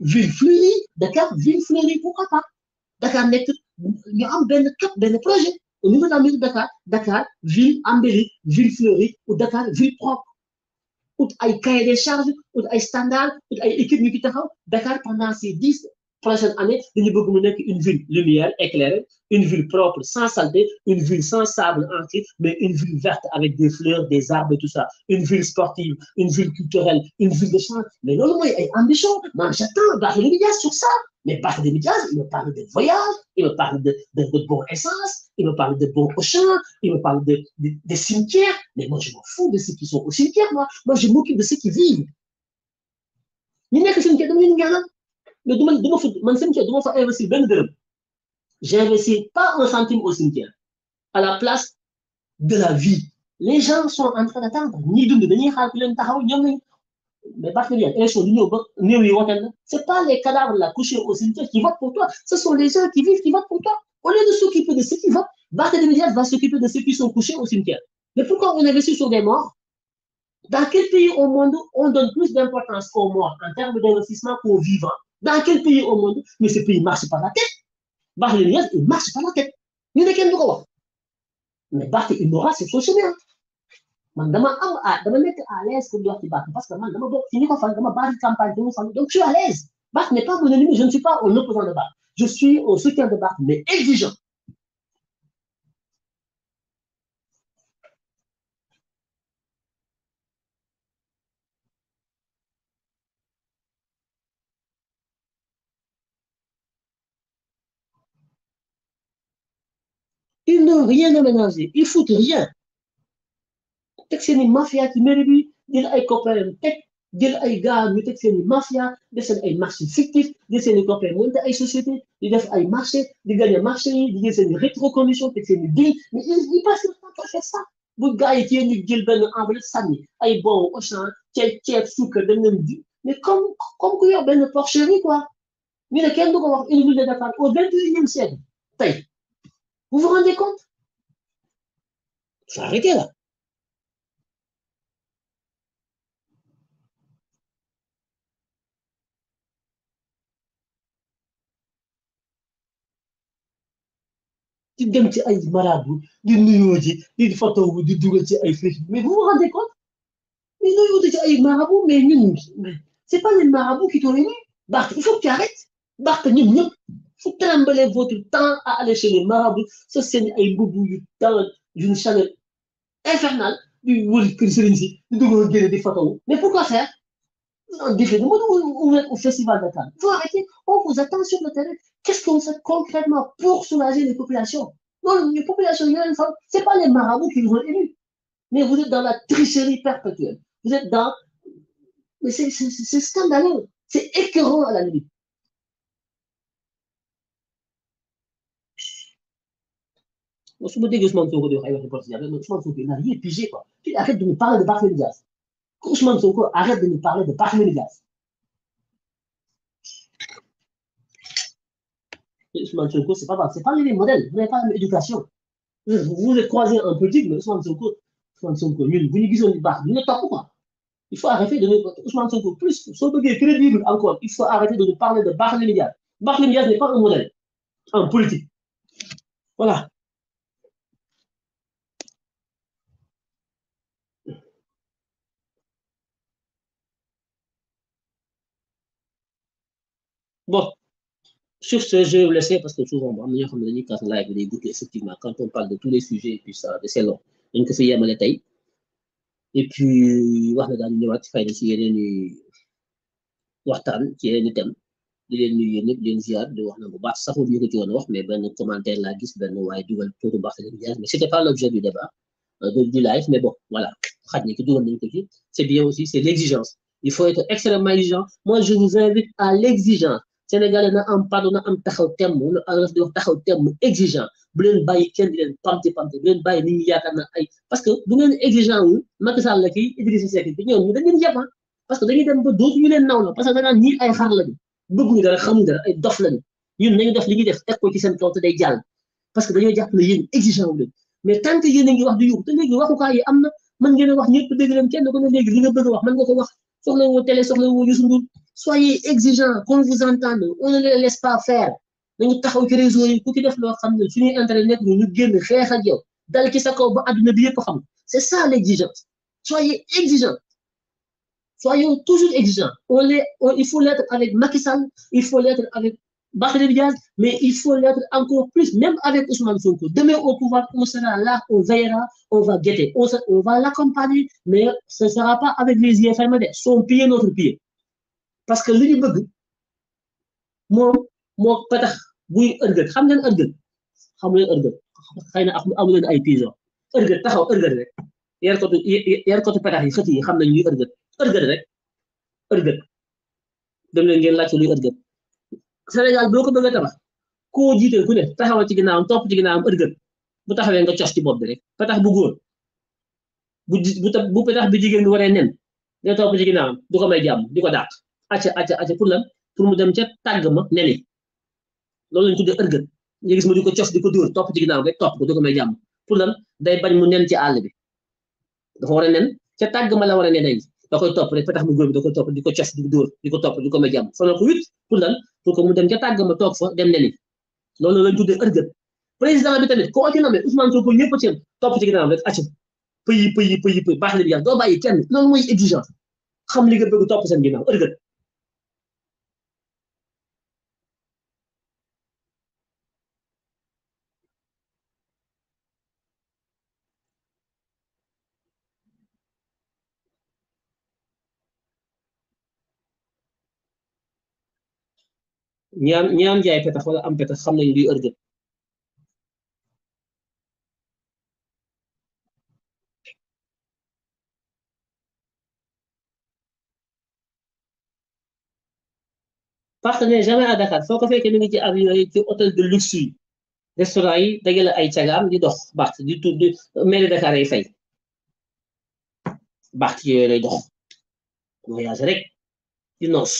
ville fleurie Dakar ville fleurie pourquoi pas Dakar nekk ñu am benn cap benn projet. Au niveau de la ville de Dakar, Dakar, ville embellie, ville fleurie, ou Dakar, ville propre. Ou des a des charges, ou des standards, ou des équipes Dakar, pendant ces 10, prochaine année dañu bëgg qui une ville lumière éclairée une ville propre sans saleté une ville sans sable entier mais une ville verte avec des fleurs des arbres et tout ça une ville sportive une ville culturelle une ville de chant. mais loolu il ay ambition Mais j'attends de médias sur ça mais des médias, il me parle de voyage il me parle de de bon essence il me parle de bon cochon il me parle de cimetières. mais moi je m'en fous de ceux qui sont au cimetière moi moi je m'occupe de ceux qui vivent que cimetière de mais du pas un centime au cimetière à la place de la vie les gens sont en train d'attendre ni ne sont mais c'est pas les cadavres là couchés au cimetière qui votent pour toi ce sont les gens qui vivent qui votent pour toi au lieu de s'occuper de ceux qui votent Barthélemy Diaz va s'occuper de ceux qui sont couchés au cimetière mais pourquoi on investit sur des morts dans quel pays au monde on donne plus d'importance aux morts en termes d'investissement qu'aux vivants dans quel pays au monde Mais ce pays marche pas la tête. Barthélémy il marche pas la tête. Il n'est qu'un droit. mais Barth il aura ses chemins man dama am à à l'aise pour di wax parce que man dama suis ci ñi ko fal dama campagne donc je suis à l'aise Barth n'est pas mon ennemi je ne suis pas un opposant de Barth je suis au soutien de Barth mais exigeant rien à mélanger. Ils foutent rien. C'est une mafia qui mérite lui. Il a copains tech. Il a gars. mais c'est une mafia. Il a des marchés fictifs Il a une copains, Il a une société. Il a des marché. Il a des marché. Il a une rétro conditions Il a une deal. Mais ils n'y a pas temps pour faire ça. Vous gars qui est une deal. Ben, en vrai, ça n'est pas. au bon au champ. Tiens, tiens, souk. Ben, même dit. Mais comme, comme qu'il y a une porcherie, quoi. Mais il y a ils qui va avoir une ville de Dakar au 21e siècle. Taille. Vous vous rendez compte Il faut arrêter là. di dem ci ay marabu di nuyoo ji di photo wu di dugal ci ay Facebook mais vous vous rendez compte mais nuyoo ci ay Marabout, mais nous, c'est pas les marabouts qui t'ont élu il faut que tu arrêtes Barth vous tremblez votre temps à aller chez les marabouts. Ce Seigneur a une beaucoup de temps d'une chaleur infernale. Du que Serigne Mais pourquoi faire On défait de au festival d'Atal. Vous arrêtez, on vous attend sur le terrain. Qu'est-ce qu'on fait concrètement pour soulager les populations Non, les populations, ce n'est pas les marabouts qui nous ont élus. Mais vous êtes dans la tricherie perpétuelle. Vous êtes dans. Mais c'est scandaleux. C'est écœurant à la limite. su ma déggee Ousmane Sonko di wax ay waxi politique mais Ousmane Sonko il n'a rien pigé quoi tu arrêtes de nous parler de Barthélémy Diaz. Ousmane Sonko arrête de nous parler de Barthélémy Diaz. Ousmane Sonko c'est pas mal. c'est pas le même modèle vous n'avez pas la même éducation vous vous êtes croisés en politique mais Ousmane Sonko Ousmane Sonko ñun bu ñu gisoon baax du ñu topp quoi hein? il faut arrêter de Ousmane Sonko plus soo est crédible encore il faut arrêter de nous parler de Barthélémy Diaz. Barthélémy Diaz n'est pas un modèle en politique voilà bon sur ce je vais vous laisser parce que souvent on na ñoo xam ne live bi day effectivement quand on parle de tous les sujets et puis ça c'est long une ko fi yemale et puis wax na daal ñu ñëwaat fay na si yeneen qui est ci yeneen i thème di leen nuyu yéen ñëpp di leen ziar di wax na bu baax saxul ñu ko ci woon wax mais ben commentaire laa gis benn waaye pour tuuti baax leen ziar mais c'était pas l'objet du débat euh, de du live mais bon voilà xaj na ki dugal nañu ko ci c'est bien aussi c'est l'exigence il faut être extrêmement exigeant moi je vous invite à l'exigence sénégalais na am pardon na am taxaw temm lu di wax taxaw temm exigeant bu leen bàyyi kenn di leen pamti pamti bu leen bàyyi ñi yaakaar na ay parce que bu ngeen wu Macky la kii Idrissa Seck bi li ñuy def teg ko ci dañoo jàpp ne yéen exigeant mais tant que yéen a ngi wax di yóbbu te léegi waxukaay am na mën ngeen a wax ñëpp dégg leen kenn ko ne léegi li nga bëgg wax mën nga wax soxla woo télé soxla woo soyez exigeants, qu'on vous entende, on ne les laisse pas faire. Nous c'est ça l'exigence soyez exigeants soyons toujours exigeants il faut l'être avec Macky Sall il faut l'être avec bachelet Diaz mais il faut l'être encore plus même avec Ousmane Sonko demain au pouvoir on sera là on veillera on va guetter on, va l'accompagner mais ce ne sera pas avec les yeux son pied notre pied parce que li ñu bëgg moom moo petax guy ërgët xam ngeen ërgët xam leen ërgët xëy na amu leen ay pigeon ërgët taxaw ërgët rek yarkatu yarkatu petax yi xët yi xam nañ ñuy ërgët ërgët rek ërgët dem leen ngeen laajte luy ërgët Sénégal boo ko bëggee tabax koo jiite ku ne taxaw ci ginnaawam topp ci ginnaawam ërgët bu taxawee nga cos ci bopp bi rek petax bu góor bu bu petax bi jigéen bi waree neen nga topp ci ginnaawam du ko may jàmm di ko dàq acca acca acca pour lan pour mu dem ca tàgg ma neni loolu lañ tuddee ërgët nga gis ma di ko cof di ko dóor topp ci ginnaaw ngay topp ko ko may jàmm pour lan day bañ mu nen ci àll bi dafa war a nen tàgg ma la war a da koy topp rek petax da koy topp di ko cof di di ko topp ko may jàmm sonal tàgg ma toog fa dem neni loolu lañ tuddee ërgët bi tamit koo ci namee Ousmane Sonko ñëpp ci topp ci rek acca pëyi pëyi baax na bi yàlla doo bàyyi kenn loolu mooy exigence xam li nga topp seen ginnaaw ërgët ñaam ñaam jaay petax wala am petax xam nañ luy ërgët parce que ne jamais à Dakar soo ko fekkee mi ngi ci avion yi ci hôtel de luxe yi restaurant yi dajale ay cagaam di dox baax di tudd di mairie Dakar ay fay baax yooyu lay dox voyage rek di noos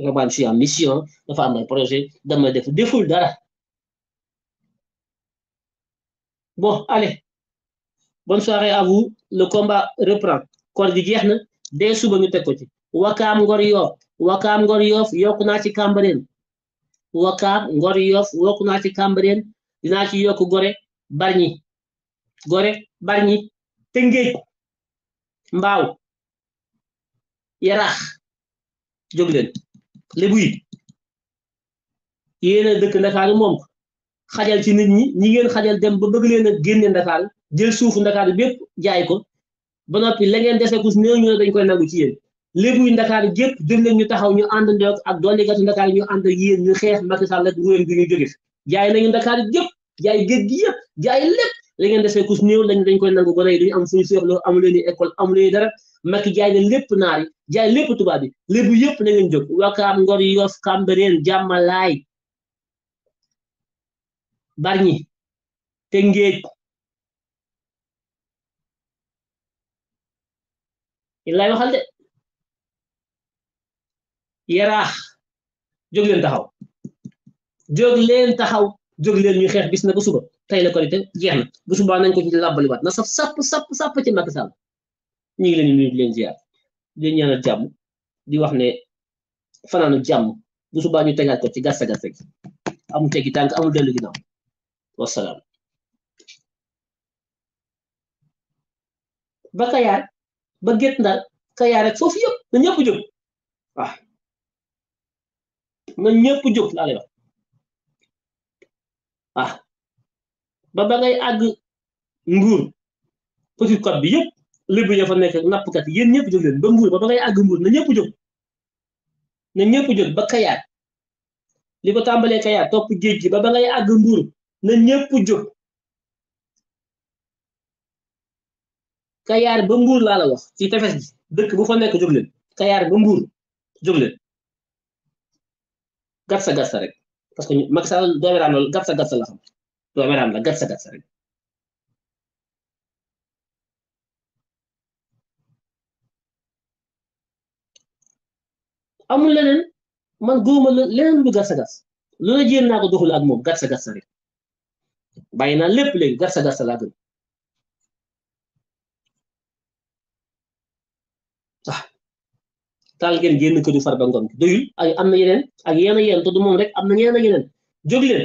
nga man je suis en mission dafa am ay projet dama def deful dara bon allez bonne soirée à vous le combat reprend koor gi jeex na suba ñu teg ko ci Ouakam ngor yoof wakam ngor yoof yok na ci kambareen wakam ngor yoof yokku na ci dina ci gore barni gore te tëngéej mbaaw yarax lébu yi yéen a dëkk ndakaaru moom ko xajal ci nit ñi ñi ngeen xajal dem ba bëgg leen a génne ndakaaru jël suufu ndakaaru bépp jaay ko ba noppi la ngeen dese ku si néew ñu ne dañ koy nangu ci yéen lébu yi ndakaaru gépp jóg leen ñu taxaw ñu ànd ndox ak doole gatu ndakaaru ñu ànd ak yéen ñu xeex Macky Sall ak nguuram bi ñu jóge fi jaay nañu ndakaaru gépp jaay géej gi yëpp jaay lépp li ngeen desee kus néew lañ dañ koy nangu gone yi duñu am fuñu féexloo amu leen école amu leen dara Macky jaay na lépp naar yi jaay lépp tubaab yi lépp yëpp na ngeen jóg Wakaam Ngor Yoff Cambérène Jàmmalaay Bargny Tëngéej lay waxal de yaraax jóg taxaw jóg leen taxaw jóg leen ñu xeex bis na ba suba tay la korité jeex na bu suba nañ ko ci wat na sap sap sap sap ci Macky sal ñi ngi leen ñu leen ziar di leen ñaanal jàmm di wax ne fanaanu jamm bu suba ñu tégal ko ci gassa gàsta gi amul teggi tànk amul dellu ginnaaw wasalaam ba kayaar ba ndal ka kayaar rek fofu yëpp na ñëpp jëm waaw ah. na ñëpp jóg la lay wax ah babagay ag ngur àgg nguur petit bi yep lebu ya fa nap kat yeen ñep jog leen ba ngur ba ba ngay àgg na ñep jog na ñep jog ba kayat liko tambale kayat top geej gi ba ba ngay na ñep jog kayar ba ngur la la wax ci tefes gi dekk bu fa nek jog leen kayar ba ngur jog leen gatsa gatsa rek parce que Macky gatsa gatsa la xam Tuhan am legat să dați amul leneen man góoma leneen lu garsa gas lu la jéem naa doxul ak moom garsa garsa rek bàyyi naa lépp léegi garsa garsa laa gën ah taal ngeen génn këru farba ngom doyul ak am na yeneen ak du moom rek am na leen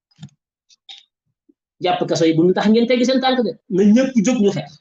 jàpp kaso yi bu mu tax ngeen teggi seen tànk de na ñëpp jóg ñu xeex